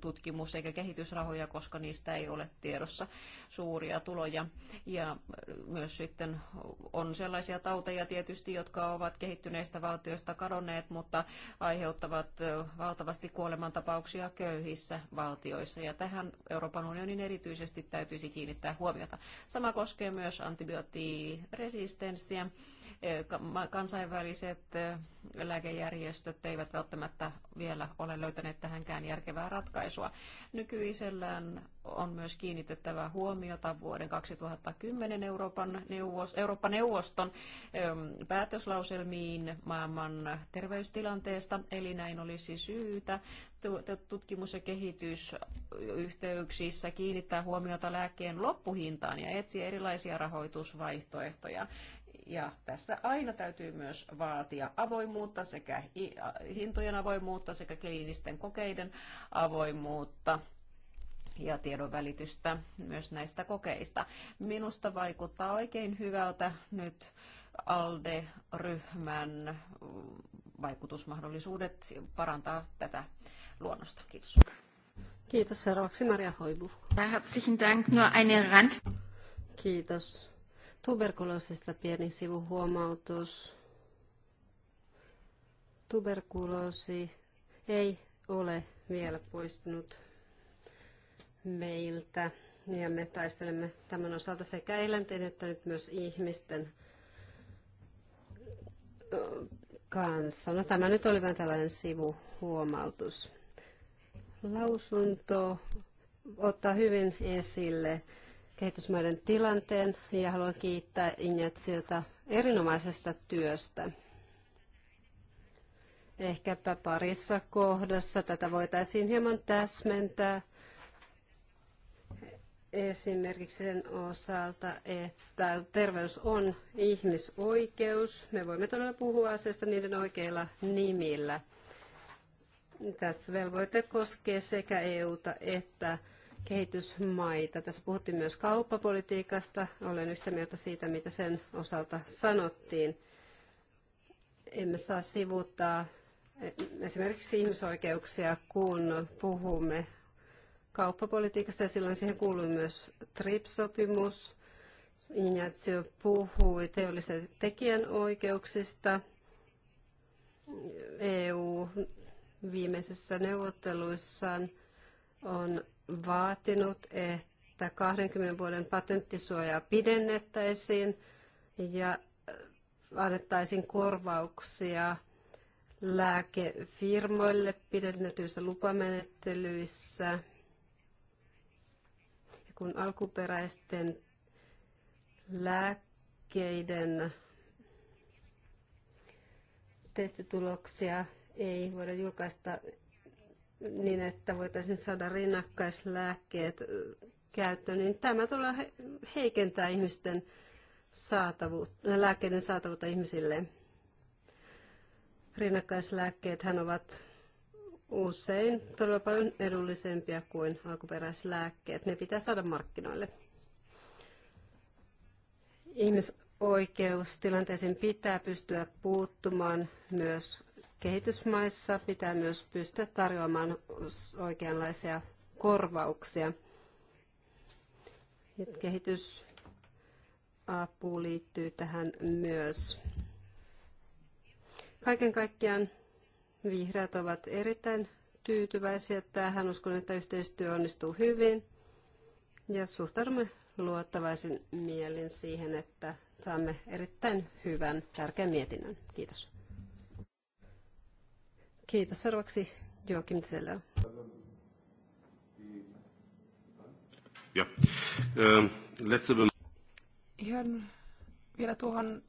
tutkimus- eikä kehitysrahoja, koska niistä ei ole tiedossa suuria tuloja. Ja myös sitten on sellaisia tauteja tietysti, jotka ovat kehittyneistä valtioista kadonneet, mutta aiheuttavat valtavasti kuolemantapauksia köyhissä valtioissa. Ja tähän Euroopan unionin erityisesti täytyisi kiinnittää huomiota. Sama koskee myös antibioottiresistenssiä. Kansainväliset lääkejärjestöt eivät välttämättä vielä ole löytäneet tähänkään järkevää ratkaisua. Nykyisellään on myös kiinnitettävä huomiota vuoden 2010 Euroopan neuvos, Eurooppa-neuvoston päätöslauselmiin maailman terveystilanteesta, eli näin olisi syytä tutkimus- ja kehitysyhteyksissä kiinnittää huomiota lääkkeen loppuhintaan ja etsiä erilaisia rahoitusvaihtoehtoja. Ja tässä aina täytyy myös vaatia avoimuutta sekä hintojen avoimuutta sekä kliinisten kokeiden avoimuutta ja välitystä myös näistä kokeista. Minusta vaikuttaa oikein hyvältä nyt ALDE-ryhmän vaikutusmahdollisuudet parantaa tätä luonnosta. Kiitos. Kiitos. Seuraavaksi Maria Hoibu. Herzlichen Dank. Nur eine Rand. Kiitos. Tuberkuloosista pieni sivuhuomautus. Tuberkuloosi ei ole vielä poistunut meiltä ja me taistelemme tämän osalta sekä eläinten että nyt myös ihmisten kanssa. No, tämä nyt oli vain tällainen sivuhuomautus. Lausunto ottaa hyvin esille kehitysmaiden tilanteen ja haluan kiittää Injatsiota erinomaisesta työstä. Ehkäpä parissa kohdassa tätä voitaisiin hieman täsmentää esimerkiksi sen osalta, että terveys on ihmisoikeus. Me voimme todella puhua asiasta niiden oikeilla nimillä. Tässä velvoite koskee sekä EUta että kehitysmaita. Tässä puhuttiin myös kauppapolitiikasta. Olen yhtä mieltä siitä, mitä sen osalta sanottiin. Emme saa sivuuttaa esimerkiksi ihmisoikeuksia, kun puhumme kauppapolitiikasta ja silloin siihen kuului myös TRIPS-sopimus. Ignacio puhui teollisen tekijänoikeuksista. EU viimeisissä neuvotteluissaan on vaatinut, että 20 vuoden patenttisuojaa pidennettäisiin ja annettaisiin korvauksia lääkefirmoille pidennetyissä lupamenettelyissä. Ja kun alkuperäisten lääkkeiden testituloksia ei voida julkaista niin, että voitaisiin saada rinnakkaislääkkeet käyttöön, niin tämä tulee heikentää ihmisten saatavuutta, lääkkeiden saatavuutta ihmisille. Rinnakkaislääkkeet ovat usein todella paljon edullisempia kuin alkuperäislääkkeet. Ne pitää saada markkinoille. Ihmisoikeustilanteeseen pitää pystyä puuttumaan myös kehitysmaissa pitää myös pystyä tarjoamaan oikeanlaisia korvauksia. Kehitysapu liittyy tähän myös. Kaiken kaikkiaan vihreät ovat erittäin tyytyväisiä tähän. Uskon, että yhteistyö onnistuu hyvin ja suhtaudumme luottavaisin mielin siihen, että saamme erittäin hyvän, tärkeän mietinnön. Kiitos. Kiitos. Seuraavaksi Joakim Zeller. Ja. Ähm, Ihan vielä tuohon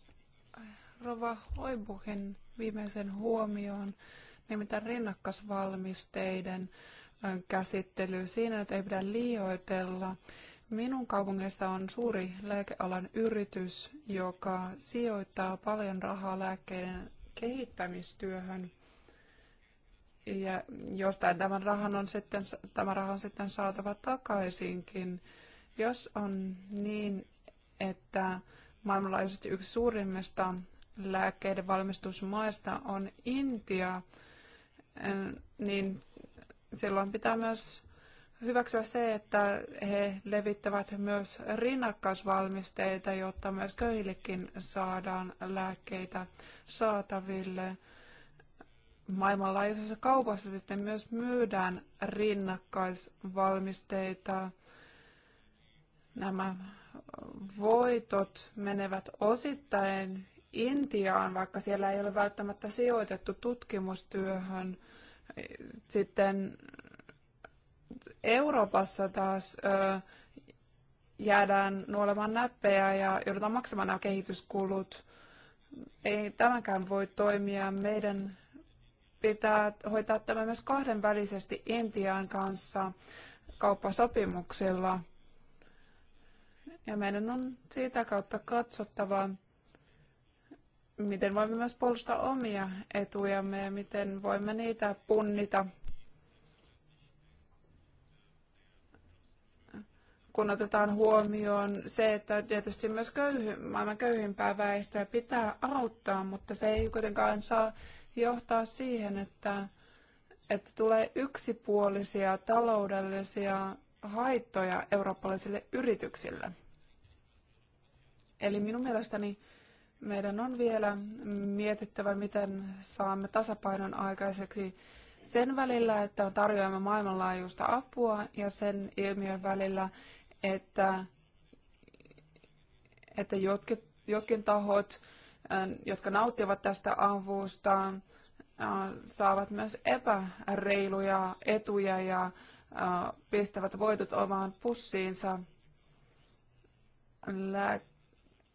äh, Rova Hoibuhin viimeisen huomioon, nimittäin rinnakkaisvalmisteiden äh, käsittely siinä, että ei pidä liioitella. Minun kaupungissa on suuri lääkealan yritys, joka sijoittaa paljon rahaa lääkkeiden kehittämistyöhön. Ja jostain tämän rahan on sitten, tämä raha on sitten saatava takaisinkin. Jos on niin, että maailmanlaajuisesti yksi suurimmista lääkkeiden valmistusmaista on Intia, niin silloin pitää myös hyväksyä se, että he levittävät myös rinnakkaisvalmisteita, jotta myös köyhillekin saadaan lääkkeitä saataville maailmanlaajuisessa kaupassa sitten myös myydään rinnakkaisvalmisteita. Nämä voitot menevät osittain Intiaan, vaikka siellä ei ole välttämättä sijoitettu tutkimustyöhön. Sitten Euroopassa taas jäädään nuolemaan näppejä ja joudutaan maksamaan nämä kehityskulut. Ei tämäkään voi toimia. Meidän pitää hoitaa tämä myös kahdenvälisesti Intian kanssa kauppasopimuksilla. Ja meidän on siitä kautta katsottava, miten voimme myös puolustaa omia etujamme ja miten voimme niitä punnita. Kun otetaan huomioon se, että tietysti myös köyhy, maailman köyhimpää väestöä pitää auttaa, mutta se ei kuitenkaan saa johtaa siihen, että, että tulee yksipuolisia taloudellisia haittoja eurooppalaisille yrityksille. Eli minun mielestäni meidän on vielä mietittävä, miten saamme tasapainon aikaiseksi sen välillä, että tarjoamme maailmanlaajuista apua ja sen ilmiön välillä, että, että jotkin, jotkin tahot jotka nauttivat tästä avusta, saavat myös epäreiluja etuja ja pistävät voitot omaan pussiinsa.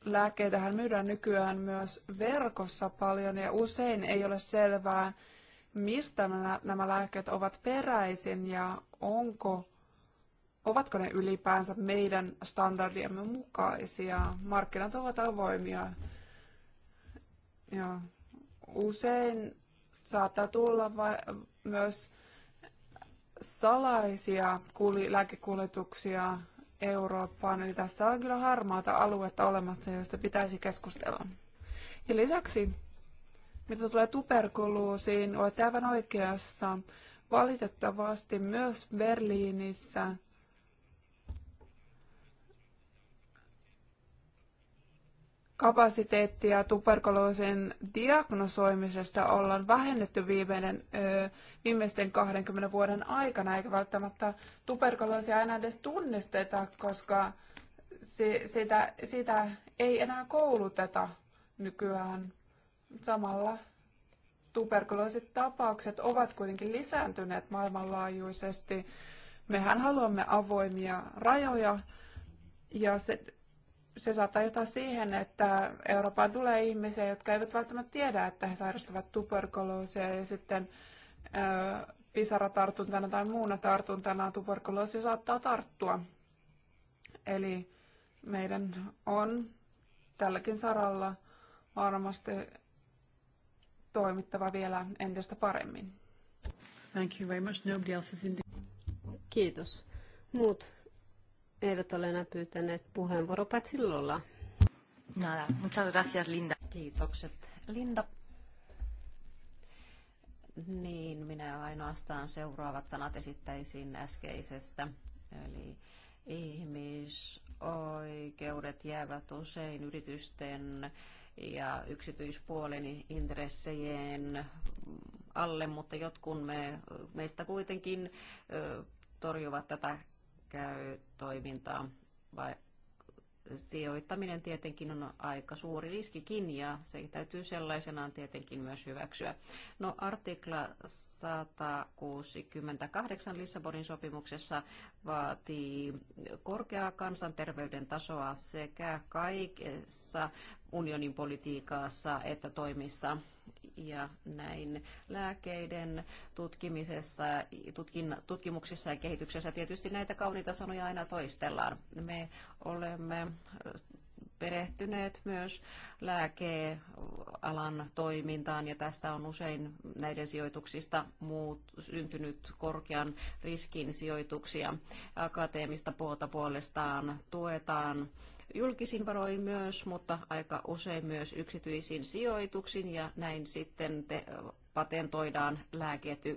Lääkkeitähän myydään nykyään myös verkossa paljon ja usein ei ole selvää, mistä nämä lääkkeet ovat peräisin ja onko, ovatko ne ylipäänsä meidän standardiemme mukaisia. Markkinat ovat avoimia ja usein saattaa tulla myös salaisia kuli- lääkekuljetuksia Eurooppaan. Eli tässä on kyllä harmaata aluetta olemassa, josta pitäisi keskustella. Ja lisäksi, mitä tulee tuberkuluusiin, olette aivan oikeassa. Valitettavasti myös Berliinissä kapasiteettia tuberkuloosin diagnosoimisesta ollaan vähennetty viimeinen, viimeisten 20 vuoden aikana, eikä välttämättä tuberkuloosia enää edes tunnisteta, koska se, sitä, sitä ei enää kouluteta nykyään. Samalla tuberkuloosit tapaukset ovat kuitenkin lisääntyneet maailmanlaajuisesti. Mehän haluamme avoimia rajoja ja se, se saattaa johtaa siihen, että Eurooppaan tulee ihmisiä, jotka eivät välttämättä tiedä, että he sairastavat tuberkuloosia ja sitten pisaratartuntana tai muuna tartuntana tuberkuloosi saattaa tarttua. Eli meidän on tälläkin saralla varmasti toimittava vielä entistä paremmin. Thank you very much. Nobody else is in the... Kiitos. Muut eivät ole enää pyytäneet puheenvuoroa, paitsi Lola. Nada, muchas gracias Linda. Kiitokset Linda. Niin, minä ainoastaan seuraavat sanat esittäisin äskeisestä. Eli ihmisoikeudet jäävät usein yritysten ja yksityispuolen intressejen alle, mutta jotkun me, meistä kuitenkin ö, torjuvat tätä käy toimintaa, vai sijoittaminen tietenkin on aika suuri riskikin ja se täytyy sellaisenaan tietenkin myös hyväksyä. No artikla 168 Lissabonin sopimuksessa vaatii korkeaa kansanterveyden tasoa sekä kaikessa unionin politiikassa että toimissa ja näin lääkeiden tutkimisessa, tutkin, tutkimuksissa ja kehityksessä tietysti näitä kauniita sanoja aina toistellaan. Me olemme äh, perehtyneet myös lääkealan toimintaan ja tästä on usein näiden sijoituksista muut syntynyt korkean riskin sijoituksia. Akateemista puolta puolestaan tuetaan julkisin varoin myös, mutta aika usein myös yksityisiin sijoituksiin ja näin sitten te, patentoidaan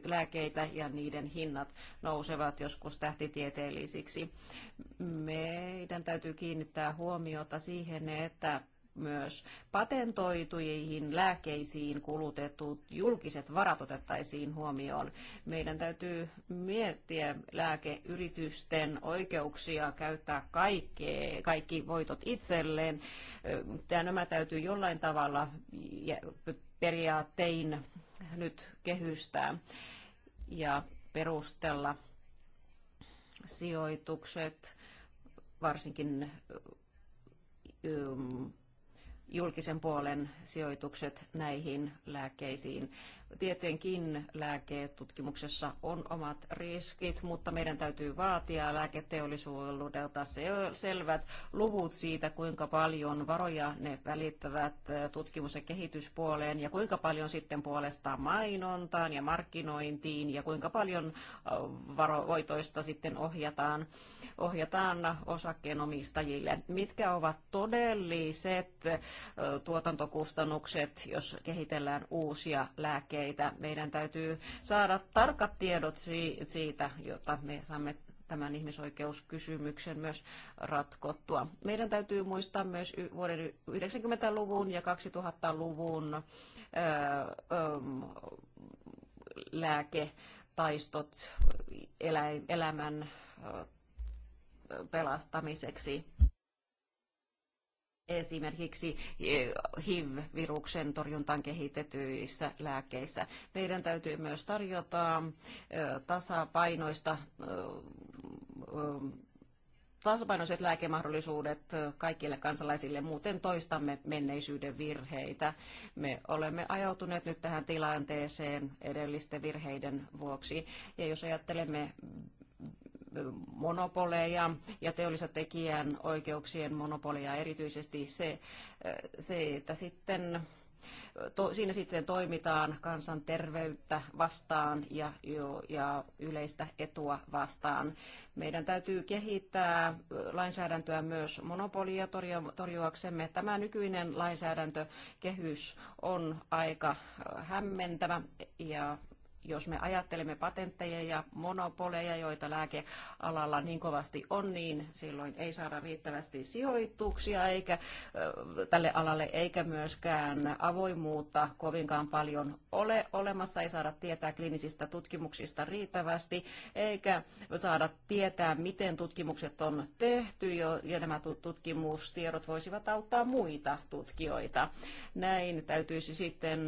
lääkeitä ja niiden hinnat nousevat joskus tähtitieteellisiksi. Meidän täytyy kiinnittää huomiota siihen, että myös patentoituihin lääkkeisiin kulutetut julkiset varat otettaisiin huomioon. Meidän täytyy miettiä lääkeyritysten oikeuksia käyttää kaikki, kaikki voitot itselleen. Nämä täytyy jollain tavalla periaattein nyt kehystää ja perustella sijoitukset, varsinkin julkisen puolen sijoitukset näihin lääkkeisiin. Tietenkin lääketutkimuksessa on omat riskit, mutta meidän täytyy vaatia lääketeollisuudelta selvät luvut siitä, kuinka paljon varoja ne välittävät tutkimus- ja kehityspuoleen ja kuinka paljon sitten puolestaan mainontaan ja markkinointiin ja kuinka paljon varo- sitten ohjataan, ohjataan osakkeenomistajille. Mitkä ovat todelliset tuotantokustannukset, jos kehitellään uusia lääkkeitä? tärkeitä. Meidän täytyy saada tarkat tiedot siitä, jotta me saamme tämän ihmisoikeuskysymyksen myös ratkottua. Meidän täytyy muistaa myös vuoden 90-luvun ja 2000-luvun lääketaistot eläin, elämän pelastamiseksi esimerkiksi eh, HIV-viruksen torjuntaan kehitetyissä lääkkeissä. Meidän täytyy myös tarjota eh, tasapainoista eh, tasapainoiset lääkemahdollisuudet kaikille kansalaisille, muuten toistamme menneisyyden virheitä. Me olemme ajautuneet nyt tähän tilanteeseen edellisten virheiden vuoksi. Ja jos ajattelemme monopoleja ja tekijän oikeuksien monopoleja erityisesti se, se että sitten to, siinä sitten toimitaan kansanterveyttä vastaan ja, jo ja yleistä etua vastaan. Meidän täytyy kehittää lainsäädäntöä myös monopolia torjuaksemme. Tämä nykyinen lainsäädäntökehys on aika hämmentävä ja jos me ajattelemme patentteja ja monopoleja, joita lääkealalla niin kovasti on, niin silloin ei saada riittävästi sijoituksia eikä tälle alalle eikä myöskään avoimuutta kovinkaan paljon ole olemassa. Ei saada tietää kliinisistä tutkimuksista riittävästi eikä saada tietää, miten tutkimukset on tehty jo, ja nämä tutkimustiedot voisivat auttaa muita tutkijoita. Näin täytyisi sitten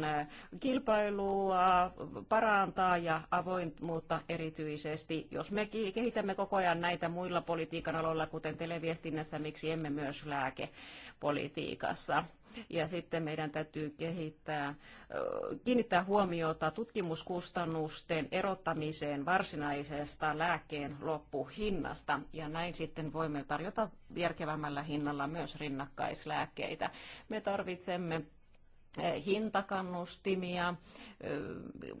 kilpailua parantaa parantaa ja avoimuutta erityisesti. Jos me kehitämme koko ajan näitä muilla politiikan aloilla, kuten televiestinnässä, miksi emme myös lääkepolitiikassa. Ja sitten meidän täytyy kehittää, kiinnittää huomiota tutkimuskustannusten erottamiseen varsinaisesta lääkkeen loppuhinnasta. Ja näin sitten voimme tarjota järkevämmällä hinnalla myös rinnakkaislääkkeitä. Me tarvitsemme Eh, hintakannustimia eh,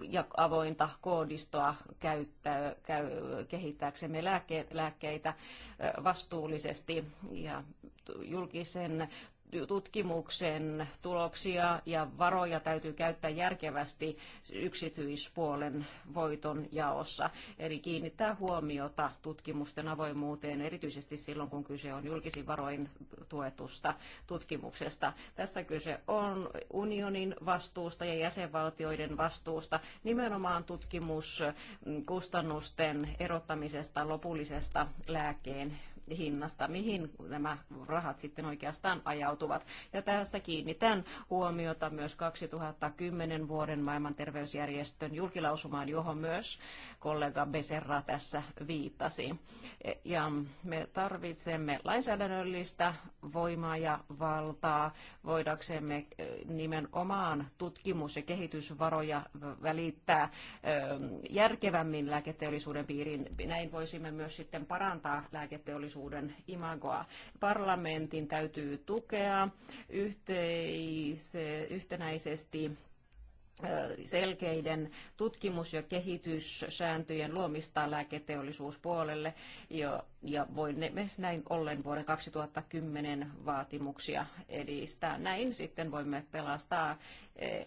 ja avointa koodistoa käyttää, käy, kehittääksemme lääkkeitä eh, vastuullisesti ja julkisen tutkimuksen tuloksia ja varoja täytyy käyttää järkevästi yksityispuolen voiton jaossa. Eli kiinnittää huomiota tutkimusten avoimuuteen, erityisesti silloin kun kyse on julkisin varoin tuetusta tutkimuksesta. Tässä kyse on unionin vastuusta ja jäsenvaltioiden vastuusta nimenomaan tutkimuskustannusten erottamisesta lopullisesta lääkkeen hinnasta, mihin nämä rahat sitten oikeastaan ajautuvat. Ja tässä kiinnitän huomiota myös 2010 vuoden maailman terveysjärjestön julkilausumaan, johon myös kollega Becerra tässä viittasi. E, ja me tarvitsemme lainsäädännöllistä voimaa ja valtaa voidaksemme e, nimenomaan tutkimus- ja kehitysvaroja välittää e, järkevämmin lääketeollisuuden piiriin. Näin voisimme myös sitten parantaa lääketeollisuuden imagoa. Parlamentin täytyy tukea yhteise, yhtenäisesti selkeiden tutkimus- ja kehityssääntöjen luomista lääketeollisuuspuolelle, jo ja voimme näin ollen vuoden 2010 vaatimuksia edistää. Näin sitten voimme pelastaa e, e,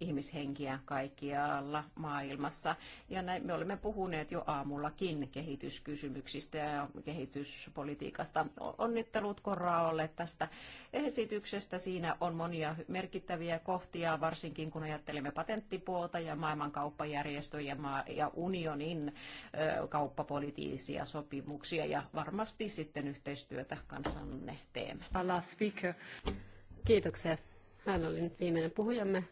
ihmishenkiä kaikkialla maailmassa. Ja näin me olemme puhuneet jo aamullakin kehityskysymyksistä ja kehityspolitiikasta. Onnittelut Koraolle tästä esityksestä. Siinä on monia merkittäviä kohtia, varsinkin kun ajattelemme patenttipuolta ja maailmankauppajärjestöjä ja unionin e, kauppapolitiisia sopimuksia vaatimuksia ja varmasti sitten yhteistyötä kanssanne teemme. Kiitoksia. Hän oli nyt viimeinen puhujamme.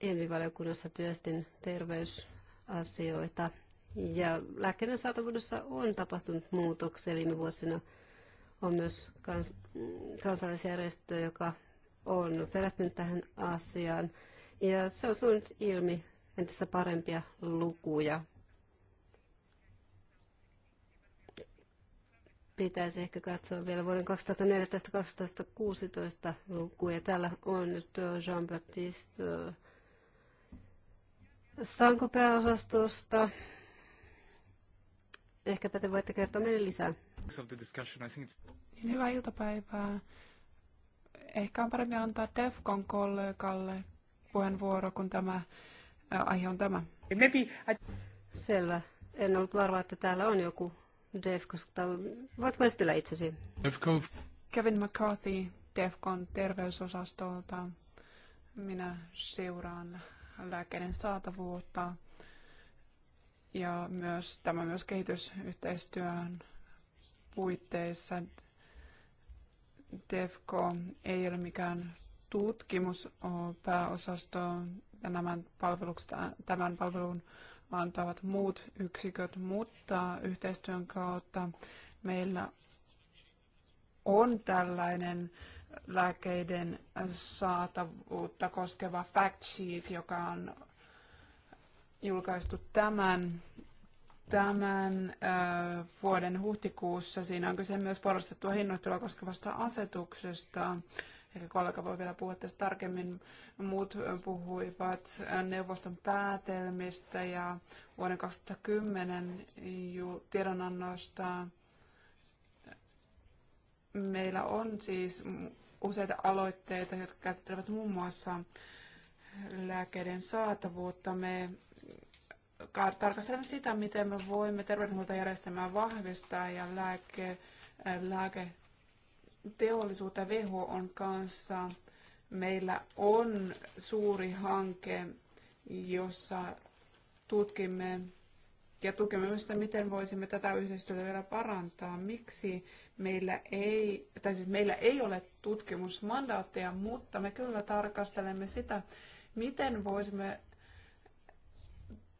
Elvivaliokunnassa työstin terveysasioita ja lääkkeiden saatavuudessa on tapahtunut muutoksia viime vuosina. On myös kans- kansalaisjärjestö, joka on perättynyt tähän asiaan. Ja se on tullut ilmi entistä parempia lukuja. Pitäisi ehkä katsoa vielä vuoden 2014-2016 lukuja. Täällä on nyt Jean-Baptiste Sanko pääosastosta. Ehkäpä te voitte kertoa meille lisää. Hyvää iltapäivää. Ehkä on parempi antaa Defcon kollegalle puheenvuoro, kun tämä aihe on tämä. Selvä. En ollut varma, että täällä on joku DEFCOsta. Voitko esitellä itsesi? DEFCO. Kevin McCarthy DEFCON terveysosastolta. Minä seuraan lääkkeiden saatavuutta ja myös tämä myös kehitysyhteistyön puitteissa. DEFCO ei ole mikään tutkimuspääosasto, nämä tämän palvelun antavat muut yksiköt, mutta yhteistyön kautta meillä on tällainen lääkkeiden saatavuutta koskeva fact sheet, joka on julkaistu tämän, tämän ö, vuoden huhtikuussa. Siinä on kyse myös porrastettua hinnoittelua koskevasta asetuksesta. Ehkä kollega voi vielä puhua tästä tarkemmin. Muut puhuivat neuvoston päätelmistä ja vuoden 2010 tiedonannosta. Meillä on siis useita aloitteita, jotka käsittelevät muun muassa lääkkeiden saatavuutta. Me tarkastelemme sitä, miten me voimme terveydenhuoltojärjestelmää vahvistaa ja lääke, lääke teollisuutta on kanssa meillä on suuri hanke, jossa tutkimme ja tutkimme myös sitä, miten voisimme tätä yhteistyötä vielä parantaa. Miksi meillä ei, tai siis meillä ei ole tutkimusmandaatteja, mutta me kyllä tarkastelemme sitä, miten voisimme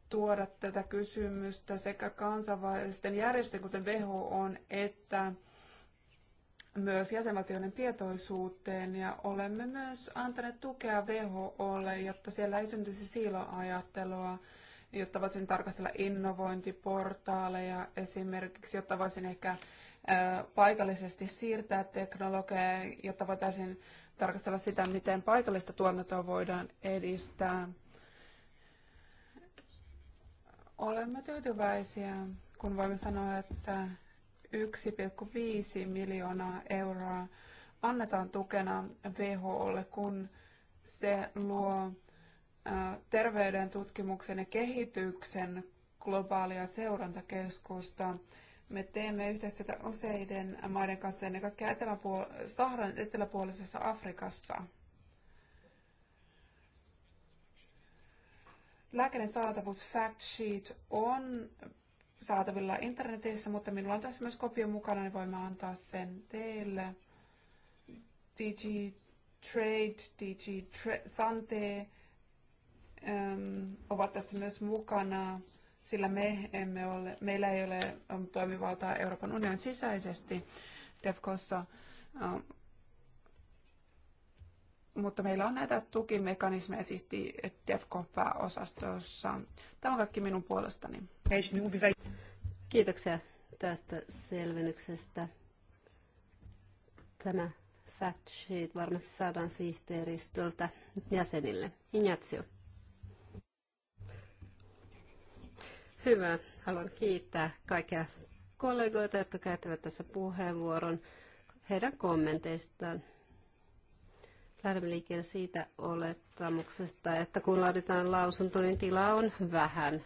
tuoda tätä kysymystä sekä kansainvälisten järjestöjen, kuten WHO, että myös jäsenvaltioiden tietoisuuteen ja olemme myös antaneet tukea WHOlle, jotta siellä ei syntyisi siiloajattelua, jotta voisin tarkastella innovointiportaaleja esimerkiksi, jotta voisin ehkä paikallisesti siirtää teknologiaa, jotta voitaisiin tarkastella sitä, miten paikallista tuotantoa voidaan edistää. Olemme tyytyväisiä, kun voimme sanoa, että 1,5 miljoonaa euroa annetaan tukena WHOlle, kun se luo terveyden tutkimuksen ja kehityksen globaalia seurantakeskusta. Me teemme yhteistyötä useiden maiden kanssa ennen kaikkea eteläpuol- Saharan eteläpuolisessa Afrikassa. Lääkärin saatavuus fact sheet on saatavilla internetissä, mutta minulla on tässä myös kopio mukana, niin voimme antaa sen teille. DG Trade, DG Tra- Sante ähm, ovat tässä myös mukana, sillä me emme ole, meillä ei ole ähm, toimivaltaa Euroopan unionin sisäisesti DEFCOssa, ähm, mutta meillä on näitä tukimekanismeja siis DEFCO-pääosastossa. Tämä on kaikki minun puolestani. Kiitoksia tästä selvennyksestä. Tämä fact sheet varmasti saadaan sihteeristöltä jäsenille. Ignazio. Hyvä. Haluan kiittää kaikkia kollegoita, jotka käyttävät tässä puheenvuoron heidän kommenteistaan. Lähdemme liikkeelle siitä olettamuksesta, että kun laaditaan lausunto, niin tilaa on vähän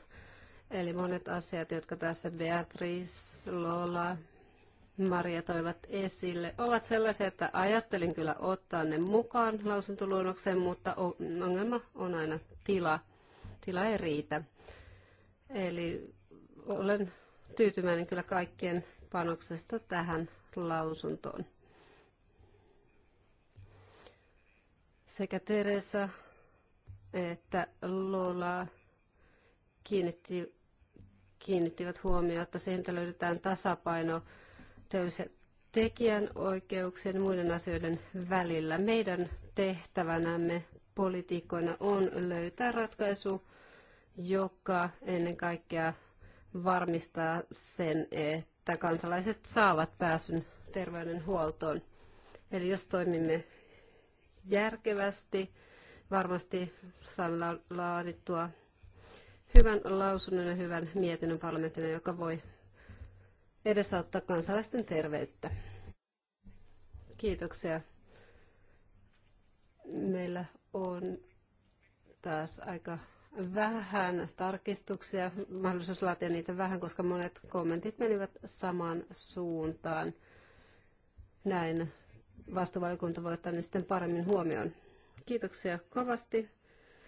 Eli monet asiat, jotka tässä Beatrice, Lola, Maria toivat esille, ovat sellaisia, että ajattelin kyllä ottaa ne mukaan lausuntoluonnokseen, mutta ongelma on aina tila. Tila ei riitä. Eli olen tyytyväinen kyllä kaikkien panoksesta tähän lausuntoon. Sekä Teresa että Lola kiinnitti kiinnittivät huomiota. Siitä löydetään tasapaino teollisen tekijän ja muiden asioiden välillä. Meidän tehtävänämme poliitikkoina on löytää ratkaisu, joka ennen kaikkea varmistaa sen, että kansalaiset saavat pääsyn terveydenhuoltoon. Eli jos toimimme järkevästi, varmasti saamme laadittua hyvän lausunnon ja hyvän mietinnön parlamentille, joka voi edesauttaa kansalaisten terveyttä. Kiitoksia. Meillä on taas aika vähän tarkistuksia, mahdollisuus laatia niitä vähän, koska monet kommentit menivät samaan suuntaan. Näin vastuvaliokunta voi ottaa ne sitten paremmin huomioon. Kiitoksia kovasti.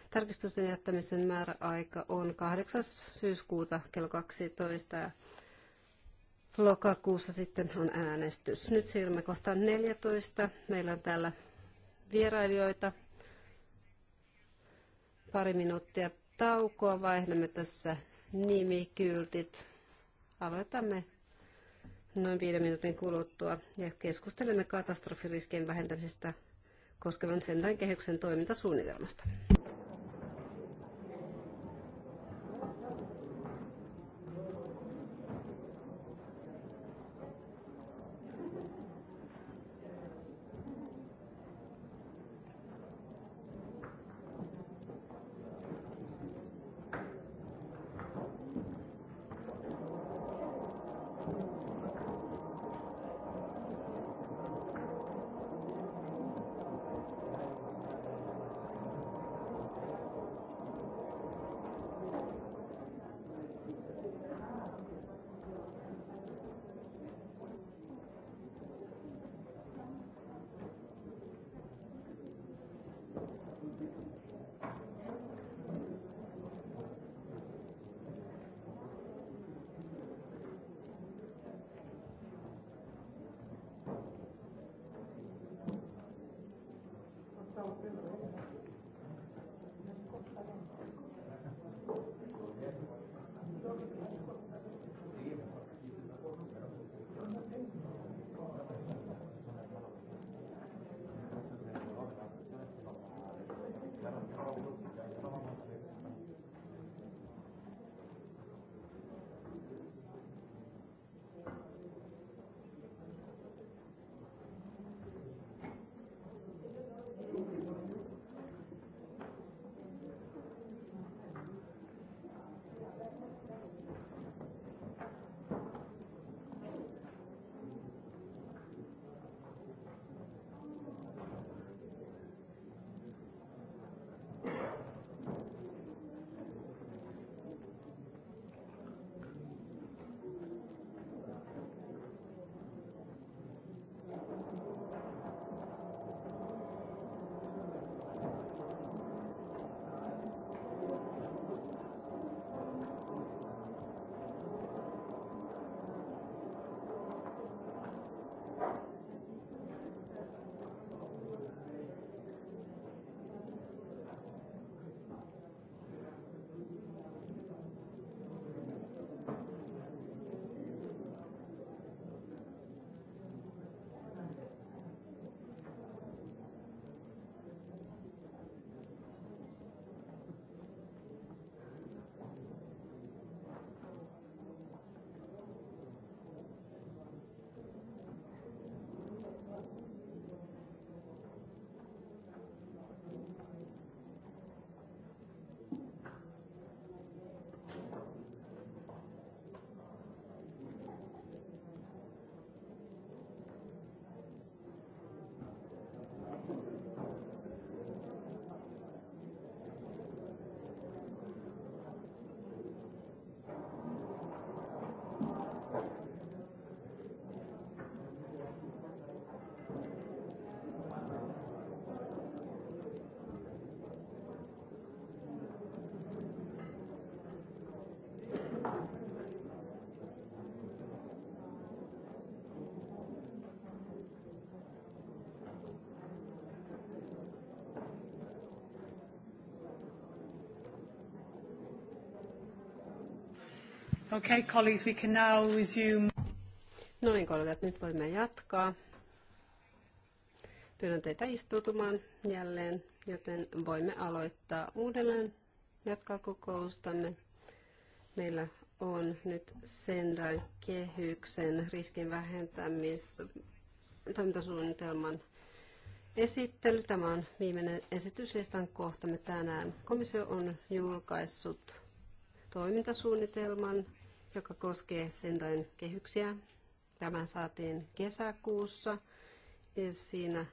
Tarkistusten jättämisen määräaika on 8. syyskuuta kello 12. Lokakuussa sitten on äänestys. Nyt siirrymme kohtaan 14. Meillä on täällä vierailijoita. Pari minuuttia taukoa. Vaihdamme tässä nimikyltit. Aloitamme noin viiden minuutin kuluttua ja keskustelemme katastrofiriskien vähentämisestä koskevan sentään kehyksen toimintasuunnitelmasta. Okay, colleagues, we can now resume. No niin, kollegat, nyt voimme jatkaa. Pyydän teitä istutumaan jälleen, joten voimme aloittaa uudelleen jatkaa kokoustamme. Meillä on nyt Sendain kehyksen riskin vähentämis toimintasuunnitelman esittely. Tämä on viimeinen esityslistan kohtamme tänään. Komissio on julkaissut toimintasuunnitelman joka koskee Sendain kehyksiä. Tämä saatiin kesäkuussa ja siinä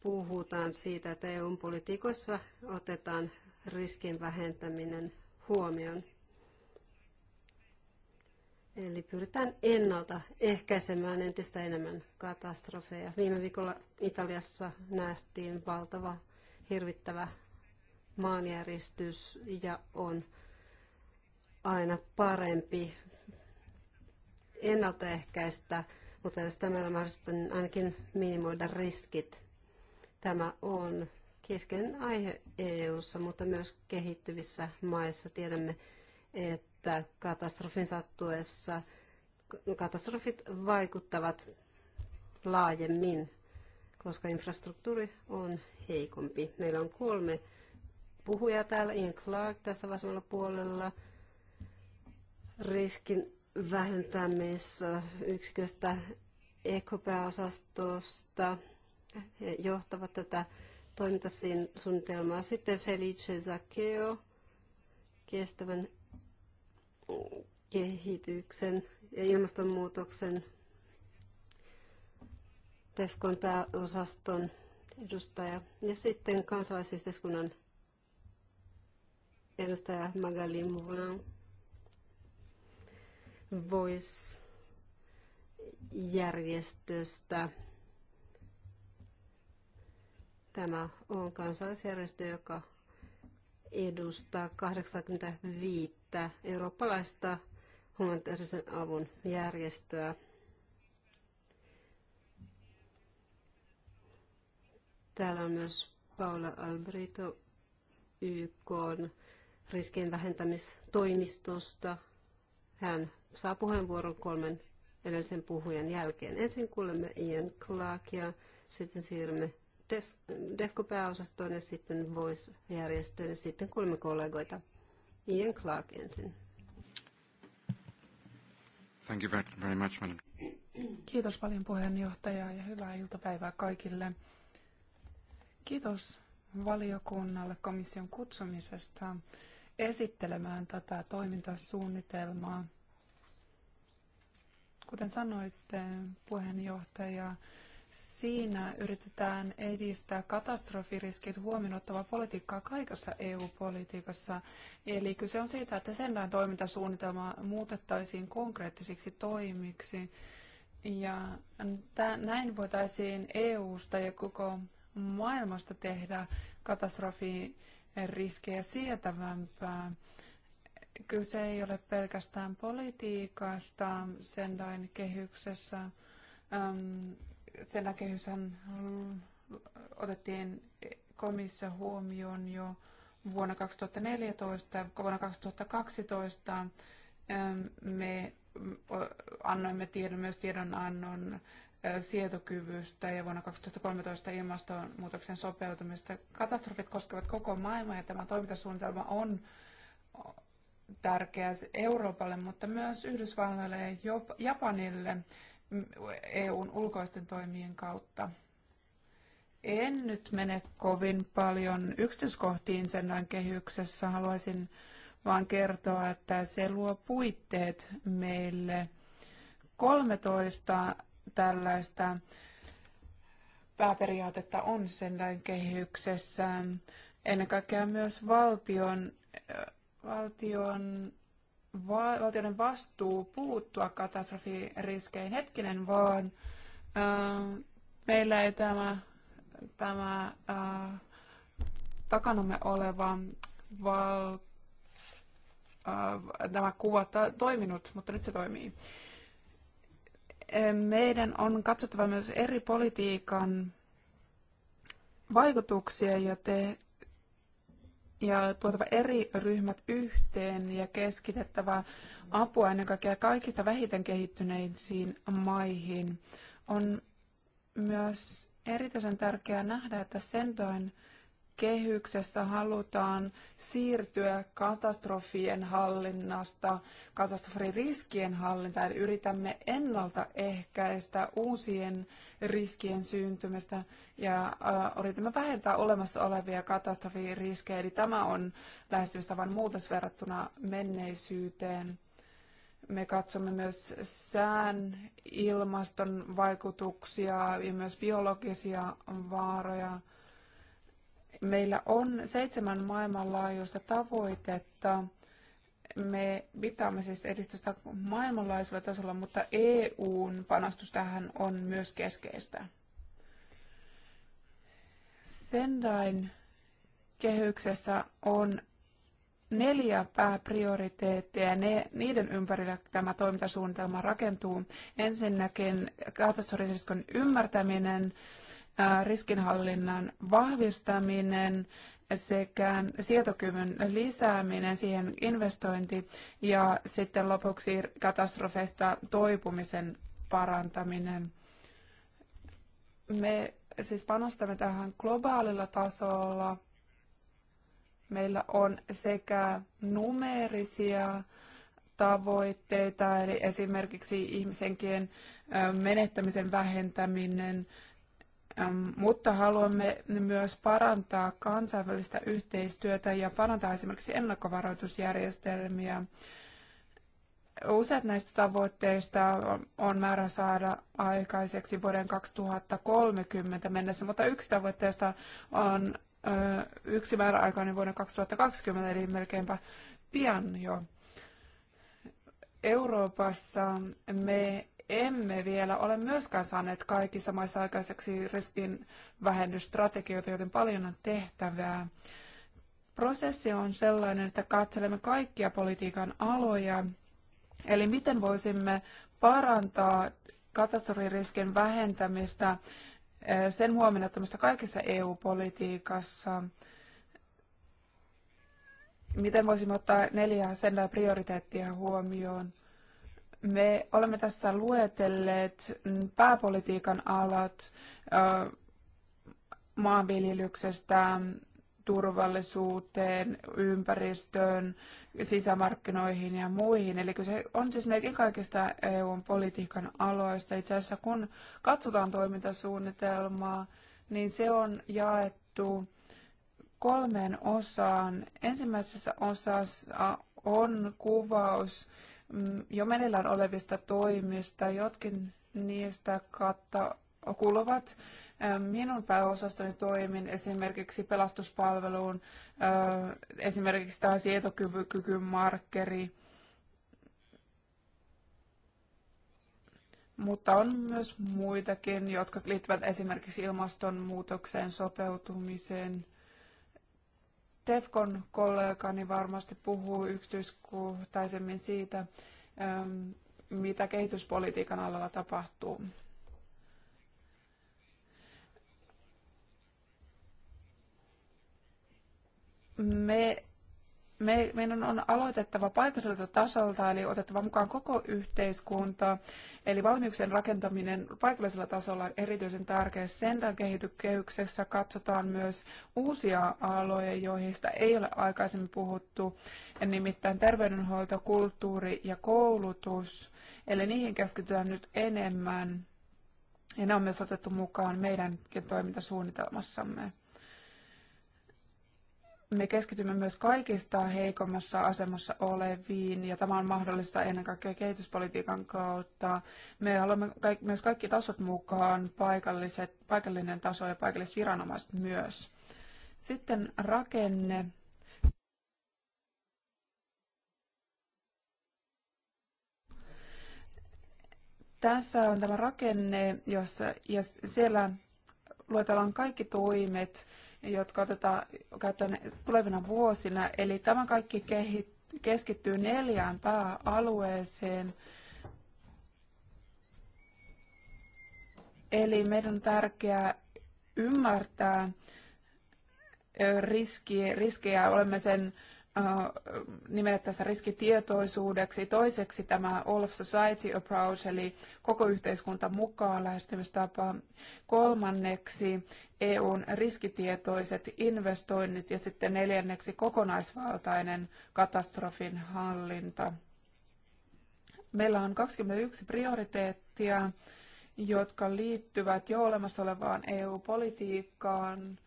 puhutaan siitä, että eu politiikoissa otetaan riskin vähentäminen huomioon. Eli pyritään ennalta ehkäisemään entistä enemmän katastrofeja. Viime viikolla Italiassa nähtiin valtava hirvittävä maanjäristys ja on aina parempi ennaltaehkäistä, mutta jos tämä on mahdollista, niin ainakin minimoida riskit. Tämä on keskeinen aihe EU:ssa, mutta myös kehittyvissä maissa tiedämme, että katastrofin sattuessa katastrofit vaikuttavat laajemmin, koska infrastruktuuri on heikompi. Meillä on kolme puhujaa täällä, Ian Clark tässä vasemmalla puolella, riskin vähentämisyksiköstä, ekopääosastosta. johtavat tätä toimintasuunnitelmaa. Sitten Felice Zakeo, kestävän kehityksen ja ilmastonmuutoksen TEFCON pääosaston edustaja ja sitten kansalaisyhteiskunnan edustaja Magali Moulin voisi järjestöstä. Tämä on kansallisjärjestö, joka edustaa 85 eurooppalaista humanitaarisen avun järjestöä. Täällä on myös Paula Albrito YK riskien vähentämistoimistosta. Hän saa puheenvuoron kolmen edellisen puhujan jälkeen. Ensin kuulemme Ian Clarkia, sitten siirrymme Def, DEFCO-pääosastoon ja sitten Voice-järjestöön ja sitten kuulemme kollegoita. Ian Clark ensin. Thank you very much, madam. Kiitos paljon puheenjohtaja ja hyvää iltapäivää kaikille. Kiitos valiokunnalle komission kutsumisesta esittelemään tätä toimintasuunnitelmaa – Kuten sanoit, puheenjohtaja, siinä yritetään edistää katastrofiriskit huomioon ottavaa politiikkaa kaikessa EU-politiikassa. Eli kyse on siitä, että sen toimintasuunnitelma muutettaisiin konkreettisiksi toimiksi. Ja näin voitaisiin EU-sta ja koko maailmasta tehdä katastrofiriskejä sietävämpää kyse ei ole pelkästään politiikasta Sendain kehyksessä. Ähm, Sendain kehyshän otettiin komissio huomioon jo vuonna 2014 ja vuonna 2012 me annoimme tiedon, myös tiedonannon sietokyvystä ja vuonna 2013 ilmastonmuutoksen sopeutumista. Katastrofit koskevat koko maailmaa ja tämä toimintasuunnitelma on tärkeä Euroopalle, mutta myös Yhdysvalloille ja Japanille EUn ulkoisten toimien kautta. En nyt mene kovin paljon yksityiskohtiin sen noin kehyksessä. Haluaisin vaan kertoa, että se luo puitteet meille 13 tällaista pääperiaatetta on sen kehyksessä. Ennen kaikkea myös valtion valtion, va, valtioiden vastuu puuttua katastrofiriskeihin. Hetkinen vaan, äh, meillä ei tämä, tämä äh, takanamme oleva val, äh, kuva toiminut, mutta nyt se toimii. Meidän on katsottava myös eri politiikan vaikutuksia ja te, ja tuotava eri ryhmät yhteen ja keskitettävä apua ennen kaikkea kaikista vähiten kehittyneisiin maihin. On myös erityisen tärkeää nähdä, että Sendoin kehyksessä halutaan siirtyä katastrofien hallinnasta katastrofiriskien hallintaan. Yritämme ennaltaehkäistä uusien riskien syntymistä ja äh, yritämme vähentää olemassa olevia katastrofiriskejä. Eli tämä on lähestymistavan muutos verrattuna menneisyyteen. Me katsomme myös sään ilmaston vaikutuksia ja myös biologisia vaaroja Meillä on seitsemän maailmanlaajuista tavoitetta. Me mitaamme siis edistystä maailmanlaajuisella tasolla, mutta EUn panostus tähän on myös keskeistä. Sendain kehyksessä on neljä pääprioriteettia ja ne, niiden ympärillä tämä toimintasuunnitelma rakentuu. Ensinnäkin katastrofiriskon ymmärtäminen, riskinhallinnan vahvistaminen sekä sietokyvyn lisääminen, siihen investointi ja sitten lopuksi katastrofeista toipumisen parantaminen. Me siis panostamme tähän globaalilla tasolla. Meillä on sekä numeerisia tavoitteita, eli esimerkiksi ihmisenkin menettämisen vähentäminen, mutta haluamme myös parantaa kansainvälistä yhteistyötä ja parantaa esimerkiksi ennakkovaroitusjärjestelmiä. Useat näistä tavoitteista on määrä saada aikaiseksi vuoden 2030 mennessä, mutta yksi tavoitteista on yksi määräaikainen vuoden 2020, eli melkeinpä pian jo. Euroopassa me emme vielä ole myöskään saaneet kaikissa maissa aikaiseksi riskin vähennysstrategioita, joten paljon on tehtävää. Prosessi on sellainen, että katselemme kaikkia politiikan aloja, eli miten voisimme parantaa katastrofiriskin vähentämistä eh, sen huomioon ottamista kaikessa EU-politiikassa. Miten voisimme ottaa neljä sen prioriteettia huomioon? Me olemme tässä luetelleet pääpolitiikan alat maanviljelyksestä turvallisuuteen, ympäristöön, sisämarkkinoihin ja muihin. Eli se on siis melkein kaikista EUn politiikan aloista. Itse asiassa kun katsotaan toimintasuunnitelmaa, niin se on jaettu kolmeen osaan. Ensimmäisessä osassa on kuvaus Mm, jo meneillään olevista toimista. Jotkin niistä katta kuuluvat ähm, minun pääosastoni toimin esimerkiksi pelastuspalveluun, äh, esimerkiksi tämä sietokyvyn markkeri, mutta on myös muitakin, jotka liittyvät esimerkiksi ilmastonmuutokseen, sopeutumiseen Tefkon kollegani varmasti puhuu yksityiskohtaisemmin siitä, ähm, mitä kehityspolitiikan alalla tapahtuu. Me me, meidän on aloitettava paikalliselta tasolta, eli otettava mukaan koko yhteiskunta, eli valmiuksien rakentaminen paikallisella tasolla on erityisen tärkeä. Sen kehityksessä katsotaan myös uusia aloja, joista ei ole aikaisemmin puhuttu, nimittäin terveydenhoito, kulttuuri ja koulutus, eli niihin keskitytään nyt enemmän. Ja ne on myös otettu mukaan meidän toimintasuunnitelmassamme me keskitymme myös kaikista heikommassa asemassa oleviin, ja tämä on mahdollista ennen kaikkea kehityspolitiikan kautta. Me haluamme kaikki, myös kaikki tasot mukaan, paikalliset, paikallinen taso ja paikalliset viranomaiset myös. Sitten rakenne. Tässä on tämä rakenne, jossa, ja siellä luetellaan kaikki toimet, jotka otetaan käyttöön tulevina vuosina. Eli tämä kaikki kehit, keskittyy neljään pääalueeseen. Eli meidän on tärkeää ymmärtää riskiä. riskejä. Olemme sen Äh, nimetä tässä riskitietoisuudeksi. Toiseksi tämä all of society approach, eli koko yhteiskunta mukaan lähestymistapa. Kolmanneksi EUn riskitietoiset investoinnit ja sitten neljänneksi kokonaisvaltainen katastrofin hallinta. Meillä on 21 prioriteettia, jotka liittyvät jo olemassa olevaan EU-politiikkaan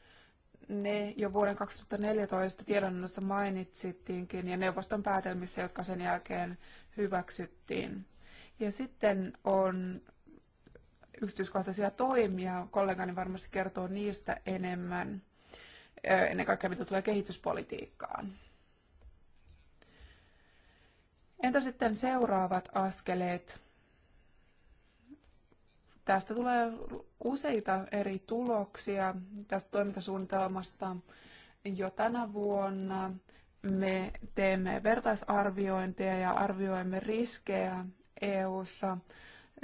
ne jo vuoden 2014 tiedonannossa mainitsittiinkin ja neuvoston päätelmissä, jotka sen jälkeen hyväksyttiin. Ja sitten on yksityiskohtaisia toimia. Kollegani varmasti kertoo niistä enemmän, ennen kaikkea mitä tulee kehityspolitiikkaan. Entä sitten seuraavat askeleet? Tästä tulee useita eri tuloksia tästä toimintasuunnitelmasta jo tänä vuonna. Me teemme vertaisarviointia ja arvioimme riskejä EU:ssa.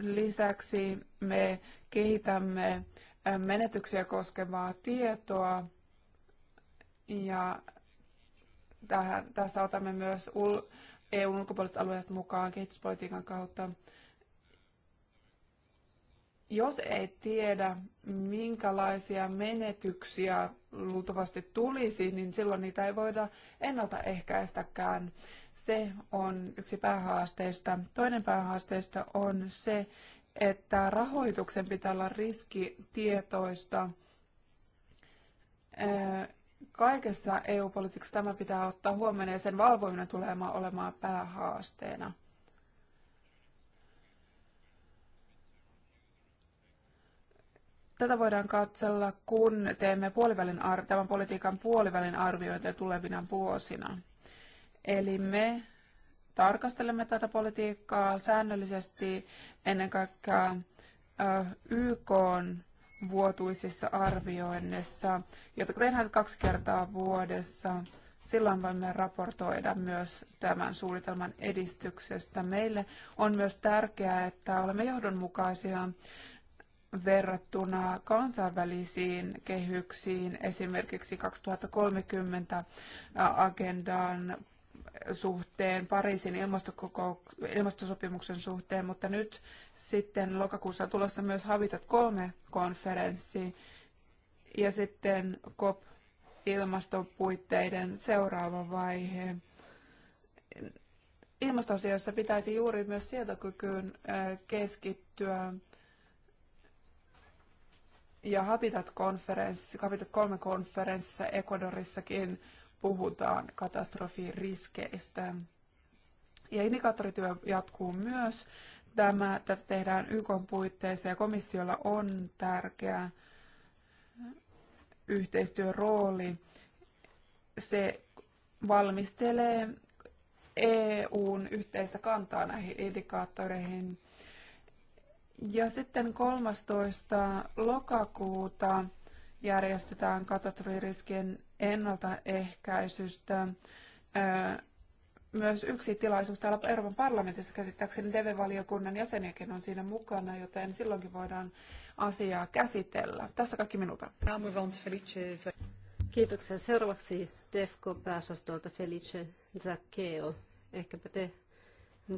Lisäksi me kehitämme menetyksiä koskevaa tietoa ja tähän, tässä otamme myös EUn ulkopuoliset alueet mukaan kehityspolitiikan kautta jos ei tiedä, minkälaisia menetyksiä luultavasti tulisi, niin silloin niitä ei voida ennaltaehkäistäkään. Se on yksi päähaasteista. Toinen päähaasteista on se, että rahoituksen pitää olla riskitietoista. Kaikessa EU-politiikassa tämä pitää ottaa huomioon ja sen valvoiminen tulee olemaan päähaasteena. Tätä voidaan katsella, kun teemme puolivälin ar- tämän politiikan puolivälin arviointia tulevina vuosina. Eli me tarkastelemme tätä politiikkaa säännöllisesti ennen kaikkea YK vuotuisissa arvioinnissa, jotka tehdään kaksi kertaa vuodessa. Silloin voimme raportoida myös tämän suunnitelman edistyksestä. Meille on myös tärkeää, että olemme johdonmukaisia verrattuna kansainvälisiin kehyksiin, esimerkiksi 2030 agendan suhteen, Pariisin ilmastosopimuksen suhteen, mutta nyt sitten lokakuussa on tulossa myös Habitat 3-konferenssi ja sitten COP ilmastopuitteiden seuraava vaihe. Ilmastoasioissa pitäisi juuri myös sietokykyyn keskittyä ja Habitat-konferenssi, Habitat 3 konferenssissa Ecuadorissakin puhutaan katastrofiriskeistä. Ja indikaattorityö jatkuu myös. Tämä tätä tehdään YK puitteissa ja komissiolla on tärkeä yhteistyörooli. Se valmistelee EUn yhteistä kantaa näihin indikaattoreihin. Ja sitten 13. lokakuuta järjestetään katastrofiriskien ennaltaehkäisystä myös yksi tilaisuus täällä Euroopan parlamentissa käsittääkseni TV-valiokunnan jäseniäkin on siinä mukana, joten silloinkin voidaan asiaa käsitellä. Tässä kaikki minulta. Kiitoksia. Seuraavaksi DEFCO pääosastolta Felice Zaccheo. Ehkäpä te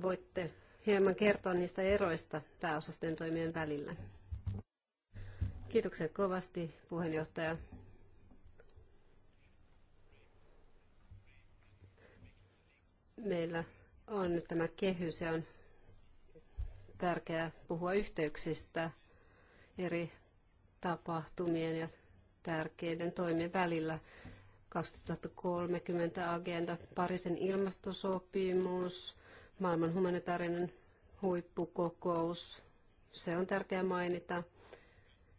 voitte hieman kertoa niistä eroista pääosasten toimien välillä. Kiitokset kovasti, puheenjohtaja. Meillä on nyt tämä kehys ja on tärkeää puhua yhteyksistä eri tapahtumien ja tärkeiden toimien välillä. 2030 agenda, parisen ilmastosopimus, maailman humanitaarinen huippukokous, se on tärkeää mainita.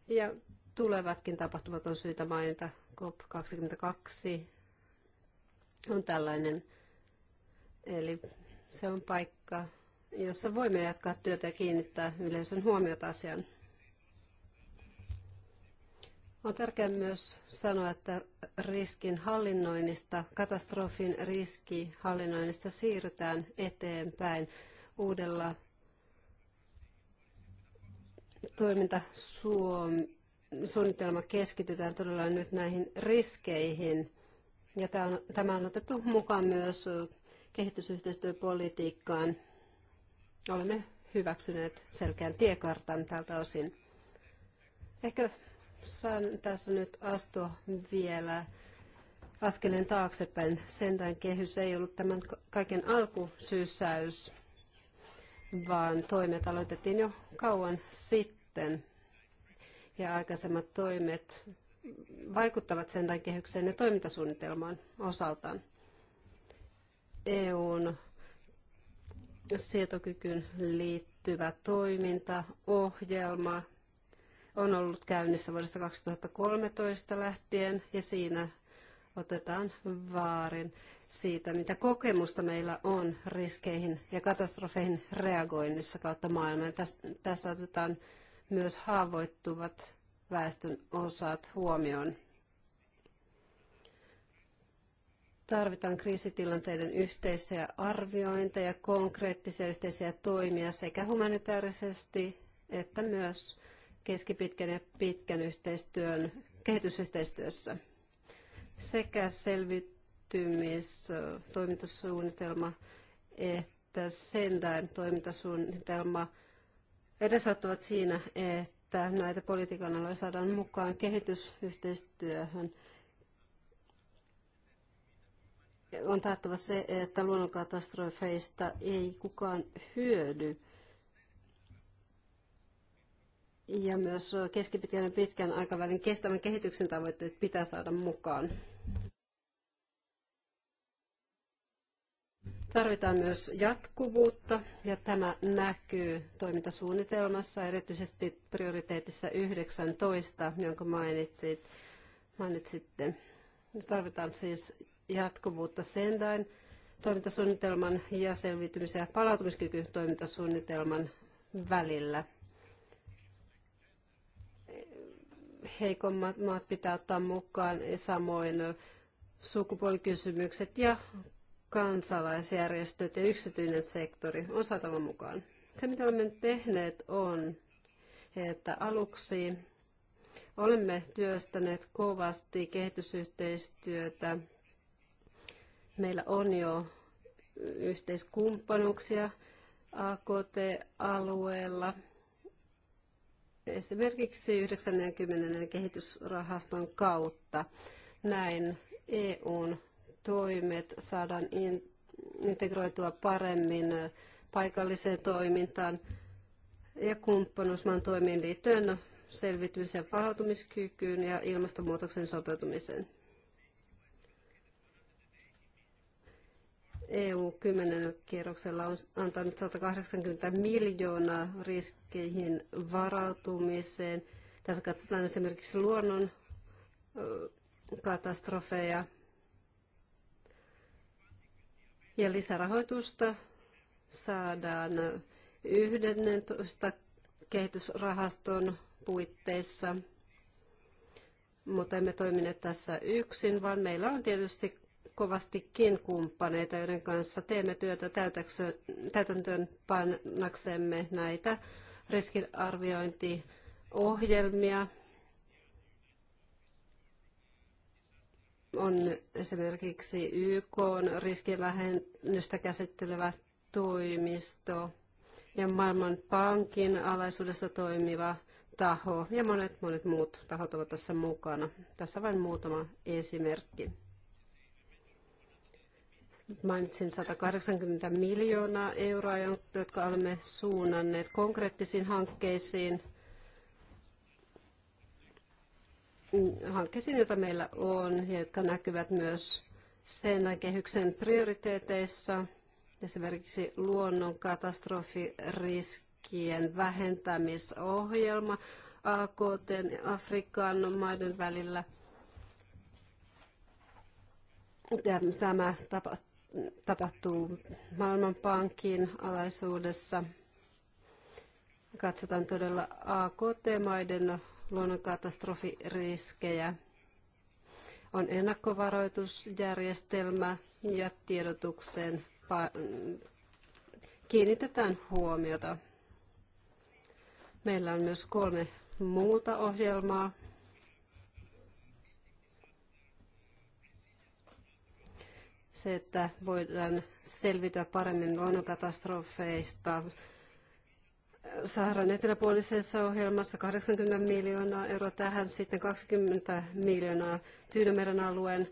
Ja tulevatkin tapahtumat on syytä mainita. COP22 on tällainen, eli se on paikka, jossa voimme jatkaa työtä ja kiinnittää yleisön huomiota asiaan. On tärkeää myös sanoa, että riskin hallinnoinnista, katastrofin riski hallinnoinnista siirrytään eteenpäin uudella toimintasuunnitelma keskitytään todella nyt näihin riskeihin. Ja tämä on otettu mukaan myös kehitysyhteistyöpolitiikkaan. Olemme hyväksyneet selkeän tiekartan tältä osin. Ehkä saan tässä nyt astua vielä askeleen taaksepäin. Sentään kehys ei ollut tämän kaiken alkusyysäys, vaan toimet aloitettiin jo kauan sitten. Ja aikaisemmat toimet vaikuttavat sentään kehykseen ja toimintasuunnitelmaan osaltaan. EUn sietokykyyn liittyvä toimintaohjelma on ollut käynnissä vuodesta 2013 lähtien ja siinä otetaan vaarin siitä, mitä kokemusta meillä on riskeihin ja katastrofeihin reagoinnissa kautta maailman. Tässä otetaan myös haavoittuvat väestön osat huomioon. Tarvitaan kriisitilanteiden yhteisiä arviointeja, konkreettisia yhteisiä toimia sekä humanitaarisesti että myös keskipitkän ja pitkän yhteistyön kehitysyhteistyössä sekä selvittymistoimintasuunnitelma että Sendain toimintasuunnitelma edesauttavat siinä, että näitä politiikan aloja saadaan mukaan kehitysyhteistyöhön. On taattava se, että luonnonkatastrofeista ei kukaan hyödy ja myös keskipitkän ja pitkän aikavälin kestävän kehityksen tavoitteet pitää saada mukaan. Tarvitaan myös jatkuvuutta ja tämä näkyy toimintasuunnitelmassa, erityisesti prioriteetissa 19, jonka mainitsit, mainitsitte. Tarvitaan siis jatkuvuutta Sendain toimintasuunnitelman ja selviytymisen ja palautumiskyky toimintasuunnitelman välillä. heikommat maat pitää ottaa mukaan, samoin sukupuolikysymykset ja kansalaisjärjestöt ja yksityinen sektori on saatava mukaan. Se, mitä olemme tehneet, on, että aluksi olemme työstäneet kovasti kehitysyhteistyötä. Meillä on jo yhteiskumppanuuksia AKT-alueella esimerkiksi 90. kehitysrahaston kautta. Näin EUn toimet saadaan integroitua paremmin paikalliseen toimintaan ja kumppanuusmaan toimiin liittyen selvitymisen palautumiskykyyn ja ilmastonmuutoksen sopeutumiseen. EU 10 kierroksella on antanut 180 miljoonaa riskeihin varautumiseen. Tässä katsotaan esimerkiksi luonnon katastrofeja ja lisärahoitusta saadaan 11 kehitysrahaston puitteissa, mutta emme toimineet tässä yksin, vaan meillä on tietysti kovastikin kumppaneita, joiden kanssa teemme työtä täytäntöön pannaksemme näitä riskinarviointiohjelmia. On esimerkiksi YK on riskilähennystä käsittelevä toimisto ja Maailmanpankin alaisuudessa toimiva taho ja monet monet muut tahot ovat tässä mukana. Tässä vain muutama esimerkki. Mainitsin 180 miljoonaa euroa, jotka olemme suunnanneet konkreettisiin hankkeisiin, hankkeisiin, joita meillä on ja jotka näkyvät myös sen kehyksen prioriteeteissa, esimerkiksi luonnon katastrofiriskien vähentämisohjelma AKT Afrikan maiden välillä. Tämä tapahtuu Maailmanpankin alaisuudessa. Katsotaan todella AKT-maiden luonnonkatastrofiriskejä. On ennakkovaroitusjärjestelmä ja tiedotukseen kiinnitetään huomiota. Meillä on myös kolme muuta ohjelmaa, Se, että voidaan selvitä paremmin luonnonkatastrofeista. Saharan eteläpuolisessa ohjelmassa 80 miljoonaa euroa tähän, sitten 20 miljoonaa Tyynemeren alueen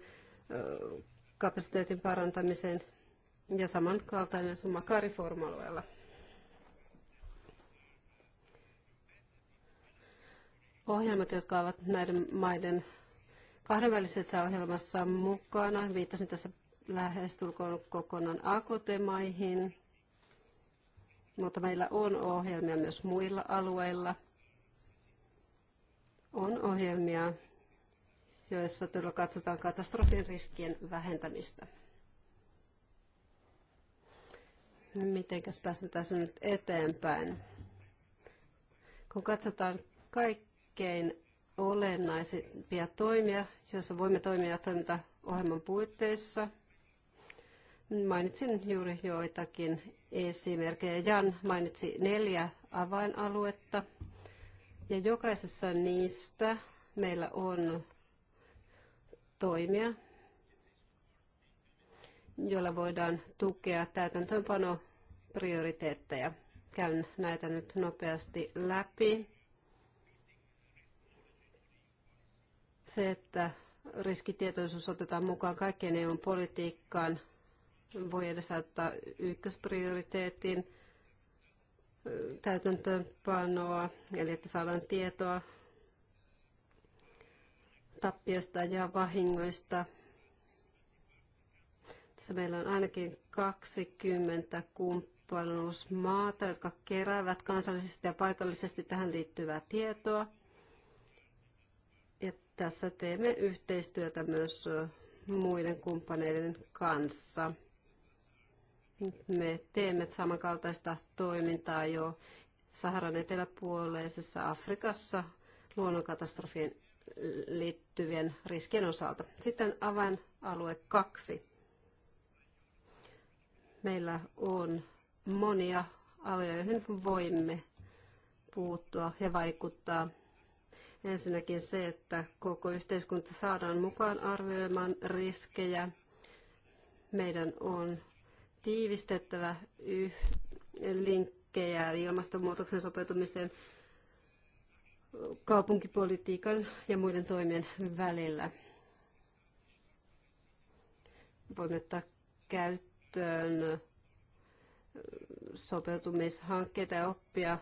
kapasiteetin parantamiseen ja samankaltainen summa Kariform-alueella. ohjelmat, jotka ovat näiden maiden kahdenvälisessä ohjelmassa mukana. Viittasin tässä lähestulkoon kokonaan akutemaihin, mutta meillä on ohjelmia myös muilla alueilla. On ohjelmia, joissa katsotaan katastrofin riskien vähentämistä. Mitenkäs pääsen tässä nyt eteenpäin? Kun katsotaan kaikkein olennaisimpia toimia, joissa voimme toimia toimintaohjelman puitteissa – Mainitsin juuri joitakin esimerkkejä. Jan mainitsi neljä avainaluetta ja jokaisessa niistä meillä on toimia, joilla voidaan tukea täytäntöönpano prioriteetteja. Käyn näitä nyt nopeasti läpi. Se, että riskitietoisuus otetaan mukaan kaikkien eu politiikkaan, voi edesauttaa ykkösprioriteetin täytäntöönpanoa, eli että saadaan tietoa tappiosta ja vahingoista. Tässä meillä on ainakin 20 kumppanuusmaata, jotka keräävät kansallisesti ja paikallisesti tähän liittyvää tietoa. Ja tässä teemme yhteistyötä myös muiden kumppaneiden kanssa. Me teemme samankaltaista toimintaa jo Saharan eteläpuoleisessa Afrikassa luonnonkatastrofien liittyvien riskien osalta. Sitten avainalue kaksi. Meillä on monia aloja, joihin voimme puuttua ja vaikuttaa. Ensinnäkin se, että koko yhteiskunta saadaan mukaan arvioimaan riskejä. Meidän on tiivistettävä linkkejä ilmastonmuutoksen sopeutumiseen kaupunkipolitiikan ja muiden toimien välillä. Voimme ottaa käyttöön sopeutumishankkeita ja oppia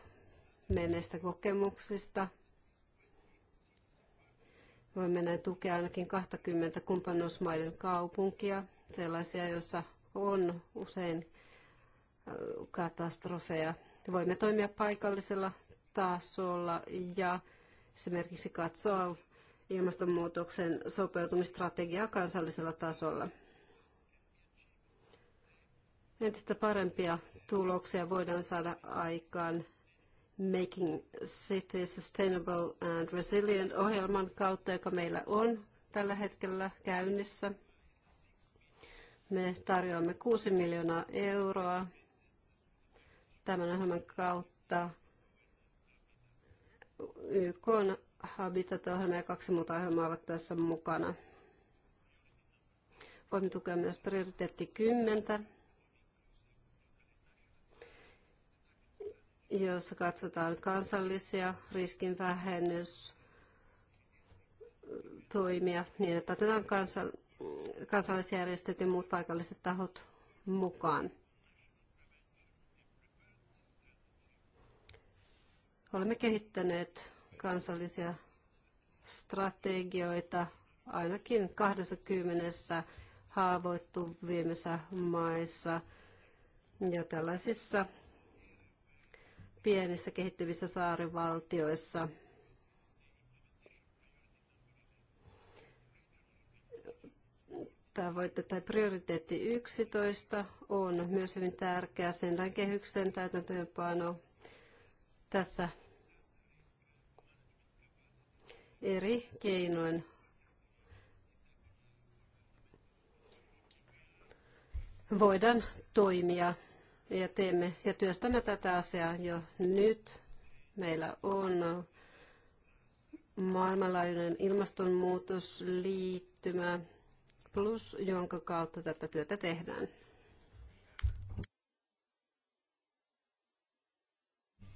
menneistä kokemuksista. Voimme näin tukea ainakin 20 kumppanuusmaiden kaupunkia, sellaisia, joissa on usein äh, katastrofeja. Voimme toimia paikallisella tasolla ja esimerkiksi katsoa ilmastonmuutoksen sopeutumistrategiaa kansallisella tasolla. Entistä parempia tuloksia voidaan saada aikaan Making Cities Sustainable and Resilient ohjelman kautta, joka meillä on tällä hetkellä käynnissä. Me tarjoamme 6 miljoonaa euroa tämän ohjelman kautta YK Habitat-ohjelma ja kaksi muuta ohjelmaa ovat tässä mukana. Voimme tukea myös prioriteetti 10, jossa katsotaan kansallisia riskinvähennystoimia niin, että otetaan kansallisia kansalaisjärjestöt ja muut paikalliset tahot mukaan. Olemme kehittäneet kansallisia strategioita ainakin 20 haavoittuvimmissa maissa ja tällaisissa pienissä kehittyvissä saarivaltioissa – tavoite tai prioriteetti 11 on myös hyvin tärkeä sen kehyksen täytäntöönpano. Tässä eri keinoin voidaan toimia ja teemme ja työstämme tätä asiaa jo nyt. Meillä on maailmanlaajuinen ilmastonmuutosliittymä Plus, jonka kautta tätä työtä tehdään.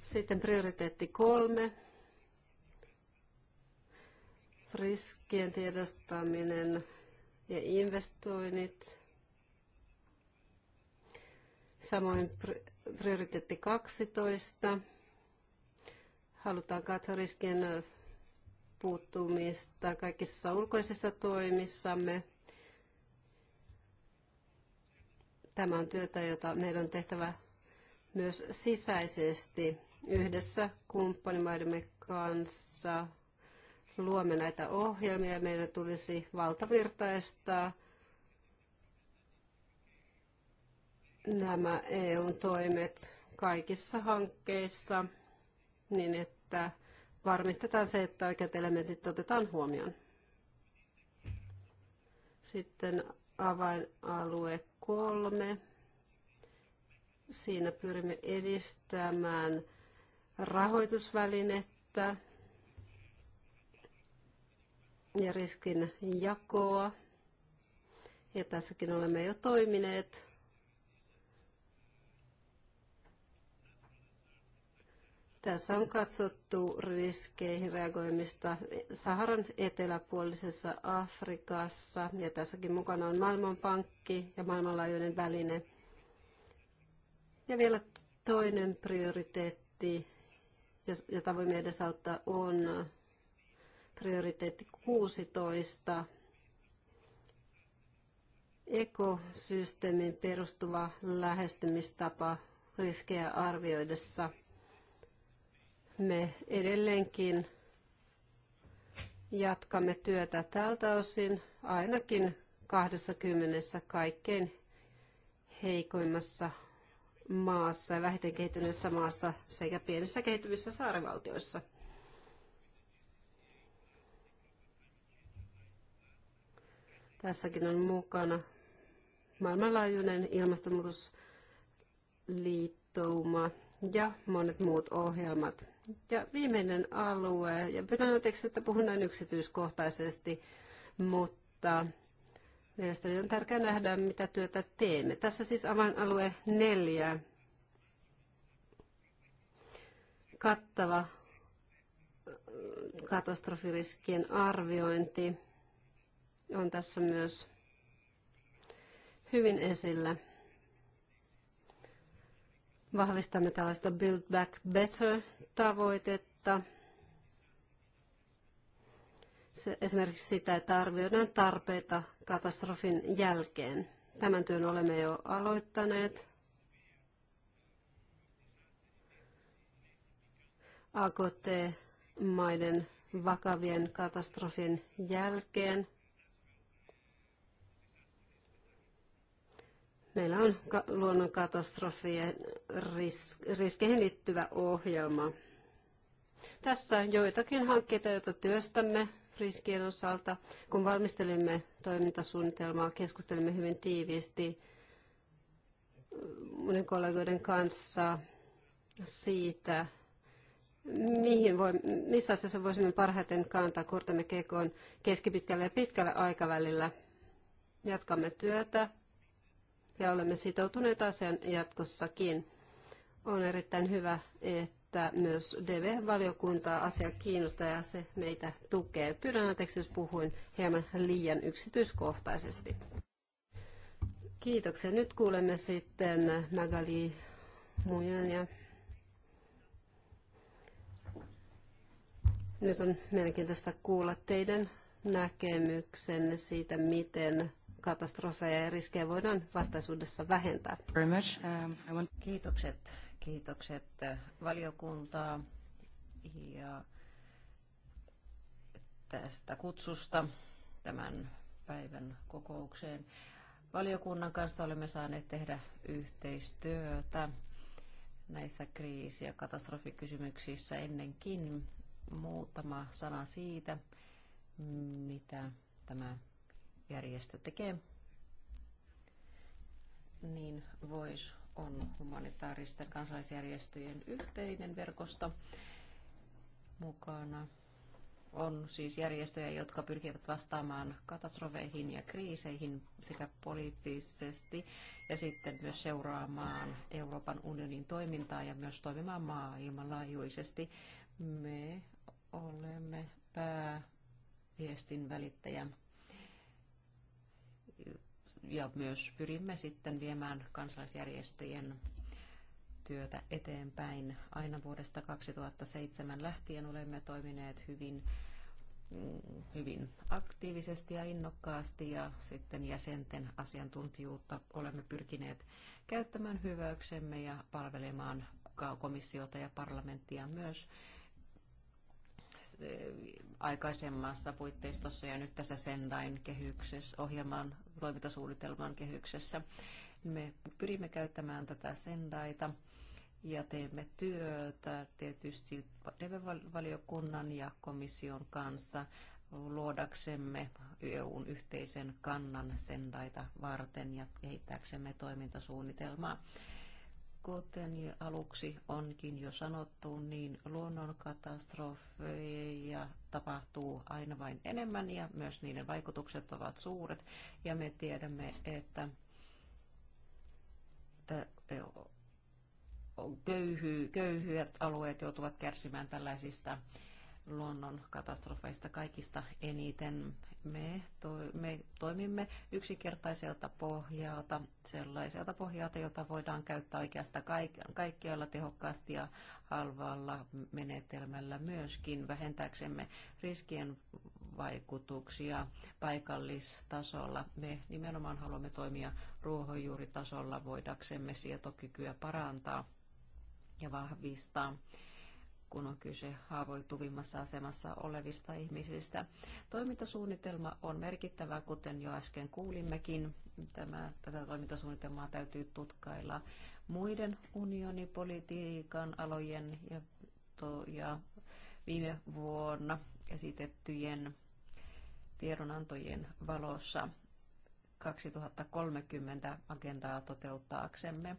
Sitten prioriteetti kolme. Riskien tiedostaminen ja investoinnit. Samoin prioriteetti 12. Halutaan katsoa riskien puuttumista kaikissa ulkoisissa toimissamme. Tämä on työtä, jota meidän on tehtävä myös sisäisesti yhdessä kumppanimaidemme kanssa. Luomme näitä ohjelmia ja meidän tulisi valtavirtaistaa nämä EU-toimet kaikissa hankkeissa niin, että varmistetaan se, että oikeat elementit otetaan huomioon. Sitten avainalueet kolme. Siinä pyrimme edistämään rahoitusvälinettä ja riskin jakoa. Ja tässäkin olemme jo toimineet. Tässä on katsottu riskeihin reagoimista Saharan eteläpuolisessa Afrikassa ja tässäkin mukana on Maailmanpankki ja maailmanlaajuinen väline. Ja vielä toinen prioriteetti, jota voimme edesauttaa, on prioriteetti 16, ekosysteemin perustuva lähestymistapa riskejä arvioidessa – me edelleenkin jatkamme työtä tältä osin ainakin 20 kaikkein heikoimmassa maassa ja vähiten kehittyneessä maassa sekä pienissä kehittyvissä saarivaltioissa. Tässäkin on mukana maailmanlaajuinen ilmastonmuutosliittouma ja monet muut ohjelmat. Ja viimeinen alue, ja pyydän anteeksi, että puhun näin yksityiskohtaisesti, mutta mielestäni on tärkeää nähdä, mitä työtä teemme. Tässä siis avainalue neljä, kattava äh, katastrofiriskien arviointi on tässä myös hyvin esillä. Vahvistamme tällaista Build Back Better-tavoitetta. Se, esimerkiksi sitä, että arvioidaan tarpeita katastrofin jälkeen. Tämän työn olemme jo aloittaneet. AKT-maiden vakavien katastrofin jälkeen – Meillä on luonnonkatastrofien ris- riskeihin liittyvä ohjelma. Tässä joitakin hankkeita, joita työstämme riskien osalta. Kun valmistelimme toimintasuunnitelmaa, keskustelimme hyvin tiiviisti monen kollegoiden kanssa siitä, mihin voi, missä asiassa voisimme parhaiten kantaa kortemme kekoon keskipitkällä ja pitkällä aikavälillä. Jatkamme työtä ja olemme sitoutuneet asian jatkossakin. On erittäin hyvä, että myös dv valiokunta asia kiinnostaa ja se meitä tukee. Pyydän anteeksi, jos puhuin hieman liian yksityiskohtaisesti. Kiitoksia. Nyt kuulemme sitten Magali Mujan ja nyt on mielenkiintoista kuulla teidän näkemyksenne siitä, miten katastrofeja ja riskejä voidaan vastaisuudessa vähentää. Um, kiitokset, kiitokset äh, valiokuntaa ja tästä kutsusta tämän päivän kokoukseen. Valiokunnan kanssa olemme saaneet tehdä yhteistyötä näissä kriisi- ja katastrofikysymyksissä ennenkin. Muutama sana siitä, mitä tämä järjestö tekee, niin VOIS on humanitaaristen kansalaisjärjestöjen yhteinen verkosto mukana. On siis järjestöjä, jotka pyrkivät vastaamaan katastrofeihin ja kriiseihin sekä poliittisesti ja sitten myös seuraamaan Euroopan unionin toimintaa ja myös toimimaan maailmanlaajuisesti. Me olemme pääviestin välittäjän ja myös pyrimme sitten viemään kansalaisjärjestöjen työtä eteenpäin. Aina vuodesta 2007 lähtien olemme toimineet hyvin, hyvin aktiivisesti ja innokkaasti ja sitten jäsenten asiantuntijuutta olemme pyrkineet käyttämään hyväyksemme ja palvelemaan komissiota ja parlamenttia myös aikaisemmassa puitteistossa ja nyt tässä Sendain kehyksessä, ohjelman toimintasuunnitelman kehyksessä. Me pyrimme käyttämään tätä Sendaita ja teemme työtä tietysti valiokunnan ja komission kanssa luodaksemme EUn yhteisen kannan sendaita varten ja kehittääksemme toimintasuunnitelmaa. Kuten aluksi onkin jo sanottu, niin luonnonkatastrofeja tapahtuu aina vain enemmän ja myös niiden vaikutukset ovat suuret. Ja me tiedämme, että köyhy, köyhyät alueet joutuvat kärsimään tällaisista luonnon katastrofeista kaikista eniten. Me, to, me toimimme yksinkertaiselta pohjalta, sellaiselta pohjalta, jota voidaan käyttää oikeastaan kaikkialla tehokkaasti ja halvalla menetelmällä myöskin vähentääksemme riskien vaikutuksia paikallistasolla. Me nimenomaan haluamme toimia ruohonjuuritasolla voidaksemme sietokykyä parantaa ja vahvistaa kun on kyse haavoittuvimmassa asemassa olevista ihmisistä. Toimintasuunnitelma on merkittävä, kuten jo äsken kuulimmekin. Tämä, tätä toimintasuunnitelmaa täytyy tutkailla muiden unionipolitiikan alojen ja, to, ja viime vuonna esitettyjen tiedonantojen valossa 2030 agendaa toteuttaaksemme.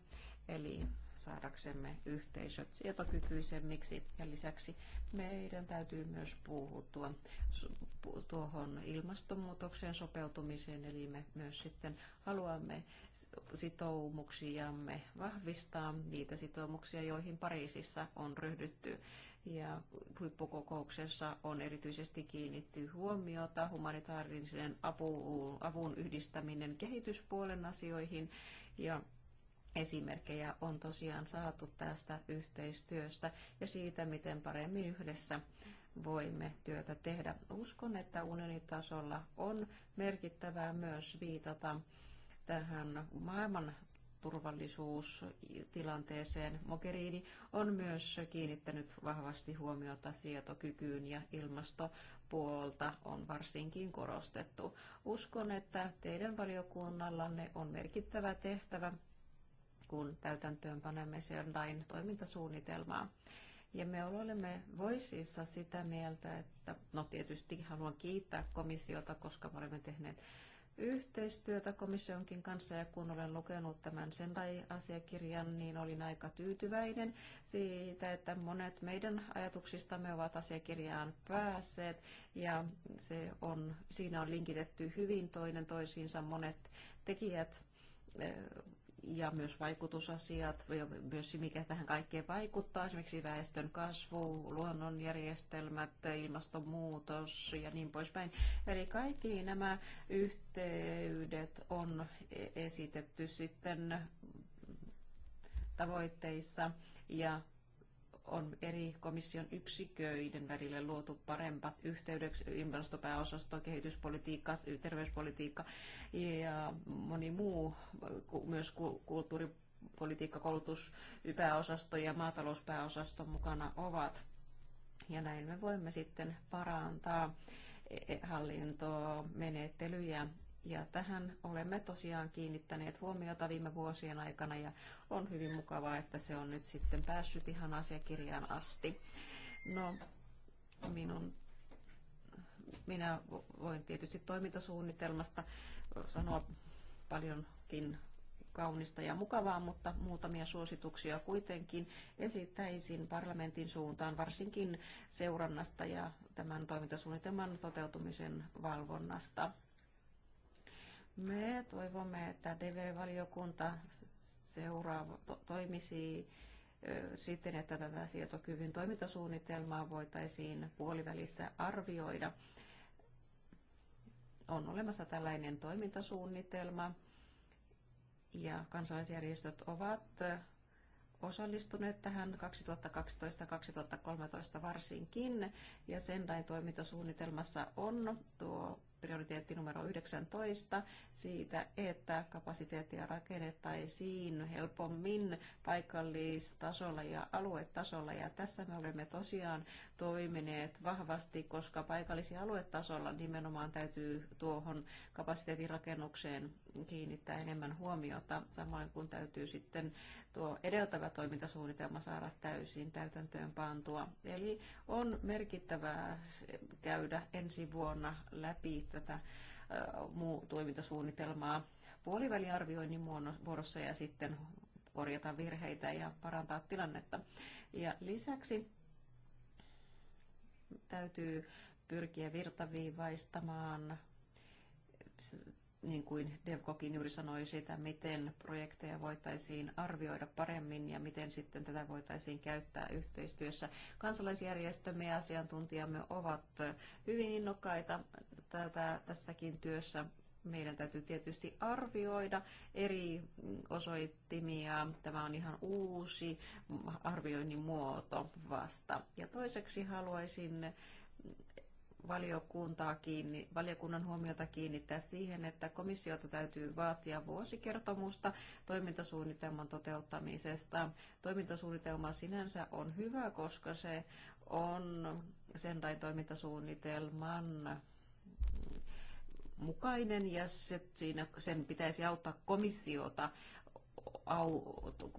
Eli saadaksemme yhteisöt sietokykyisemmiksi. Ja lisäksi meidän täytyy myös puhuttua tuohon ilmastonmuutokseen sopeutumiseen, eli me myös sitten haluamme sitoumuksiamme vahvistaa, niitä sitoumuksia, joihin Pariisissa on ryhdytty ja huippukokouksessa on erityisesti kiinnitty huomiota humanitaarisen apuun, avun yhdistäminen kehityspuolen asioihin ja Esimerkkejä on tosiaan saatu tästä yhteistyöstä ja siitä, miten paremmin yhdessä voimme työtä tehdä. Uskon, että unionitasolla on merkittävää myös viitata tähän maailman turvallisuustilanteeseen. Mogherini on myös kiinnittänyt vahvasti huomiota sietokykyyn ja ilmastopuolta on varsinkin korostettu. Uskon, että teidän valiokunnallanne on merkittävä tehtävä kun täytäntöön panemme sen lain toimintasuunnitelmaa. Ja me olemme voisissa sitä mieltä, että no tietysti haluan kiittää komissiota, koska me olemme tehneet yhteistyötä komissionkin kanssa ja kun olen lukenut tämän sen asiakirjan, niin olin aika tyytyväinen siitä, että monet meidän ajatuksistamme ovat asiakirjaan päässeet ja se on, siinä on linkitetty hyvin toinen toisiinsa monet tekijät eh, ja myös vaikutusasiat, ja myös se, mikä tähän kaikkeen vaikuttaa, esimerkiksi väestön kasvu, luonnonjärjestelmät, ilmastonmuutos ja niin poispäin. Eli kaikki nämä yhteydet on esitetty sitten tavoitteissa ja on eri komission yksiköiden välillä luotu parempat yhteydet, ilmastopääosasto, kehityspolitiikka, terveyspolitiikka ja moni muu, myös kulttuuripolitiikka, koulutuspääosasto ja maatalouspääosasto mukana ovat. Ja näin me voimme sitten parantaa e-, e-, hallintomenettelyjä ja tähän olemme tosiaan kiinnittäneet huomiota viime vuosien aikana ja on hyvin mukavaa, että se on nyt sitten päässyt ihan asiakirjaan asti. No, minun, minä voin tietysti toimintasuunnitelmasta sanoa paljonkin kaunista ja mukavaa, mutta muutamia suosituksia kuitenkin esittäisin parlamentin suuntaan, varsinkin seurannasta ja tämän toimintasuunnitelman toteutumisen valvonnasta. Me toivomme, että DV-valiokunta seuraa to, toimisi sitten, että tätä sietokyvyn toimintasuunnitelmaa voitaisiin puolivälissä arvioida. On olemassa tällainen toimintasuunnitelma ja kansalaisjärjestöt ovat osallistuneet tähän 2012-2013 varsinkin ja sen toimintasuunnitelmassa on tuo prioriteetti numero 19 siitä, että kapasiteettia rakennettaisiin helpommin paikallistasolla ja aluetasolla. Ja tässä me olemme tosiaan toimineet vahvasti, koska paikallis- ja aluetasolla nimenomaan täytyy tuohon kapasiteetin rakennukseen kiinnittää enemmän huomiota, samoin kun täytyy sitten tuo edeltävä toimintasuunnitelma saada täysin täytäntöön pantua. Eli on merkittävää käydä ensi vuonna läpi tätä muu toimintasuunnitelmaa puoliväliarvioinnin muodossa ja sitten korjata virheitä ja parantaa tilannetta. Ja lisäksi täytyy pyrkiä virtaviivaistamaan niin kuin Devkokin juuri sanoi, sitä, miten projekteja voitaisiin arvioida paremmin ja miten sitten tätä voitaisiin käyttää yhteistyössä. Kansalaisjärjestömme ja asiantuntijamme ovat hyvin innokkaita tätä, tässäkin työssä meidän täytyy tietysti arvioida eri osoittimia. Tämä on ihan uusi arvioinnin muoto vasta. Ja toiseksi haluaisin kiinni, valiokunnan huomiota kiinnittää siihen, että komissiota täytyy vaatia vuosikertomusta toimintasuunnitelman toteuttamisesta. Toimintasuunnitelma sinänsä on hyvä, koska se on sen tai toimintasuunnitelman mukainen ja se, siinä, sen pitäisi auttaa komissiota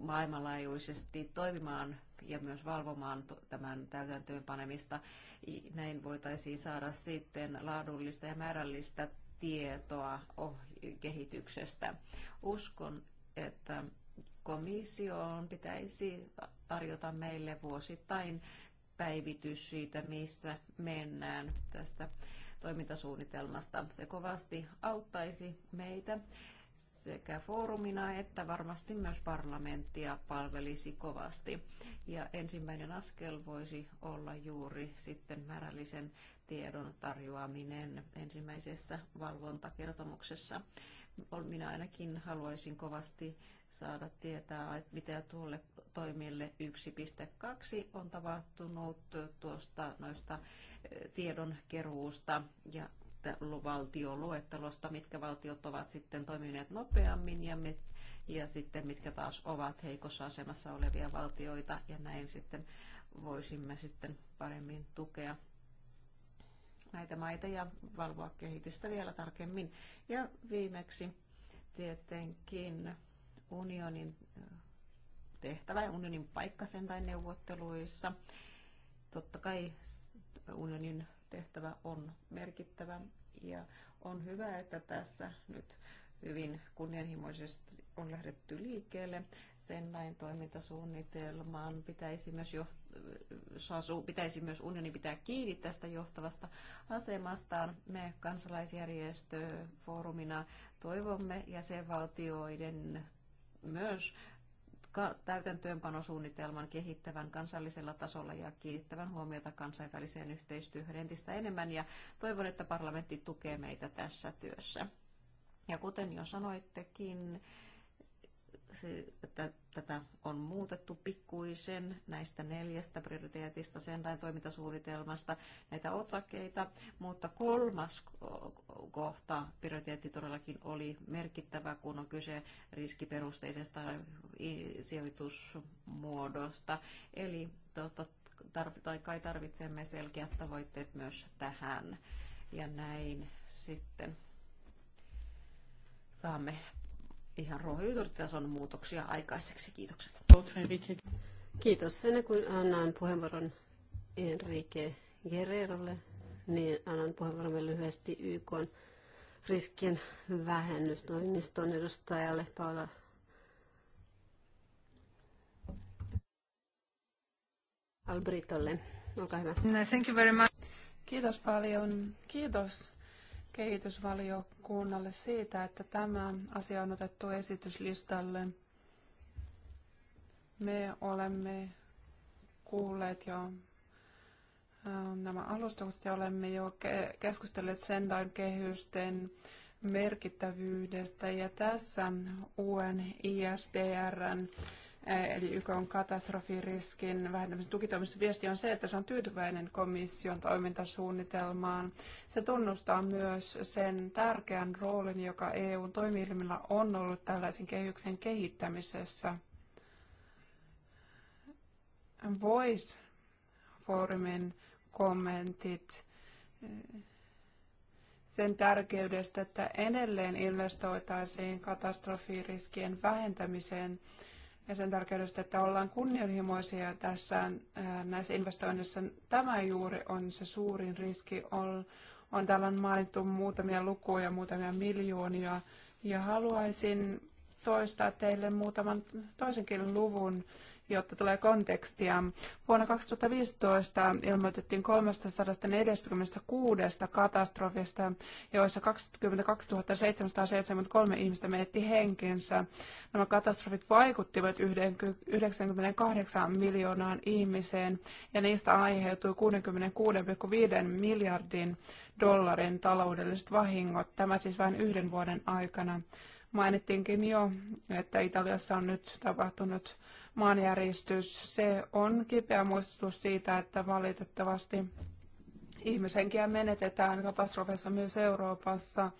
maailmanlaajuisesti toimimaan ja myös valvomaan tämän panemista, Näin voitaisiin saada sitten laadullista ja määrällistä tietoa kehityksestä. Uskon, että komissioon pitäisi tarjota meille vuosittain päivitys siitä, missä mennään tästä toimintasuunnitelmasta. Se kovasti auttaisi meitä sekä foorumina että varmasti myös parlamenttia palvelisi kovasti. Ja ensimmäinen askel voisi olla juuri sitten määrällisen tiedon tarjoaminen ensimmäisessä valvontakertomuksessa. Minä ainakin haluaisin kovasti saada tietää, että mitä tuolle toimille 1.2 on tapahtunut tuosta noista eh, tiedonkeruusta ja tästä valtioluettelosta, mitkä valtiot ovat sitten toimineet nopeammin ja, mit, ja sitten mitkä taas ovat heikossa asemassa olevia valtioita ja näin sitten voisimme sitten paremmin tukea näitä maita ja valvoa kehitystä vielä tarkemmin. Ja viimeksi tietenkin unionin äh, tehtävä ja unionin paikka sen tai neuvotteluissa. Totta kai unionin tehtävä on merkittävä ja on hyvä, että tässä nyt hyvin kunnianhimoisesti on lähdetty liikkeelle. Sen näin toimintasuunnitelmaan pitäisi myös, joht- sasu, pitäisi myös unioni pitää kiinni tästä johtavasta asemastaan. Me kansalaisjärjestöfoorumina toivomme jäsenvaltioiden myös täytäntöönpanosuunnitelman kehittävän kansallisella tasolla ja kiinnittävän huomiota kansainväliseen yhteistyöhön entistä enemmän ja toivon, että parlamentti tukee meitä tässä työssä. Ja kuten jo sanoittekin, että tätä on muutettu pikkuisen näistä neljästä prioriteetista, sen tai toimintasuunnitelmasta, näitä otsakkeita, mutta kolmas kohta prioriteetti todellakin oli merkittävä, kun on kyse riskiperusteisesta sijoitusmuodosta. Eli tarv- tai kai tarvitsemme selkeät tavoitteet myös tähän. Ja näin sitten saamme ihan ruohonjuuritason muutoksia aikaiseksi. Kiitokset. Kiitos. Ennen kuin annan puheenvuoron Enrique Guerrerolle, niin annan puheenvuoron lyhyesti YK riskien vähennystoimiston edustajalle Paula Albritolle. Olkaa hyvä. Thank you very much. Kiitos paljon. Kiitos kehitysvaliokunnalle siitä, että tämä asia on otettu esityslistalle. Me olemme kuulleet jo äh, nämä alustukset ja olemme jo keskustelleet Sendain kehysten merkittävyydestä ja tässä UNISDRn Eh, eli YK on katastrofiriskin vähentämisen tukitoimista viesti on se, että se on tyytyväinen komission toimintasuunnitelmaan. Se tunnustaa myös sen tärkeän roolin, joka EUn toimielimillä on ollut tällaisen kehyksen kehittämisessä. Voice Forumin kommentit eh, sen tärkeydestä, että edelleen investoitaisiin katastrofiriskien vähentämiseen ja sen tärkeydestä, että ollaan kunnianhimoisia tässä äh, näissä investoinneissa. Tämä juuri on se suurin riski. On, on täällä mainittu muutamia lukuja, muutamia miljoonia, ja haluaisin toistaa teille muutaman toisenkin luvun, jotta tulee kontekstia. Vuonna 2015 ilmoitettiin 346 katastrofista, joissa 22 773 ihmistä menetti henkensä. Nämä katastrofit vaikuttivat 98 miljoonaan ihmiseen ja niistä aiheutui 66,5 miljardin dollarin taloudelliset vahingot. Tämä siis vain yhden vuoden aikana mainittiinkin jo, että Italiassa on nyt tapahtunut maanjäristys, se on kipeä muistutus siitä, että valitettavasti ihmisenkiä menetetään katastrofeissa myös Euroopassa.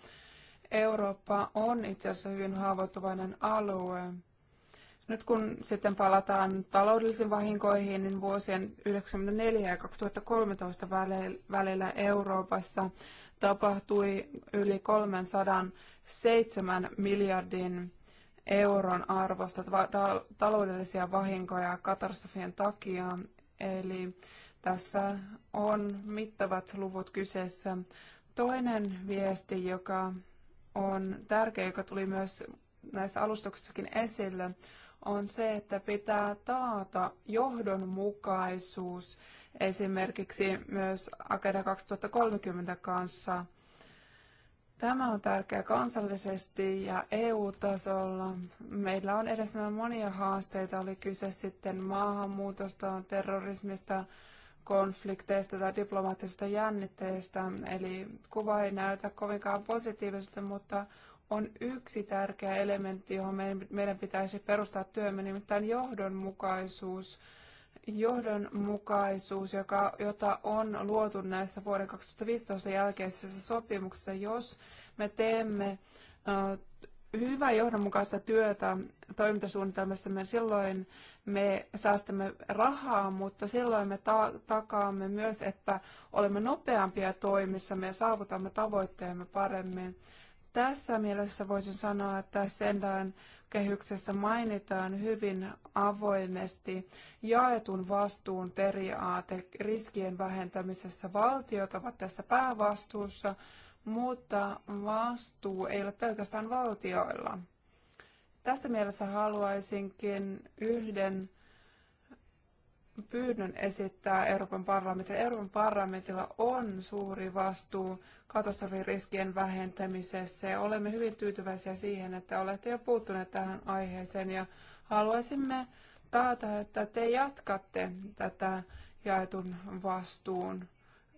Eurooppa on itse asiassa hyvin haavoittuvainen alue. Nyt kun sitten palataan taloudellisiin vahinkoihin, niin vuosien 1994 ja 2013 välillä Euroopassa tapahtui yli 307 miljardin euron arvosta taloudellisia vahinkoja katastrofien takia. Eli tässä on mittavat luvut kyseessä. Toinen viesti, joka on tärkeä, joka tuli myös näissä alustuksissakin esille, on se, että pitää taata johdonmukaisuus esimerkiksi myös Agenda 2030 kanssa – Tämä on tärkeää kansallisesti ja EU-tasolla. Meillä on edessä monia haasteita, oli kyse sitten maahanmuutosta, terrorismista, konflikteista tai diplomaattisista jännitteistä. Eli kuva ei näytä kovinkaan positiivisesti, mutta on yksi tärkeä elementti, johon meidän pitäisi perustaa työmme, nimittäin johdonmukaisuus johdonmukaisuus, joka, jota on luotu näissä vuoden 2015 jälkeisissä sopimuksissa, jos me teemme hyvää johdonmukaista työtä toimintasuunnitelmassamme, silloin me säästämme rahaa, mutta silloin me ta- takaamme myös, että olemme nopeampia toimissa, me saavutamme tavoitteemme paremmin. Tässä mielessä voisin sanoa, että Sendan kehyksessä mainitaan hyvin avoimesti jaetun vastuun periaate riskien vähentämisessä. Valtiot ovat tässä päävastuussa, mutta vastuu ei ole pelkästään valtioilla. Tässä mielessä haluaisinkin yhden pyynnön esittää Euroopan parlamentille. Euroopan parlamentilla on suuri vastuu katastrofiriskien vähentämisessä ja olemme hyvin tyytyväisiä siihen, että olette jo puuttuneet tähän aiheeseen ja haluaisimme taata, että te jatkatte tätä jaetun vastuun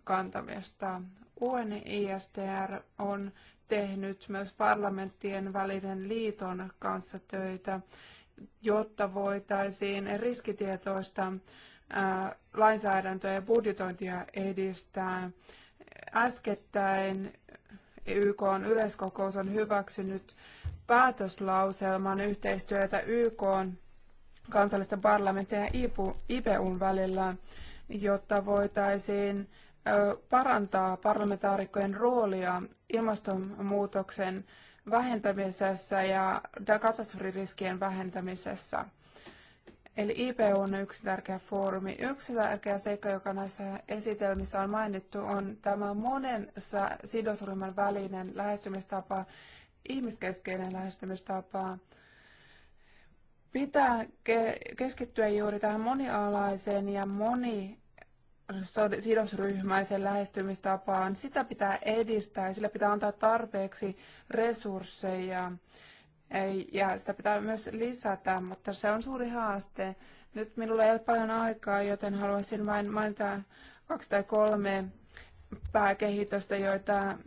kantamista. UNISTR on tehnyt myös parlamenttien välisen liiton kanssa töitä, jotta voitaisiin riskitietoista lainsäädäntöä ja budjetointia edistää. Äskettäin YK on yleiskokous on hyväksynyt päätöslauselman yhteistyötä YK on kansallisten parlamenttien ja IPUn välillä, jotta voitaisiin parantaa parlamentaarikkojen roolia ilmastonmuutoksen vähentämisessä ja katastrofiriskien vähentämisessä. Eli IPU on yksi tärkeä foorumi. Yksi tärkeä seikka, joka näissä esitelmissä on mainittu, on tämä monen sidosryhmän välinen lähestymistapa, ihmiskeskeinen lähestymistapa. Pitää keskittyä juuri tähän monialaiseen ja moni sidosryhmäisen lähestymistapaan. Sitä pitää edistää ja sillä pitää antaa tarpeeksi resursseja ja sitä pitää myös lisätä, mutta se on suuri haaste. Nyt minulla ei ole paljon aikaa, joten haluaisin vain mainita kaksi tai kolme pääkehitystä, joita,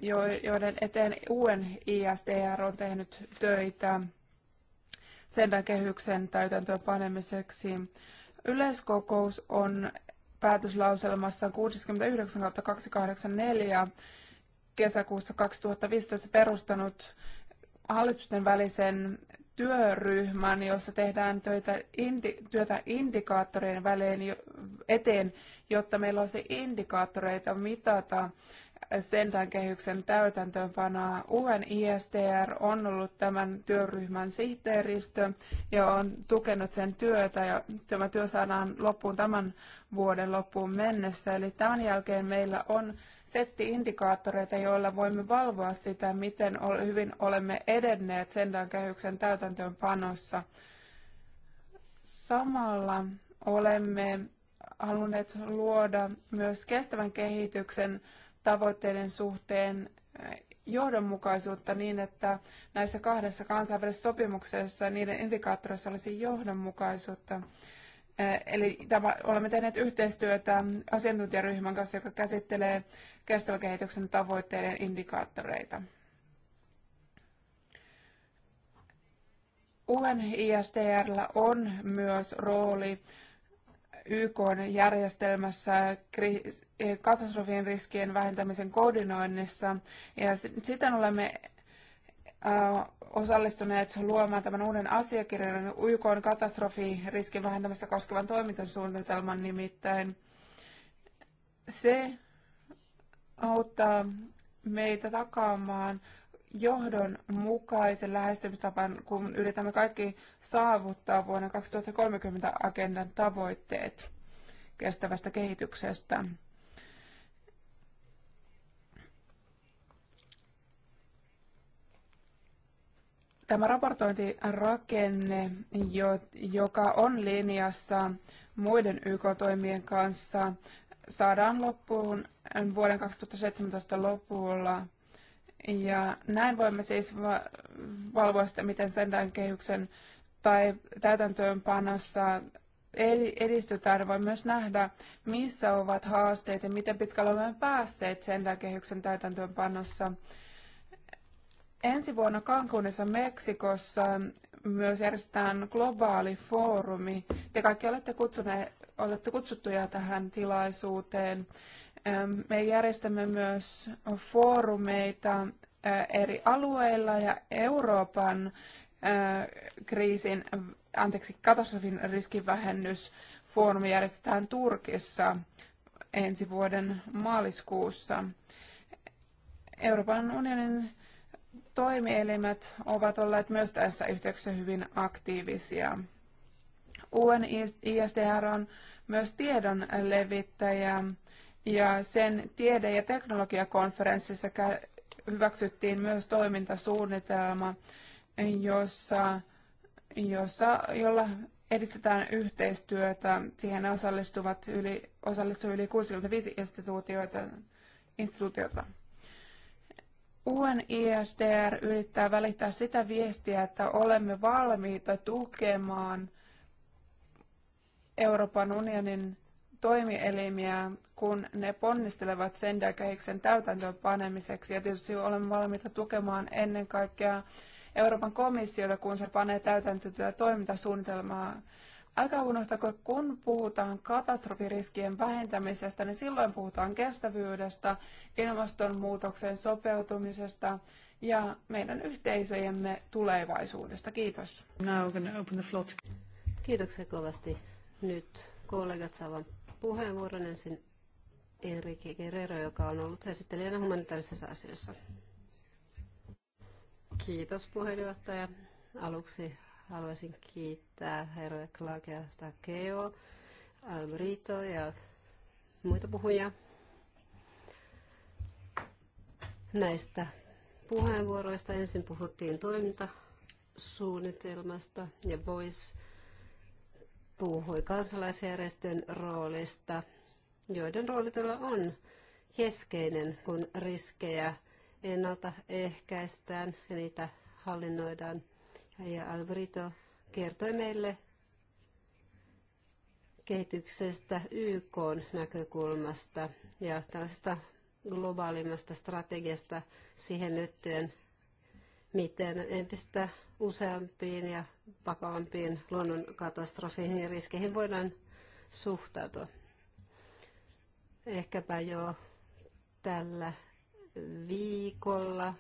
joiden eteen uuden ISDR on tehnyt töitä sen kehyksen täytäntöön panemiseksi. Yleiskokous on päätöslauselmassa 69-284 kesäkuussa 2015 perustanut hallitusten välisen työryhmän, jossa tehdään töitä, indi, työtä indikaattoreiden välein eteen, jotta meillä olisi indikaattoreita mitata sentään kehyksen täytäntöönpanoa. UN ISTR on ollut tämän työryhmän sihteeristö ja on tukenut sen työtä ja tämä työ saadaan loppuun tämän vuoden loppuun mennessä. Eli tämän jälkeen meillä on setti indikaattoreita, joilla voimme valvoa sitä, miten hyvin olemme edenneet Sendan kehyksen täytäntöönpanossa. Samalla olemme halunneet luoda myös kestävän kehityksen tavoitteiden suhteen eh, johdonmukaisuutta niin, että näissä kahdessa kansainvälisessä sopimuksessa niiden indikaattoreissa olisi johdonmukaisuutta. Eli tämä, olemme tehneet yhteistyötä asiantuntijaryhmän kanssa, joka käsittelee kestävän kehityksen tavoitteiden indikaattoreita. UNISTR on myös rooli YK-järjestelmässä e, katastrofien riskien vähentämisen koordinoinnissa. Ja sitten olemme osallistuneet luomaan tämän uuden asiakirjan YK on katastrofiriskin vähentämistä koskevan toimintasuunnitelman nimittäin. Se auttaa meitä takaamaan johdonmukaisen lähestymistapan, kun yritämme kaikki saavuttaa vuonna 2030 agendan tavoitteet kestävästä kehityksestä. Tämä raportointirakenne, joka on linjassa muiden YK-toimien kanssa, saadaan loppuun vuoden 2017 lopulla. Ja näin voimme siis valvoa sitä, miten tämän kehyksen tai täytäntöönpanossa edistytään. Voi myös nähdä, missä ovat haasteet ja miten pitkälle olemme päässeet sentään kehyksen täytäntöönpanossa. panossa Ensi vuonna Cancunissa Meksikossa myös järjestetään globaali foorumi. Te kaikki olette, kutsuneet, olette kutsuttuja tähän tilaisuuteen. Me järjestämme myös foorumeita eh, eri alueilla ja Euroopan eh, kriisin, anteeksi, katastrofin riskivähennysfoorumi järjestetään Turkissa ensi vuoden maaliskuussa. Euroopan unionin toimielimet ovat olleet myös tässä yhteyksessä hyvin aktiivisia. UNISDR on myös tiedon levittäjä ja sen tiede- ja teknologiakonferenssissa hyväksyttiin myös toimintasuunnitelma, jossa, jossa, jolla edistetään yhteistyötä. Siihen osallistuvat yli, osallistuu yli 65 instituutiota. UNISDR yrittää välittää sitä viestiä, että olemme valmiita tukemaan Euroopan unionin toimielimiä, kun ne ponnistelevat sen täytäntöön täytäntöönpanemiseksi. Ja tietysti olemme valmiita tukemaan ennen kaikkea Euroopan komissiota, kun se panee täytäntöön tätä toimintasuunnitelmaa Älkää unohtako, kun puhutaan katastrofiriskien vähentämisestä, niin silloin puhutaan kestävyydestä, ilmastonmuutoksen sopeutumisesta ja meidän yhteisöjemme tulevaisuudesta. Kiitos. Kiitoksia kovasti. Nyt kollegat saavat puheenvuoron ensin Enrique Guerrero, joka on ollut esittelijänä humanitaarisessa asioissa. Kiitos puheenjohtaja. Aluksi haluaisin kiittää herroja Klaakea Takeo, Albrito ja muita puhujia näistä puheenvuoroista. Ensin puhuttiin toimintasuunnitelmasta ja Voice puhui kansalaisjärjestön roolista, joiden rooli on keskeinen, kun riskejä ennaltaehkäistään ja niitä hallinnoidaan ja Albrito kertoi meille kehityksestä YK näkökulmasta ja tällaisesta globaalimmasta strategiasta siihen liittyen, miten entistä useampiin ja vakavampiin luonnonkatastrofiin ja riskeihin voidaan suhtautua. Ehkäpä jo tällä viikolla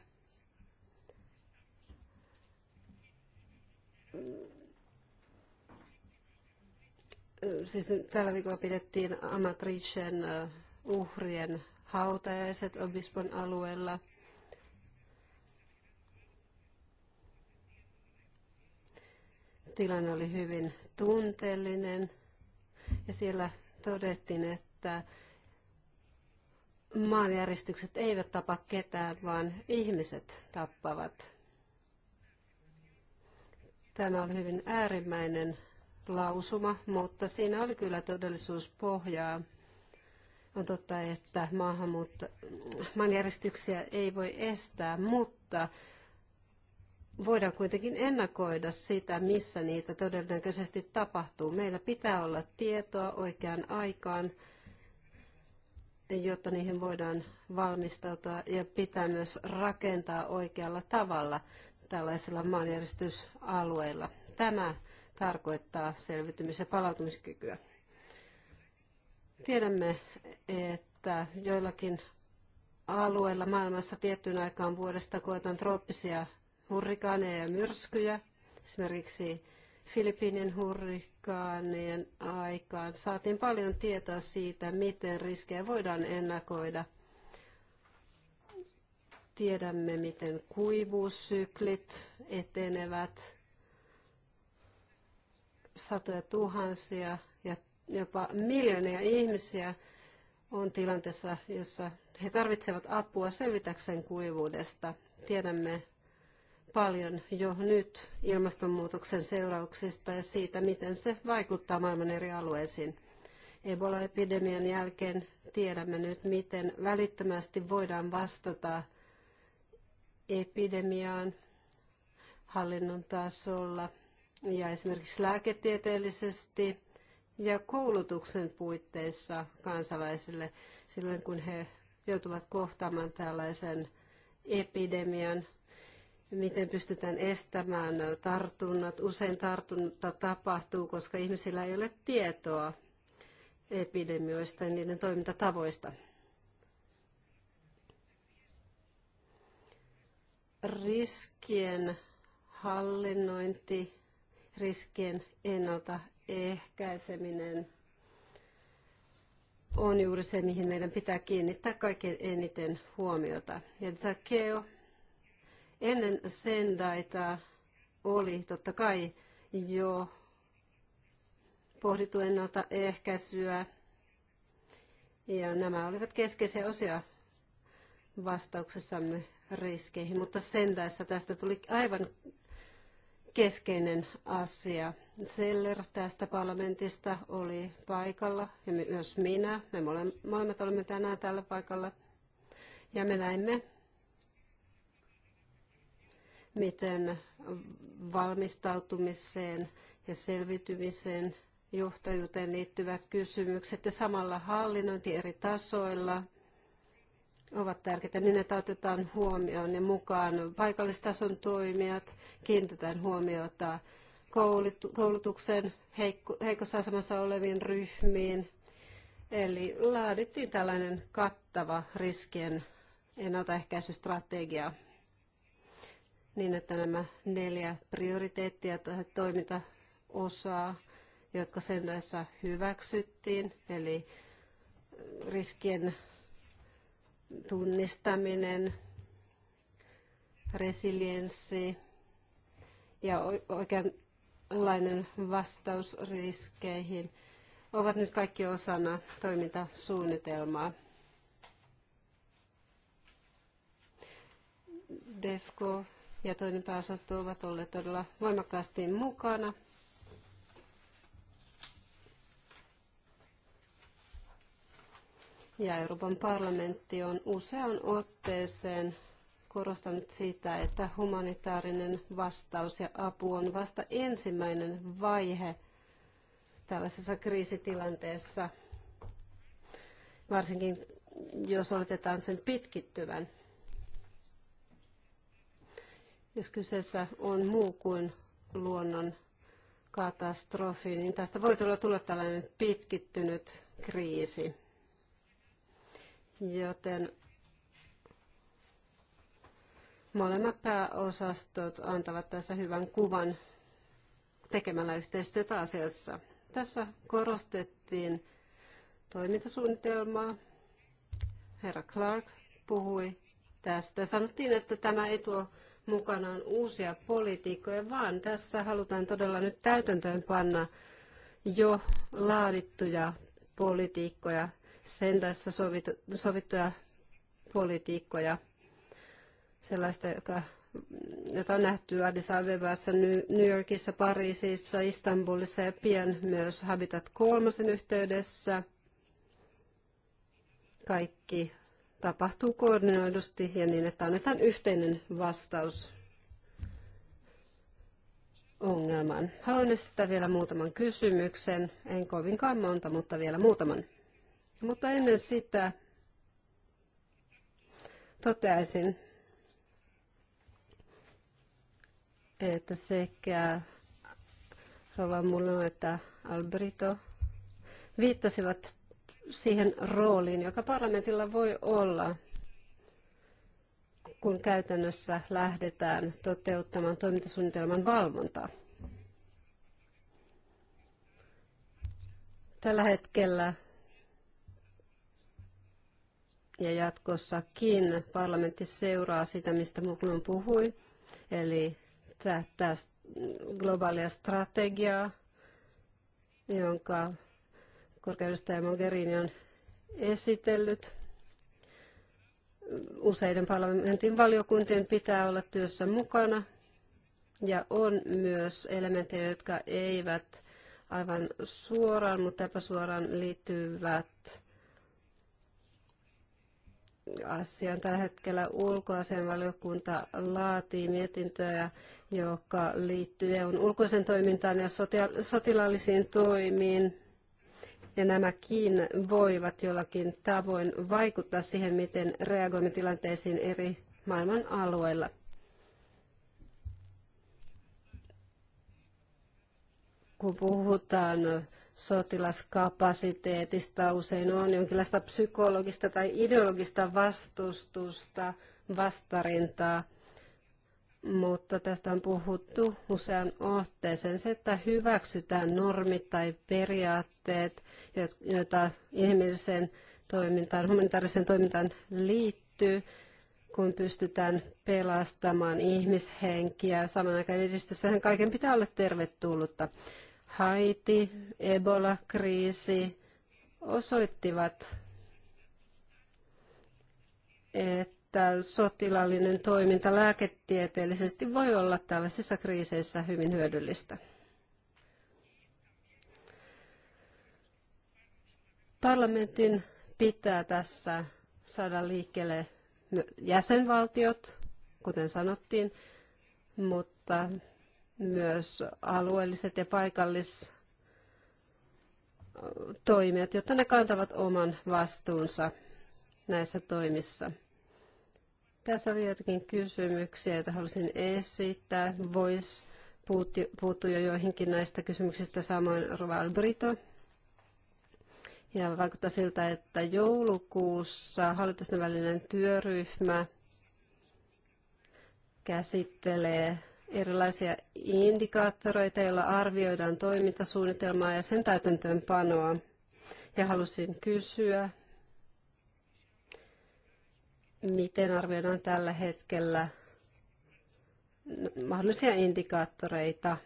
siis tällä viikolla pidettiin Amatricen uhrien hautajaiset Obispon alueella. Tilanne oli hyvin tunteellinen ja siellä todettiin, että maanjäristykset eivät tapa ketään, vaan ihmiset tappavat Tämä oli hyvin äärimmäinen lausuma, mutta siinä oli kyllä todellisuuspohjaa. On totta, että maahanmuutta, maanjäristyksiä ei voi estää, mutta voidaan kuitenkin ennakoida sitä, missä niitä todennäköisesti tapahtuu. Meillä pitää olla tietoa oikeaan aikaan, jotta niihin voidaan valmistautua ja pitää myös rakentaa oikealla tavalla tällaisilla maanjäristysalueilla. Tämä tarkoittaa selviytymis- ja palautumiskykyä. Tiedämme, että joillakin alueilla maailmassa tiettyyn aikaan vuodesta koetaan trooppisia hurrikaaneja ja myrskyjä. Esimerkiksi Filippiinien hurrikaanien aikaan saatiin paljon tietoa siitä, miten riskejä voidaan ennakoida Tiedämme, miten kuivuussyklit etenevät satoja tuhansia ja jopa miljoonia ihmisiä on tilanteessa, jossa he tarvitsevat apua selvitäkseen kuivuudesta. Tiedämme paljon jo nyt ilmastonmuutoksen seurauksista ja siitä, miten se vaikuttaa maailman eri alueisiin. Ebola-epidemian jälkeen tiedämme nyt, miten välittömästi voidaan vastata epidemiaan hallinnon tasolla ja esimerkiksi lääketieteellisesti ja koulutuksen puitteissa kansalaisille silloin, kun he joutuvat kohtaamaan tällaisen epidemian, miten pystytään estämään tartunnat. Usein tartunta tapahtuu, koska ihmisillä ei ole tietoa epidemioista ja niiden toimintatavoista. riskien hallinnointi, riskien ennaltaehkäiseminen on juuri se, mihin meidän pitää kiinnittää kaikkein eniten huomiota. Ja Zakeo ennen Sendaita oli totta kai jo pohdittu ennaltaehkäisyä. Ja nämä olivat keskeisiä osia vastauksessamme riskeihin, mutta sendaissa tästä tuli aivan keskeinen asia. Seller tästä parlamentista oli paikalla ja myös minä. Me molemmat olemme tänään tällä paikalla ja me näimme, miten valmistautumiseen ja selviytymiseen johtajuuteen liittyvät kysymykset ja samalla hallinnointi eri tasoilla – ovat tärkeitä, niin että otetaan huomioon ja mukaan paikallistason toimijat, kiinnitetään huomiota koulutuksen heikko, heikossa asemassa oleviin ryhmiin. Eli laadittiin tällainen kattava riskien ennaltaehkäisystrategia niin, että nämä neljä prioriteettia tai toimintaosaa, jotka sen hyväksyttiin, eli riskien tunnistaminen, resilienssi ja oikeanlainen vastaus riskeihin ovat nyt kaikki osana toimintasuunnitelmaa. DEFCO ja toinen pääosasto ovat olleet todella voimakkaasti mukana Ja Euroopan parlamentti on usean otteeseen korostanut sitä, että humanitaarinen vastaus ja apu on vasta ensimmäinen vaihe tällaisessa kriisitilanteessa, varsinkin jos oletetaan sen pitkittyvän. Jos kyseessä on muu kuin luonnon katastrofi, niin tästä voi tulla, tulla tällainen pitkittynyt kriisi joten molemmat pääosastot antavat tässä hyvän kuvan tekemällä yhteistyötä asiassa. Tässä korostettiin toimintasuunnitelmaa. Herra Clark puhui tästä. Sanottiin, että tämä ei tuo mukanaan uusia poliitikkoja, vaan tässä halutaan todella nyt täytäntöön panna jo laadittuja politiikkoja tässä sovitu, sovittuja politiikkoja, sellaista, joka, jota on nähty Addis Abebassa, New Yorkissa, Pariisissa, Istanbulissa ja pian myös Habitat kolmosen yhteydessä. Kaikki tapahtuu koordinoidusti ja niin, että annetaan yhteinen vastaus ongelmaan. Haluan esittää vielä muutaman kysymyksen, en kovinkaan monta, mutta vielä muutaman. Mutta ennen sitä toteaisin, että sekä Rova Mullo että Albrito viittasivat siihen rooliin, joka parlamentilla voi olla, kun käytännössä lähdetään toteuttamaan toimintasuunnitelman valvontaa. Tällä hetkellä ja jatkossakin parlamentti seuraa sitä, mistä Muglun puhui, eli tätä globaalia strategiaa, jonka korkeudustaja Mogherini on esitellyt. Useiden parlamentin valiokuntien pitää olla työssä mukana ja on myös elementtejä, jotka eivät aivan suoraan, mutta epäsuoraan liittyvät asian. Tällä hetkellä ulkoasianvaliokunta laatii mietintöä, joka liittyy EUn ulkoisen toimintaan ja sotilaallisiin toimiin. Ja nämäkin voivat jollakin tavoin vaikuttaa siihen, miten reagoimme tilanteisiin eri maailman alueilla. Kun puhutaan sotilaskapasiteetista. Usein on jonkinlaista psykologista tai ideologista vastustusta, vastarintaa, mutta tästä on puhuttu usean otteeseen. Se, että hyväksytään normit tai periaatteet, joita ihmisen toimintaan, humanitaariseen toimintaan liittyy, kun pystytään pelastamaan ihmishenkiä. samanaikaisesti, edistyssähän kaiken pitää olla tervetullutta. Haiti, Ebola-kriisi osoittivat, että sotilallinen toiminta lääketieteellisesti voi olla tällaisissa kriiseissä hyvin hyödyllistä. Parlamentin pitää tässä saada liikkeelle jäsenvaltiot, kuten sanottiin, mutta myös alueelliset ja paikallistoimijat, jotta ne kantavat oman vastuunsa näissä toimissa. Tässä oli jotakin kysymyksiä, joita halusin esittää. Voisi puuttua jo joihinkin näistä kysymyksistä, samoin Roval Brito. Ja vaikuttaa siltä, että joulukuussa hallitusten välinen työryhmä käsittelee erilaisia indikaattoreita, joilla arvioidaan toimintasuunnitelmaa ja sen täytäntöönpanoa. Ja halusin kysyä, miten arvioidaan tällä hetkellä mahdollisia indikaattoreita.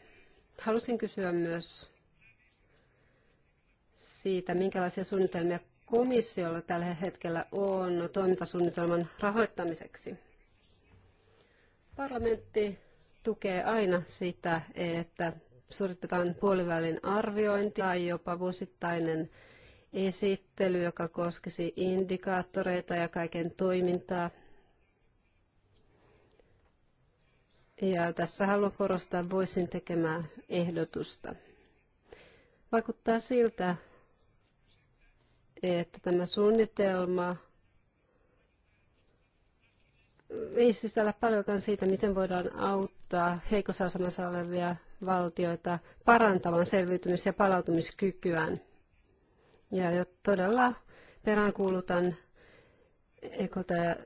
Halusin kysyä myös siitä, minkälaisia suunnitelmia komissiolla tällä hetkellä on toimintasuunnitelman rahoittamiseksi. Parlamentti tukee aina sitä, että suoritetaan puolivälin arviointi tai jopa vuosittainen esittely, joka koskisi indikaattoreita ja kaiken toimintaa. Ja tässä haluan korostaa voisin tekemää ehdotusta. Vaikuttaa siltä, että tämä suunnitelma ei sisällä paljonkaan siitä, miten voidaan auttaa auttaa heikossa asemassa olevia valtioita parantamaan selviytymis- ja palautumiskykyään. Ja jo todella peräänkuulutan EKOta ja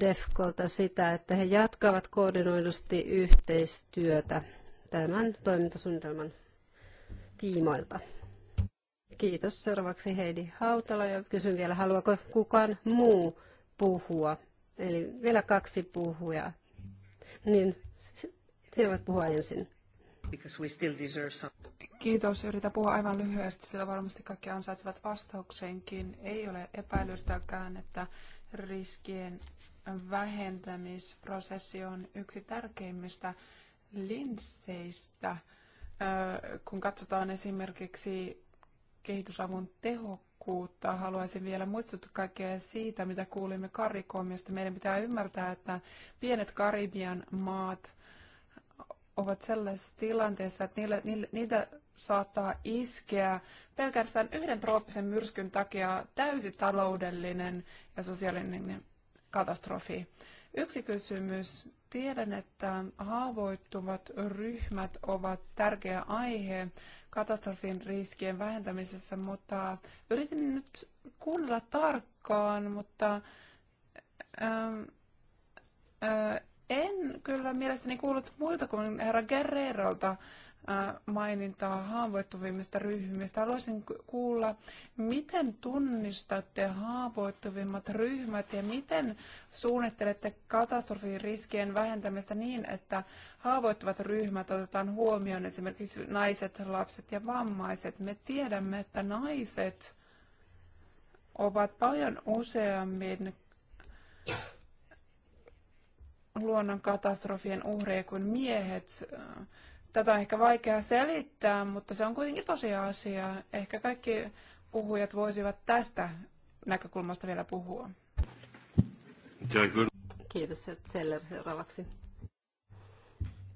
DEFKolta sitä, että he jatkavat koordinoidusti yhteistyötä tämän toimintasuunnitelman tiimoilta. Kiitos. Seuraavaksi Heidi Hautala ja kysyn vielä, haluaako kukaan muu puhua? Eli vielä kaksi puhujaa. Niin puhua ensin. Kiitos. yritä puhua aivan lyhyesti, sillä varmasti kaikki ansaitsevat vastauksenkin. Ei ole epäilystäkään, että riskien vähentämisprosessi on yksi tärkeimmistä linsseistä, kun katsotaan esimerkiksi kehitysavun tehokkuutta. Haluaisin vielä muistuttaa kaikkea siitä, mitä kuulimme Karikomista. Meidän pitää ymmärtää, että pienet Karibian maat ovat sellaisessa tilanteessa, että niille niille, niitä saattaa iskeä pelkästään yhden trooppisen myrskyn takia täysi taloudellinen ja sosiaalinen katastrofi. Yksi kysymys. Tiedän, että haavoittuvat ryhmät ovat tärkeä aihe katastrofin riskien vähentämisessä, mutta yritin nyt kuunnella tarkkaan, mutta ähm, äh, en kyllä mielestäni kuullut muilta kuin herra Guerrerolta äh, mainintaa haavoittuvimmista ryhmistä. Haluaisin kuulla, miten tunnistatte haavoittuvimmat ryhmät ja miten suunnittelette katastrofin riskien vähentämistä niin, että haavoittuvat ryhmät otetaan huomioon, esimerkiksi naiset, lapset ja vammaiset. Me tiedämme, että naiset ovat paljon useammin luonnon katastrofien uhreja kuin miehet. Tätä on ehkä vaikea selittää, mutta se on kuitenkin tosiasia. Ehkä kaikki puhujat voisivat tästä näkökulmasta vielä puhua. Kiitos, Seller seuraavaksi.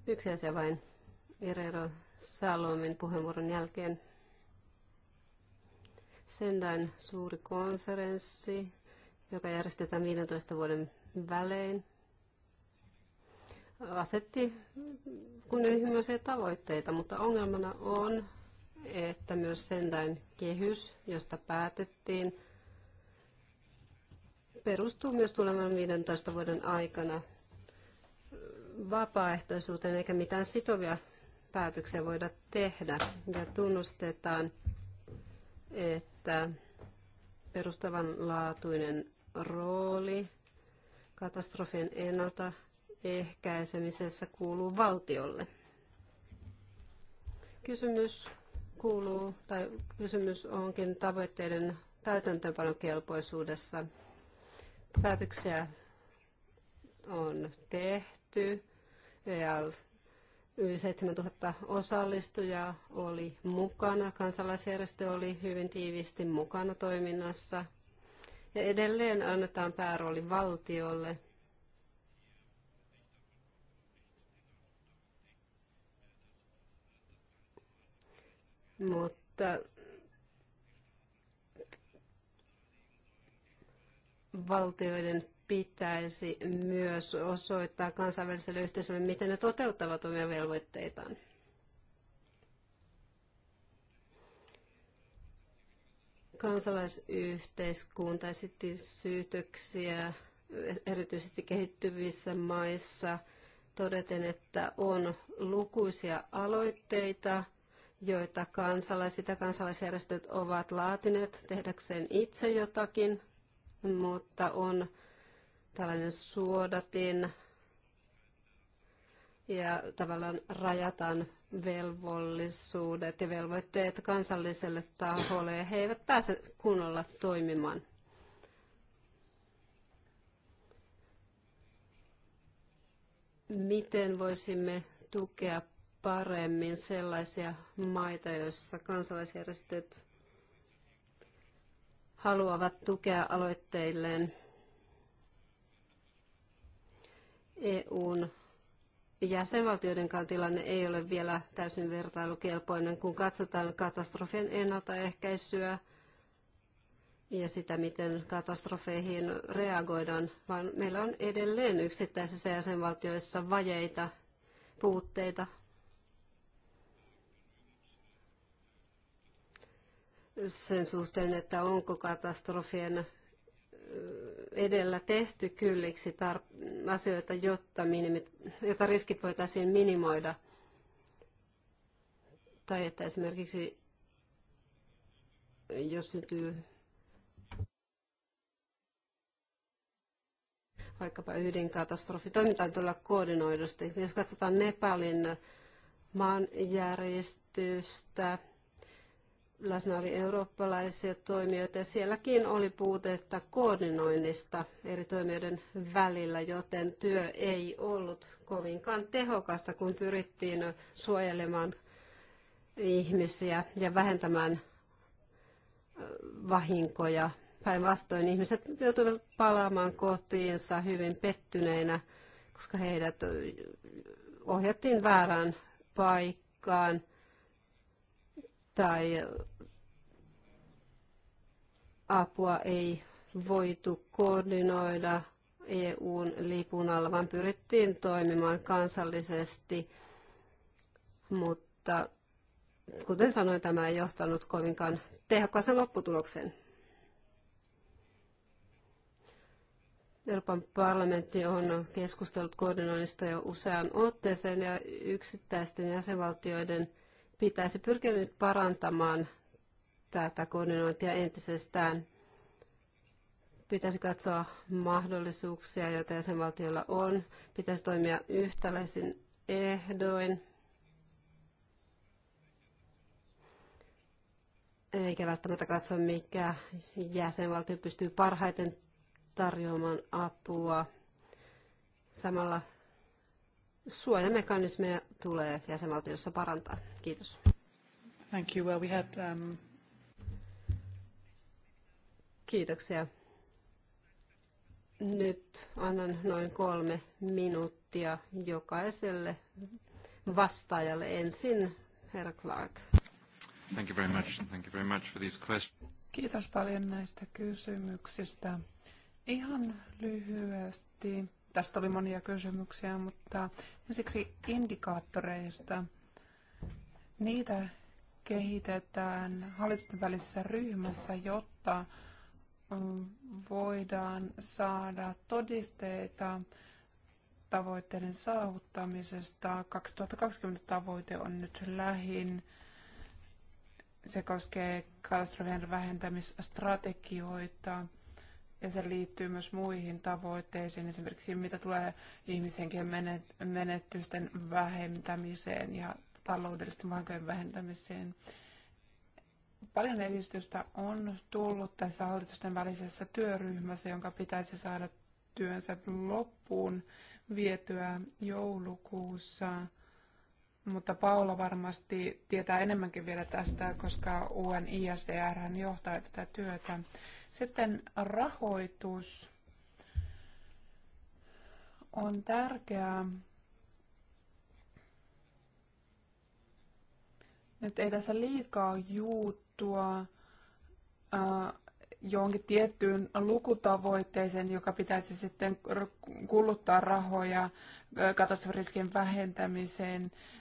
Yksi asia vain. Irero Salomin puheenvuoron jälkeen. Sendain suuri konferenssi, joka järjestetään 15 vuoden välein asetti kunnianhimoisia tavoitteita, mutta ongelmana on, että myös sentään kehys, josta päätettiin, perustuu myös tulevan 15 vuoden aikana vapaaehtoisuuteen eikä mitään sitovia päätöksiä voida tehdä. Ja tunnustetaan, että perustavanlaatuinen rooli katastrofien ennalta ehkäisemisessä kuuluu valtiolle. Kysymys kuuluu, tai kysymys onkin tavoitteiden täytäntöönpanon kelpoisuudessa. Päätöksiä on tehty ja e yli 7000 osallistujaa oli mukana. Kansalaisjärjestö oli hyvin tiiviisti mukana toiminnassa. Ja edelleen annetaan päärooli valtiolle Mutta valtioiden pitäisi myös osoittaa kansainväliselle yhteisölle, miten ne toteuttavat omia velvoitteitaan. Kansalaisyhteiskunta esitti syytöksiä erityisesti kehittyvissä maissa todeten, että on lukuisia aloitteita – joita kansalaiset ja kansalaisjärjestöt ovat laatineet tehdäkseen itse jotakin, mutta on tällainen suodatin ja tavallaan rajataan velvollisuudet ja velvoitteet kansalliselle taholle ja he eivät pääse kunnolla toimimaan. Miten voisimme tukea paremmin sellaisia maita, joissa kansalaisjärjestöt haluavat tukea aloitteilleen EUn kanssa tilanne ei ole vielä täysin vertailukelpoinen, kun katsotaan katastrofien ennaltaehkäisyä ja sitä, miten katastrofeihin reagoidaan, vaan meillä on edelleen yksittäisissä jäsenvaltioissa vajeita, puutteita, sen suhteen, että onko katastrofien edellä tehty kylliksi asioita, jotta, minimi- jotta riskit voitaisiin minimoida. Tai että esimerkiksi jos syntyy vaikkapa ydinkatastrofi, toimitaan tuolla koordinoidusti. Jos katsotaan Nepalin maanjärjestystä, läsnä oli eurooppalaisia toimijoita ja sielläkin oli puutetta koordinoinnista eri toimijoiden välillä, joten työ ei ollut kovinkaan tehokasta, kun pyrittiin suojelemaan ihmisiä ja vähentämään vahinkoja. Päinvastoin ihmiset joutuivat palaamaan kotiinsa hyvin pettyneinä, koska heidät ohjattiin väärään paikkaan – tai apua ei voitu koordinoida EUn lipun alla, vaan pyrittiin toimimaan kansallisesti, mutta kuten sanoin, tämä ei johtanut kovinkaan tehokkaaseen lopputulokseen. Euroopan parlamentti on keskustellut koordinoinnista jo useaan otteeseen ja yksittäisten jäsenvaltioiden Pitäisi pyrkiä nyt parantamaan tätä koordinointia entisestään. Pitäisi katsoa mahdollisuuksia, joita jäsenvaltioilla on. Pitäisi toimia yhtäläisin ehdoin. Eikä välttämättä katsoa mikä jäsenvaltio pystyy parhaiten tarjoamaan apua. Samalla suojamekanismeja tulee jäsenvaltiossa parantaa. Kiitos. Thank you. Well, we had, um... Kiitoksia. Nyt annan noin kolme minuuttia jokaiselle vastaajalle. Ensin herra Clark. Thank you very much. Thank you very much for these questions. Kiitos paljon näistä kysymyksistä. Ihan lyhyesti Tästä oli monia kysymyksiä, mutta ensiksi indikaattoreista. Niitä kehitetään hallitusten välisessä ryhmässä, jotta mm, voidaan saada todisteita tavoitteiden saavuttamisesta. 2020 tavoite on nyt lähin. Se koskee katastrofien vähentämisstrategioita ja se liittyy myös muihin tavoitteisiin, esimerkiksi mitä tulee ihmishenkien menetysten vähentämiseen ja taloudellisten vankojen vähentämiseen. Paljon edistystä on tullut tässä hallitusten välisessä työryhmässä, jonka pitäisi saada työnsä loppuun vietyä joulukuussa. Mutta Paula varmasti tietää enemmänkin vielä tästä, koska UNISDR johtaa tätä työtä. Sitten rahoitus on tärkeää. Nyt ei tässä liikaa juuttua äh, johonkin tiettyyn lukutavoitteeseen, joka pitäisi sitten kuluttaa rahoja katastrofiriskin vähentämiseen. Äh,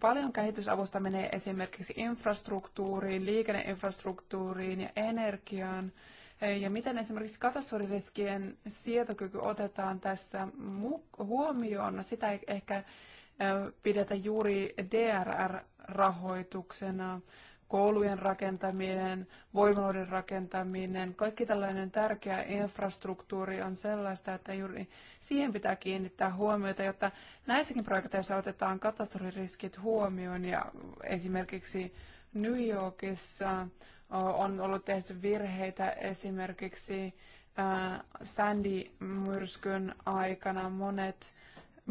paljon kehitysavusta menee esimerkiksi infrastruktuuriin, liikenneinfrastruktuuriin ja energiaan. Ja miten esimerkiksi katastrofiriskien sietokyky otetaan tässä huomioon? No, sitä ei ehkä pidetä juuri DRR-rahoituksena koulujen rakentaminen, voimaloiden rakentaminen, kaikki tällainen tärkeä infrastruktuuri on sellaista, että juuri siihen pitää kiinnittää huomiota, jotta näissäkin projekteissa otetaan katastrofiriskit huomioon ja esimerkiksi New Yorkissa on ollut tehty virheitä esimerkiksi Sandy-myrskyn aikana monet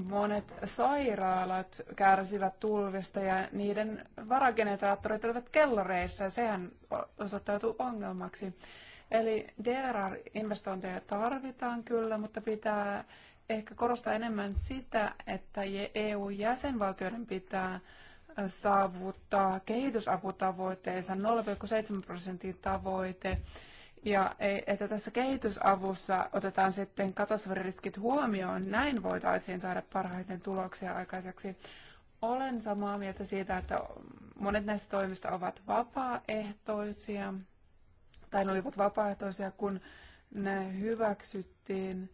monet sairaalat kärsivät tulvista ja niiden varageneraattorit olivat kellareissa ja sehän osoittautui ongelmaksi. Eli DRR-investointeja tarvitaan kyllä, mutta pitää ehkä korostaa enemmän sitä, että EU-jäsenvaltioiden e pitää äh, saavuttaa kehitysaputavoitteensa 0,7 prosentin tavoite ja e, että tässä kehitysavussa otetaan sitten katastrofiriskit huomioon, näin voitaisiin saada parhaiten tuloksia aikaiseksi. Olen samaa mieltä siitä, että monet näistä toimista ovat vapaaehtoisia, tai ne olivat vapaaehtoisia, kun ne hyväksyttiin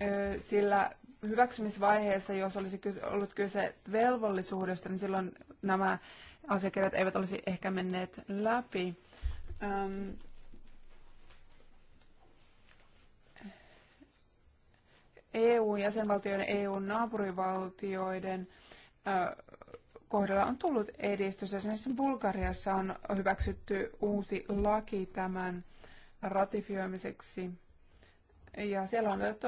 e, sillä hyväksymisvaiheessa, jos olisi ollut kyse velvollisuudesta, niin silloin nämä asiakirjat eivät olisi ehkä menneet läpi. Ähm, EU-jäsenvaltioiden ja e EU-naapurivaltioiden kohdalla on tullut edistys. Esimerkiksi Bulgariassa on hyväksytty uusi laki tämän ratifioimiseksi. Ja siellä on otettu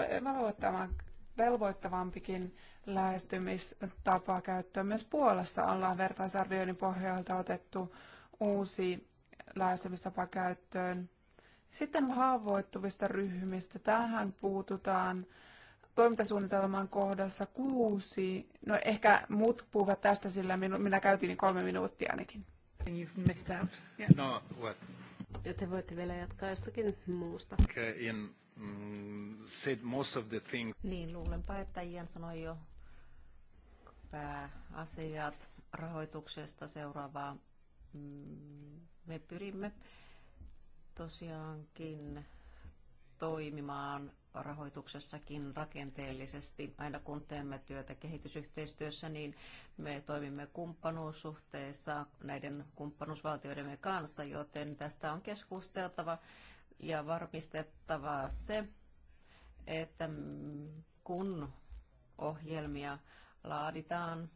velvoittavampikin lähestymistapaa käyttöön. Myös Puolassa ollaan vertaisarvioinnin pohjalta otettu uusi lähestymistapa käyttöön. Sitten haavoittuvista ryhmistä. Tähän puututaan toimintasuunnitelman kohdassa kuusi. No ehkä muut puhuvat tästä, sillä minu, minä käytin niin kolme minuuttia ainakin. Yeah. No, what? Joten voitte vielä jatkaa jostakin muusta. Okay, in, mm, said most of the things. Niin, luulenpa, että Ian sanoi jo pääasiat rahoituksesta seuraavaa. Mm, me pyrimme tosiaankin toimimaan rahoituksessakin rakenteellisesti. Aina kun teemme työtä kehitysyhteistyössä, niin me toimimme kumppanuussuhteessa näiden kumppanuusvaltioidemme kanssa, joten tästä on keskusteltava ja varmistettava se, että kun ohjelmia laaditaan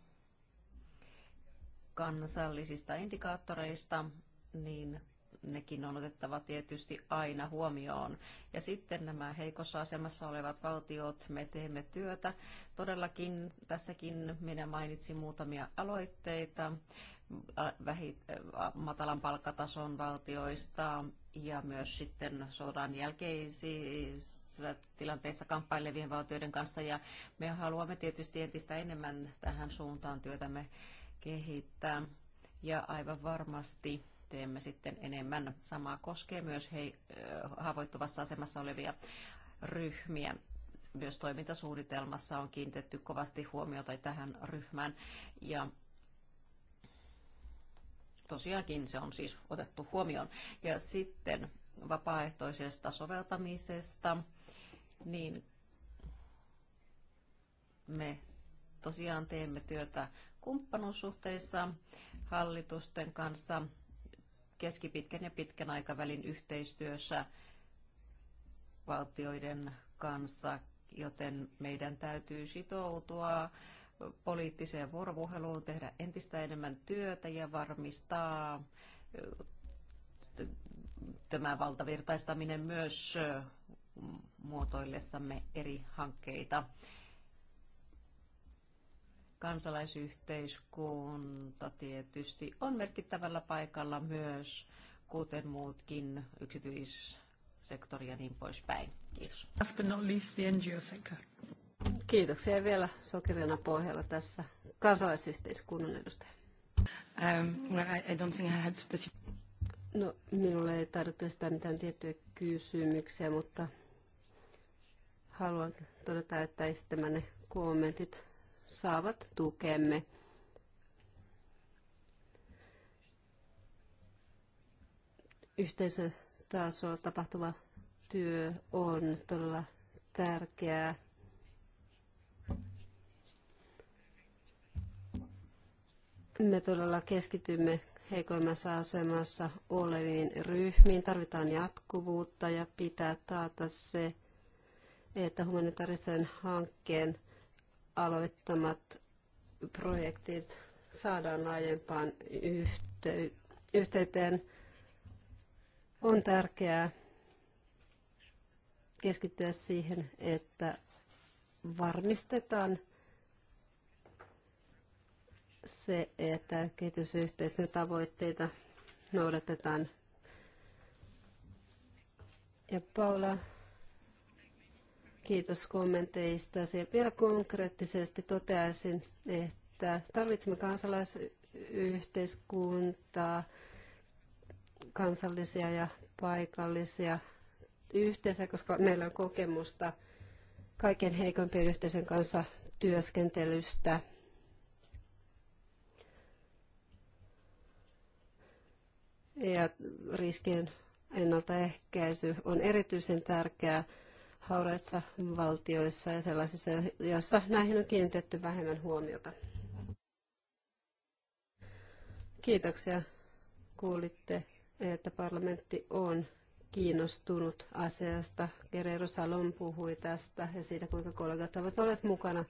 kansallisista indikaattoreista, niin nekin on otettava tietysti aina huomioon. Ja sitten nämä heikossa asemassa olevat valtiot, me teemme työtä. Todellakin tässäkin minä mainitsin muutamia aloitteita vähit, matalan palkkatason valtioista ja myös sitten sodan jälkeisiin tässä tilanteessa kamppailevien valtioiden kanssa ja me haluamme tietysti entistä enemmän tähän suuntaan työtämme kehittää ja aivan varmasti teemme sitten enemmän. samaa koskee myös hei, haavoittuvassa asemassa olevia ryhmiä myös toimintasuunnitelmassa on kiinnitetty kovasti huomiota tähän ryhmään. Ja tosiaankin se on siis otettu huomioon. Ja sitten vapaaehtoisesta soveltamisesta niin me tosiaan teemme työtä kumppanuussuhteissa hallitusten kanssa keskipitkän ja pitkän aikavälin yhteistyössä valtioiden kanssa, joten meidän täytyy sitoutua poliittiseen vuoropuheluun, tehdä entistä enemmän työtä ja varmistaa tämä valtavirtaistaminen myös muotoillessamme eri hankkeita. Kansalaisyhteiskunta tietysti on merkittävällä paikalla myös, kuten muutkin yksityissektoria ja niin poispäin. Kiitos. Last but not least the NGO sector. Kiitoksia vielä sokerina pohjalla tässä kansalaisyhteiskunnan edustaja. Um, well, I, I don't think I had specific... No, minulle ei tarvitse sitä mitään tiettyjä kysymyksiä, mutta haluan todeta, että esittämänne kommentit saavat tukemme. Yhteisötasolla tapahtuva työ on todella tärkeää. Me todella keskitymme heikoimmassa asemassa oleviin ryhmiin. Tarvitaan jatkuvuutta ja pitää taata se, että humanitaarisen hankkeen aloittamat projektit saadaan laajempaan yhteyteen. On tärkeää keskittyä siihen, että varmistetaan se, että kehitysyhteistyön tavoitteita noudatetaan. Ja Paula Kiitos Ja Vielä konkreettisesti toteaisin, että tarvitsemme kansalaisyhteiskuntaa, kansallisia ja paikallisia yhteisöjä, koska meillä on kokemusta kaiken heikompien yhteisön kanssa työskentelystä. Ja riskien ennaltaehkäisy on erityisen tärkeää hauraissa valtioissa ja sellaisissa, joissa näihin on kiinnitetty vähemmän huomiota. Kiitoksia. Kuulitte, että parlamentti on kiinnostunut asiasta. Gerero Salon puhui tästä ja siitä, kuinka kollegat ovat olleet mukana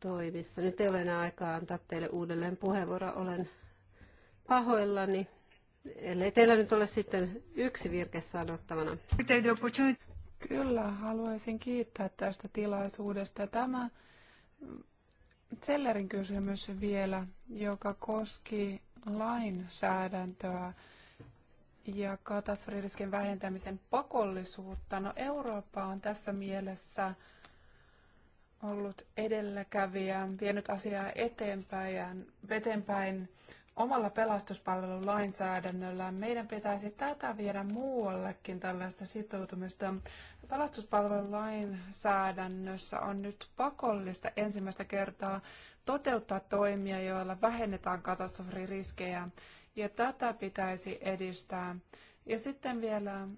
toimissa. Nyt ei ole enää aikaa antaa teille uudelleen puheenvuoro. Olen pahoillani. Ellei teillä nyt ole sitten yksi virke sanottavana. Kyllä, haluaisin kiittää tästä tilaisuudesta. Tämä Zellerin kysymys vielä, joka koski lainsäädäntöä ja katastrofiriskin vähentämisen pakollisuutta. No Eurooppa on tässä mielessä ollut edelläkävijä, vienyt asiaa eteenpäin, eteenpäin omalla pelastuspalvelun lainsäädännöllä meidän pitäisi tätä viedä muuallekin tällaista sitoutumista. Pelastuspalvelun lainsäädännössä on nyt pakollista ensimmäistä kertaa toteuttaa toimia, joilla vähennetään katastrofiriskejä, ja tätä pitäisi edistää. Ja sitten vielä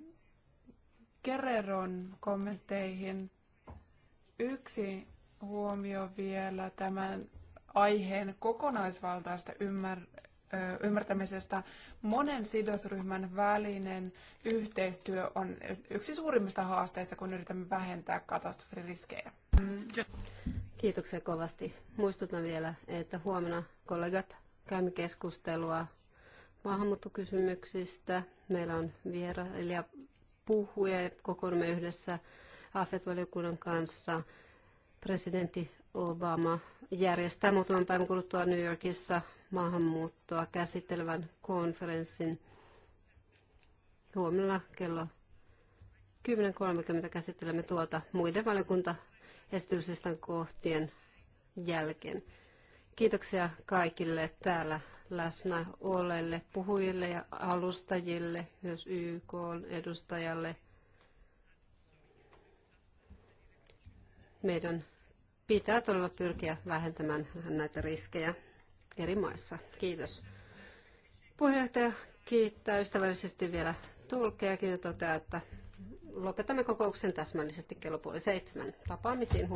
Kereron kommentteihin. Yksi huomio vielä tämän aiheen kokonaisvaltaista ymmär- ymmärtämisestä. Monen sidosryhmän välinen yhteistyö on yksi suurimmista haasteista, kun yritämme vähentää katastrofiriskejä. Kiitoksia kovasti. Muistutan vielä, että huomenna kollegat käymme keskustelua maahanmuuttokysymyksistä. Meillä on vierailija puhuja ja kokoonnumme yhdessä AFET-valiokunnan kanssa. Presidentti Obama järjestää muutaman päivän kuluttua New Yorkissa maahanmuuttoa käsittelevän konferenssin huomenna kello 10.30 käsittelemme tuota muiden valiokunta esityslistan kohtien jälkeen. Kiitoksia kaikille täällä läsnä olleille puhujille ja alustajille, myös YK edustajalle. Meidän pitää todella pyrkiä vähentämään näitä riskejä eri maissa. Kiitos. Puheenjohtaja kiittää ystävällisesti vielä tulkeakin ja toteaa, että lopetamme kokouksen täsmällisesti kello puoli seitsemän. Tapaamisiin